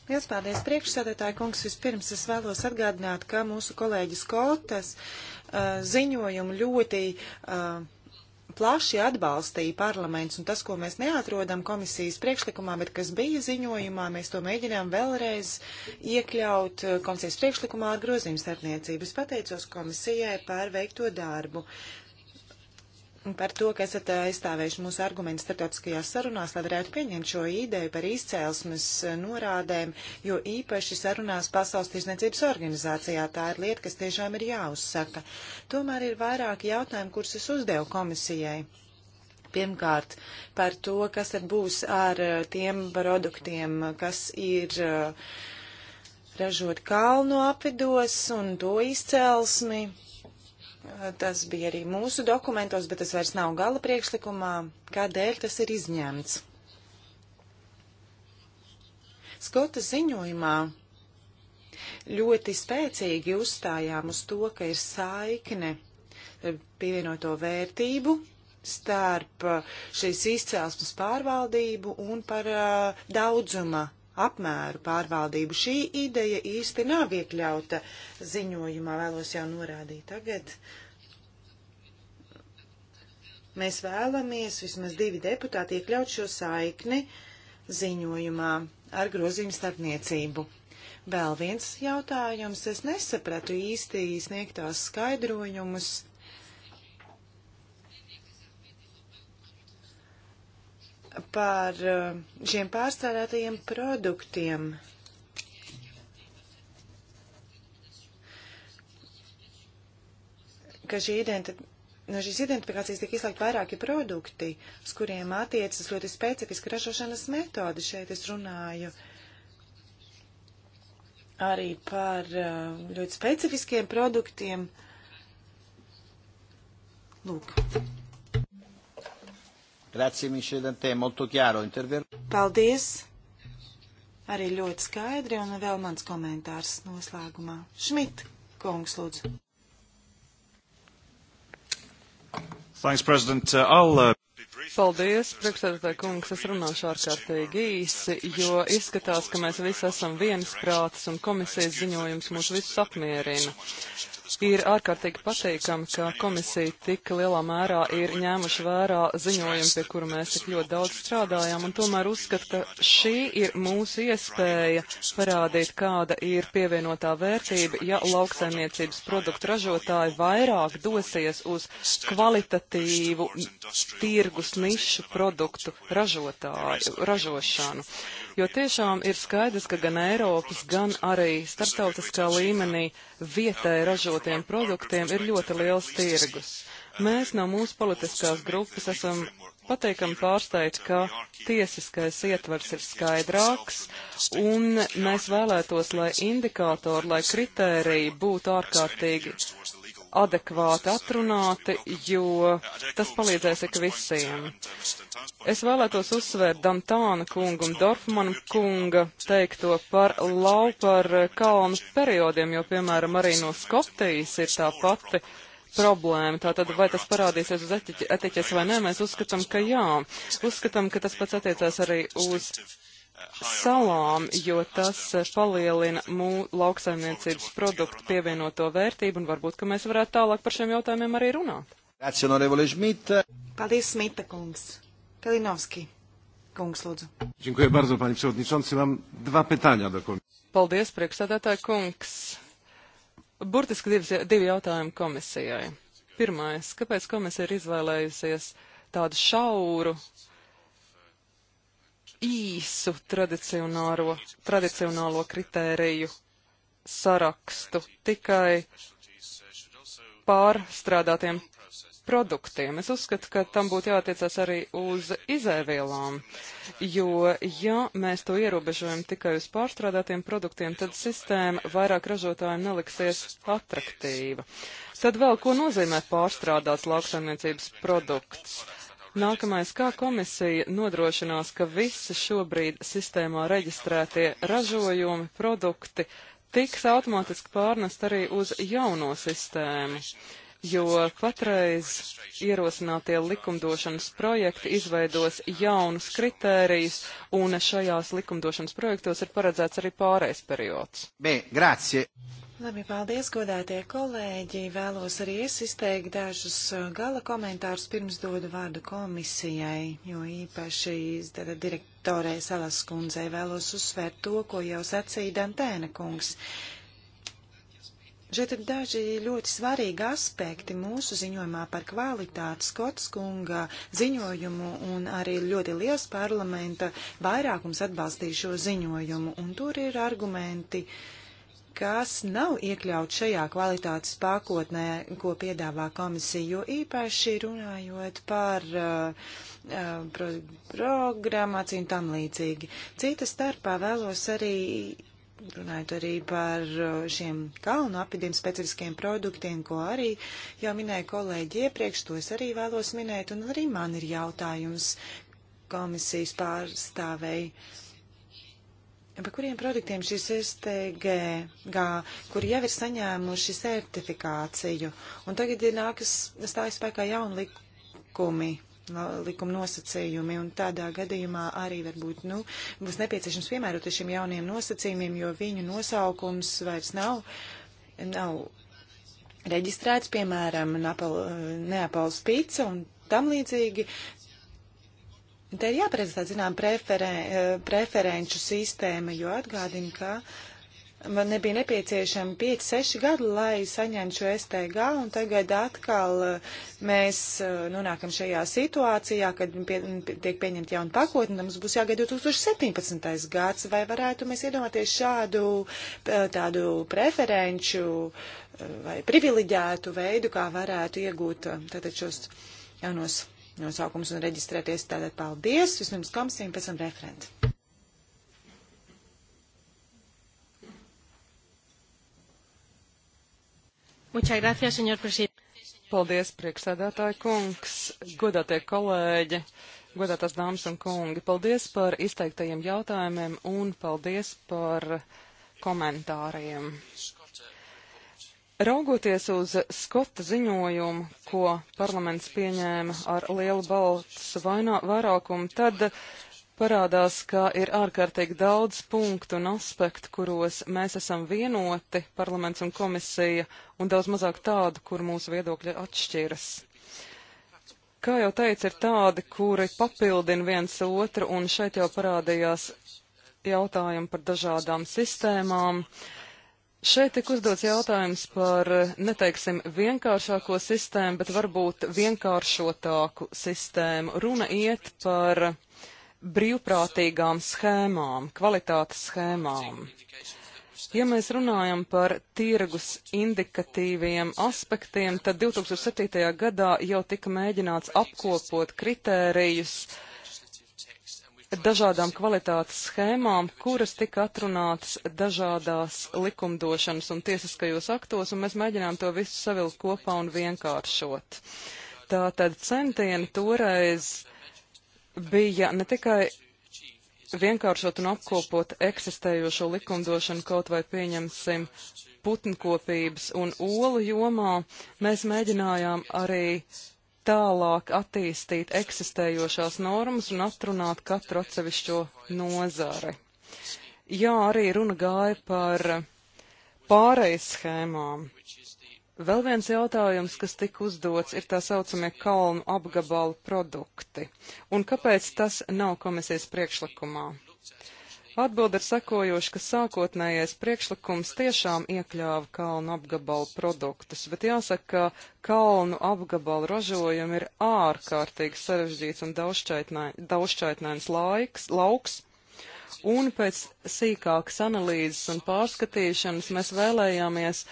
Liels paldies priekšsēdētāji kungs. Vispirms es vēlos atgādināt, ka mūsu kolēģis Koltas uh, ziņojumu ļoti uh, plaši atbalstīja parlaments, un tas, ko mēs neatrodam komisijas priekšlikumā, bet kas bija ziņojumā, mēs to mēģinām vēlreiz iekļaut eh, komisijas priekšlikumā ar grozījumu starpniecības. Pateicos komisijai par veikto darbu par to, ka esat aizstāvējuši mūsu argumentus starptautiskajās sarunās, lai varētu pieņemt šo ideju par izcēlesmes norādēm, jo īpaši sarunās Pasaules tirsniecības organizācijā tā ir lieta, kas tiešām ir jāuzsaka. Tomēr ir vairāki jautājumi, kurus es uzdevu komisijai. Pirmkārt, par to, kas tad būs ar tiem produktiem, kas ir ražot kalnu apvidos un to izcelsmi Tas bija arī mūsu dokumentos, bet tas vairs nav gala priekšlikumā. Kādēļ tas ir izņemts? Skota ziņojumā ļoti spēcīgi uzstājām uz to, ka ir saikne eh, pievienoto vērtību starp eh, šīs izcelsmes pārvaldību un par uh, daudzuma apmēru pārvaldību. Šī ideja īsti nav iekļauta ziņojumā, vēlos jau norādīt tagad. Mēs vēlamies vismaz divi deputāti iekļaut šo saikni ziņojumā ar grozījumu starpniecību. Vēl viens jautājums. Es nesapratu īsti sniegtās skaidrojumus par eh, šiem pārstrādātajiem produktiem. Ka šī identitāte no šīs identifikācijas tika izslēgti vairāki produkti, uz kuriem attiecas ļoti specifiska ražošanas metode. Šeit es runāju arī par eh, ļoti specifiskiem produktiem. Lūk. Grazie, Mišēdantē, molto chiaro interver. Paldies! Arī ļoti skaidri un vēl mans komentārs noslēgumā. Šmit, kungs, lūdzu. Thanks, President. Uh, I'll, uh... Paldies, priekšsēdētāji kungs, es runāšu ārkārtīgi īsi, jo izskatās, ka mēs visi esam viensprātis un komisijas ziņojums mūs visus apmierina. Ir ārkārtīgi pateikami, ka komisija tik lielā mērā ir ņēmuši vērā ziņojumu, pie kura mēs tik ļoti daudz strādājām, un tomēr uzskata, ka šī ir mūsu iespēja parādīt, kāda ir pievienotā vērtība, ja lauksaimniecības produktu ražotāji vairāk dosies uz kvalitatīvu tirgus nišu produktu ražotāju, ražošanu jo tiešām ir skaidrs, ka gan Eiropas, gan arī starptautiskā līmenī vietēji ražotiem produktiem ir ļoti liels tirgus. Mēs no mūsu politiskās grupas esam pateikami pārsteigti, ka tiesiskais ietvers ir skaidrāks, un mēs vēlētos, lai indikātori, lai kritēriji būtu ārkārtīgi adekvāti atrunāti, jo tas palīdzēs ik visiem. Es vēlētos uzsvērt Dantāna kungu un Dorfmanu kunga teikto par laupar kalnu periodiem, jo, piemēram, arī no Skotijas ir tā pati problēma. Tātad, vai tas parādīsies uz etiķes vai nē, mēs uzskatām, ka jā. Uzskatām, ka tas pats attiecās arī uz salām, jo tas eh, palielina mūsu lauksaimniecības produktu pievienoto vērtību, un varbūt, ka mēs varētu tālāk par šiem jautājumiem arī runāt. Paldies, Smita kungs. Kalinovski. Kungs, lūdzu. Dziękuję bardzo, panie przewodniczący. Mam dwa pytania do komisji. Paldies, priekšsēdētāji kungs. Burtiski divi, divi jautājumi komisijai. Pirmais, kāpēc komisija ir izvēlējusies tādu šauru uh, īsu tradicionālo kritēriju sarakstu tikai pārstrādātiem produktiem. Es uzskatu, ka tam būtu jātiecās arī uz izēvielām, jo ja mēs to ierobežojam tikai uz pārstrādātiem produktiem, tad sistēma vairāk ražotājiem neliksies attraktīva. Tad vēl ko nozīmē pārstrādāts lauksaimniecības produkts? Nākamais, kā komisija nodrošinās, ka visi šobrīd sistēmā reģistrētie ražojumi, produkti tiks automātiski pārnest arī uz jauno sistēmu? jo patreiz ierosinātie likumdošanas projekti izveidos jaunus kritērijus, un šajās likumdošanas projektos ir paredzēts arī pārējais periods. Bē, grazie! Labi, paldies, godētie kolēģi. Vēlos arī es izteikt dažus uh, gala komentārus pirms dodu vārdu komisijai, jo īpaši izdara direktorei Salas kundzei vēlos uzsvērt to, ko jau sacīja Dantēna kungs. Šeit ir daži ļoti svarīgi aspekti mūsu ziņojumā par kvalitāti Skots kunga ziņojumu un arī ļoti liels parlamenta vairākums atbalstīja šo ziņojumu, un tur ir argumenti. Uh, kas nav iekļauts šajā kvalitātes pakotnē, ko piedāvā komisija, jo īpaši runājot par uh, uh, pro programmāciju un tam līdzīgi. Cita starpā vēlos arī runājot arī par uh, šiem kalnu apidiem specifiskiem produktiem, ko arī jau minēja kolēģi iepriekš, to es arī vēlos minēt, un arī man ir jautājums komisijas pārstāvēji. Par kuriem produktiem šis STG, gā, kuri jau ir saņēmuši certifikāciju, un tagad ir nākas stājas spēkā jauni likumi, likuma nosacījumi, un tādā gadījumā arī varbūt, nu, būs nepieciešams piemēroties šiem jauniem nosacījumiem, jo viņu nosaukums vairs nav, nav reģistrēts, piemēram, Neapols pizza un tam līdzīgi. Te ir jāprezentē, zinām, preferen, eh, preferenču sistēma, jo atgādina, ka man nebija nepieciešami 5-6 gadi, lai saņemtu šo STG, un tagad atkal eh, mēs eh, nonākam šajā situācijā, kad pie, tiek pieņemta jauna pakotne, mums būs jāgaida 2017. gads, vai varētu mēs iedomāties šādu tādu preferenču vai privileģētu veidu, kā varētu iegūt tātad šos jaunos nosaukums un reģistrēties. Tātad paldies vispirms komisijai, pēc tam referentam. Muchas gracias, señor presidente. Paldies, priekšsēdētāji kungs, godātie kolēģi, godātās dāmas un kungi. Paldies par izteiktajiem jautājumiem un paldies par komentāriem. Raugoties uz Skota ziņojumu, ko parlaments pieņēma ar lielu balsu vairākumu, tad parādās, ka ir ārkārtīgi daudz punktu un aspektu, kuros mēs esam vienoti, parlaments un komisija, un daudz mazāk tādu, kur mūsu viedokļi atšķiras. Kā jau teicu, ir tādi, kuri papildina viens otru, un šeit jau parādījās jautājumi par dažādām sistēmām. Uh, Šeit tik uzdots jautājums par, eh, neteiksim, vienkāršāko sistēmu, bet varbūt vienkāršotāku sistēmu. Runa iet par brīvprātīgām schēmām, kvalitātes schēmām. Ja mēs runājam par tirgus indikatīviem aspektiem, tad 2007. gadā jau tika mēģināts apkopot kritērijus par dažādām kvalitātes schēmām, kuras tika atrunātas dažādās likumdošanas un tiesiskajos aktos, un mēs mēģinām to visu savilkt kopā un vienkāršot. Tātad centieni toreiz bija ne tikai vienkāršot un apkopot eksistējošo likumdošanu kaut vai pieņemsim putnkopības un olu jomā, mēs mēģinājām arī tālāk attīstīt eksistējošās normas un atrunāt katru atsevišķo nozari. Jā, arī runa gāja par pārejas schēmām. Vēl viens jautājums, kas tika uzdots, ir tā saucamie kalnu apgabalu produkti. Un kāpēc tas nav komisijas priekšlikumā? Atbilde ir sekojoša, ka sākotnējais priekšlikums tiešām iekļāva kalnu apgabalu produktus, bet jāsaka, ka kalnu apgabalu ražojumi ir ārkārtīgi sarežģīts un daudzšķaitnēns laiks, lauks. Un pēc sīkākas analīzes un pārskatīšanas mēs vēlējāmies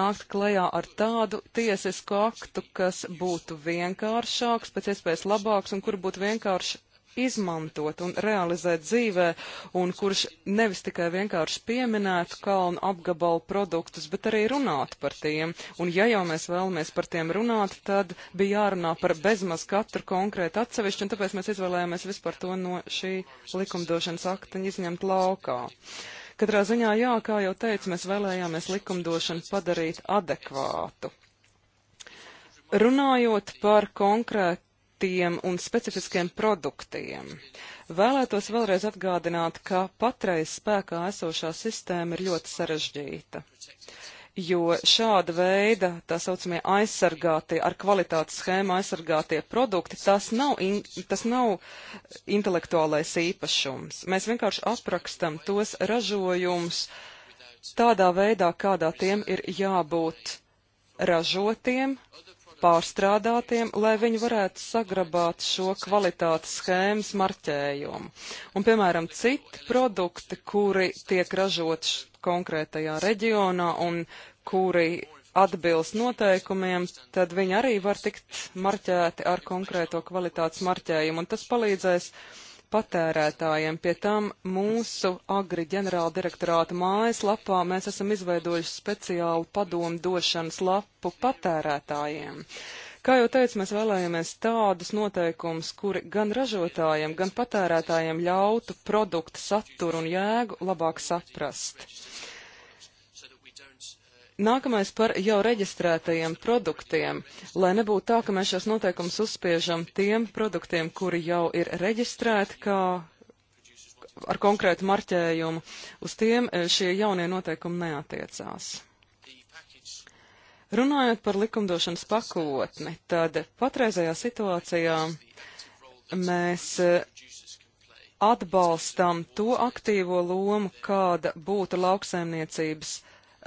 nākt klajā ar tādu tiesisku aktu, kas būtu vienkāršāks, pēc iespējas labāks un kur būtu vienkārši izmantot un realizēt dzīvē, un kurš nevis tikai vienkārši pieminētu kalnu apgabalu produktus, bet arī runātu par tiem. Un ja jau mēs vēlamies par tiem runāt, tad bija jārunā par bezmaz katru konkrētu atsevišķu, un tāpēc mēs izvēlējāmies vispār to no šī likumdošanas akta izņemt laukā. Katrā ziņā, jā, kā jau teicu, mēs vēlējāmies likumdošanu padarīt adekvātu. Runājot par konkrētu produktiem un specifiskiem produktiem. Vēlētos vēlreiz atgādināt, ka patreiz spēkā esošā sistēma ir ļoti sarežģīta, jo šāda veida tā saucamie aizsargātie, ar kvalitātes schēmu aizsargātie produkti, tas nav, in, tas nav intelektuālais īpašums. Mēs vienkārši aprakstam tos ražojumus tādā veidā, kādā tiem ir jābūt ražotiem, pārstrādātiem, lai viņi varētu sagrabāt šo kvalitātes schēmas marķējumu. Un, piemēram, citi produkti, kuri tiek ražot konkrētajā reģionā un kuri atbilst noteikumiem, tad viņi arī var tikt marķēti ar konkrēto kvalitātes marķējumu. Un tas palīdzēs uh, patērētājiem. Pie tam mūsu agri ģenerāla direktorāta mājaslapā mēs esam izveidojuši speciālu padomu došanas lapu patērētājiem. Kā jau teicu, mēs vēlējāmies tādus noteikumus, kuri gan ražotājiem, gan patērētājiem ļautu produktu saturu un jēgu labāk saprast. Nākamais par jau reģistrētajiem produktiem, lai nebūtu tā, ka mēs šos noteikumus uzspiežam tiem produktiem, kuri jau ir reģistrēti kā ar konkrētu marķējumu, uz tiem e, šie jaunie noteikumi neatiecās. Runājot par likumdošanas pakotni, tad patreizajā situācijā mēs e, atbalstam to aktīvo lomu, kāda būtu lauksaimniecības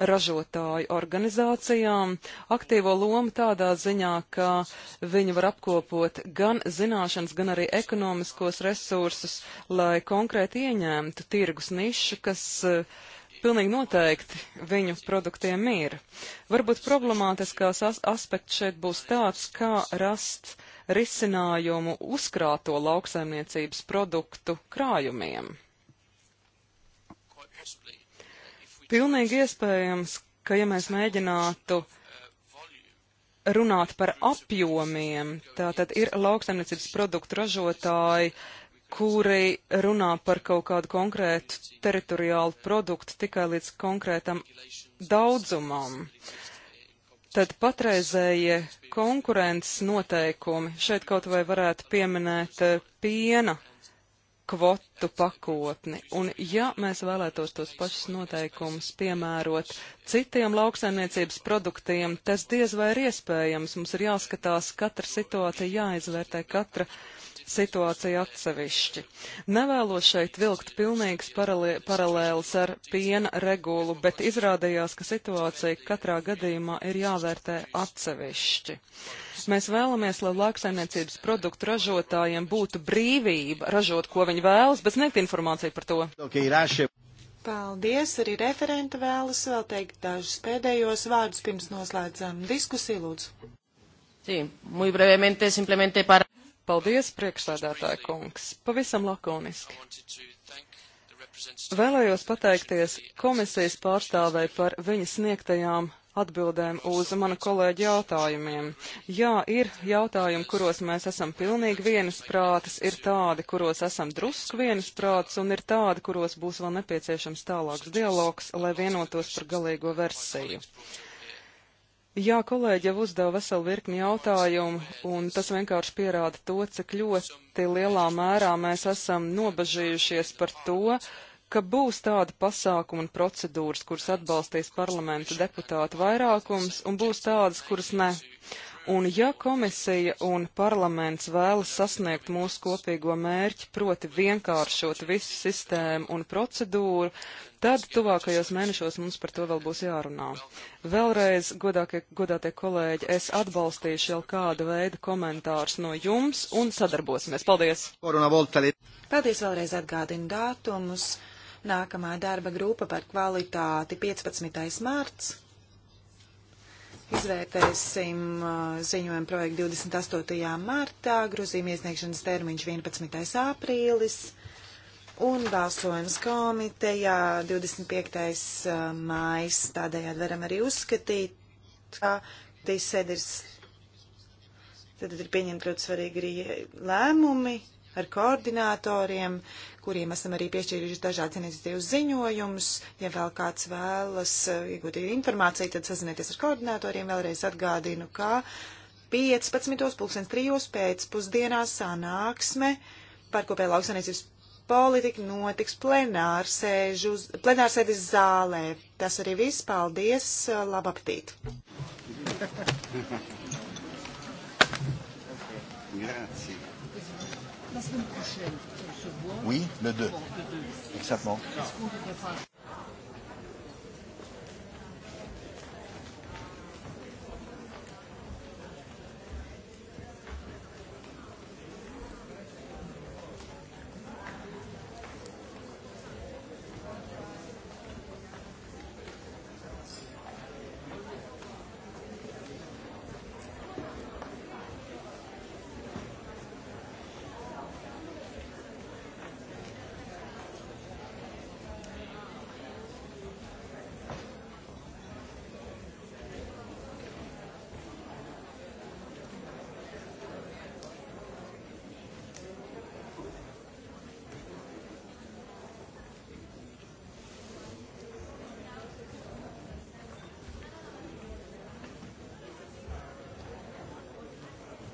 ražotāju organizācijām aktīvo lomu tādā ziņā, ka viņi var apkopot gan zināšanas, gan arī ekonomiskos resursus, lai konkrēti ieņemtu tirgus nišu, kas uh, pilnīgi noteikti viņu produktiem ir. Varbūt problemātiskās as aspekts šeit būs tāds, kā rast risinājumu uzkrāto lauksaimniecības produktu krājumiem. Pilnīgi iespējams, ka ja mēs mēģinātu runāt par apjomiem, tātad ir lauksaimniecības produktu ražotāji, kuri runā par kaut kādu konkrētu teritoriālu produktu tikai līdz konkrētam daudzumam. Tad patreizējie konkurences noteikumi, šeit kaut vai varētu pieminēt eh, piena kvotu pakotni. Un ja mēs vēlētos tos pašus noteikumus piemērot citiem lauksaimniecības produktiem, tas diez vai ir iespējams. Mums ir jāskatās katra situācija, jāizvērtē katra situāciju atsevišķi. Nevēlos šeit vilkt pilnīgas paralē, paralēlas ar piena regulu, bet izrādījās, ka situācija katrā gadījumā ir jāvērtē atsevišķi. Mēs vēlamies, lai lauksaimniecības produktu ražotājiem būtu brīvība ražot, ko viņi vēlas, bet sniegt informāciju par to. Paldies! Arī referenta vēlas vēl teikt dažus pēdējos vārdus pirms noslēdzam diskusiju, lūdzu. Sí, muy brevemente, simplemente para. Paldies, priekšsēdētāja kungs. Pavisam lakoniski. Vēlējos pateikties komisijas pārstāvei par viņas sniegtajām atbildēm uz mana kolēģa jautājumiem. Jā, ir jautājumi, kuros mēs esam pilnīgi vienisprātis, ir tādi, kuros esam drusku vienisprātis, un ir tādi, kuros būs vēl nepieciešams tālāks dialogs, lai vienotos par galīgo versiju. Jā, kolēģi jau uzdeva veselu virkni jautājumu, un tas vienkārši pierāda to, cik ļoti lielā mērā mēs esam nobežījušies par to, ka būs tāda pasākuma un procedūras, kuras atbalstīs parlamenta deputātu vairākums, un būs tādas, kuras ne. Un ja komisija un parlaments vēlas sasniegt mūsu kopīgo mērķi, proti vienkāršot visu sistēmu un procedūru, tad tuvākajos mēnešos mums par to vēl būs jārunā. Vēlreiz, godākie, godātie kolēģi, es atbalstīšu jau kādu veidu komentārus no jums un sadarbosimies. Paldies! Paldies vēlreiz atgādinu dātumus. Nākamā darba grupa par kvalitāti 15. marts. Izvērtēsim uh, ziņojumu projektu 28. martā, grozījuma iesniegšanas termiņš 11. aprīlis un balsojums komitejā 25. Uh, mājas. Tādējādi varam arī uzskatīt, ka tīsēders tad ir pieņemt ļoti svarīgi arī lēmumi ar koordinatoriem kuriem esam arī piešķīruši dažādas iniciatīvas ziņojumus. Ja vēl kāds vēlas uh, iegūt informāciju, tad sazinieties ar koordinatoriem. Vēlreiz atgādinu, ka 15.03. pēcpusdienā sanāksme par kopēju lauksaimniecības politiku notiks plenārsēdes plenār zālē. Tas arī viss. Paldies! Uh, Labu apetīti! Grazie. La semaine prochaine. Oui, le 2. Exactement.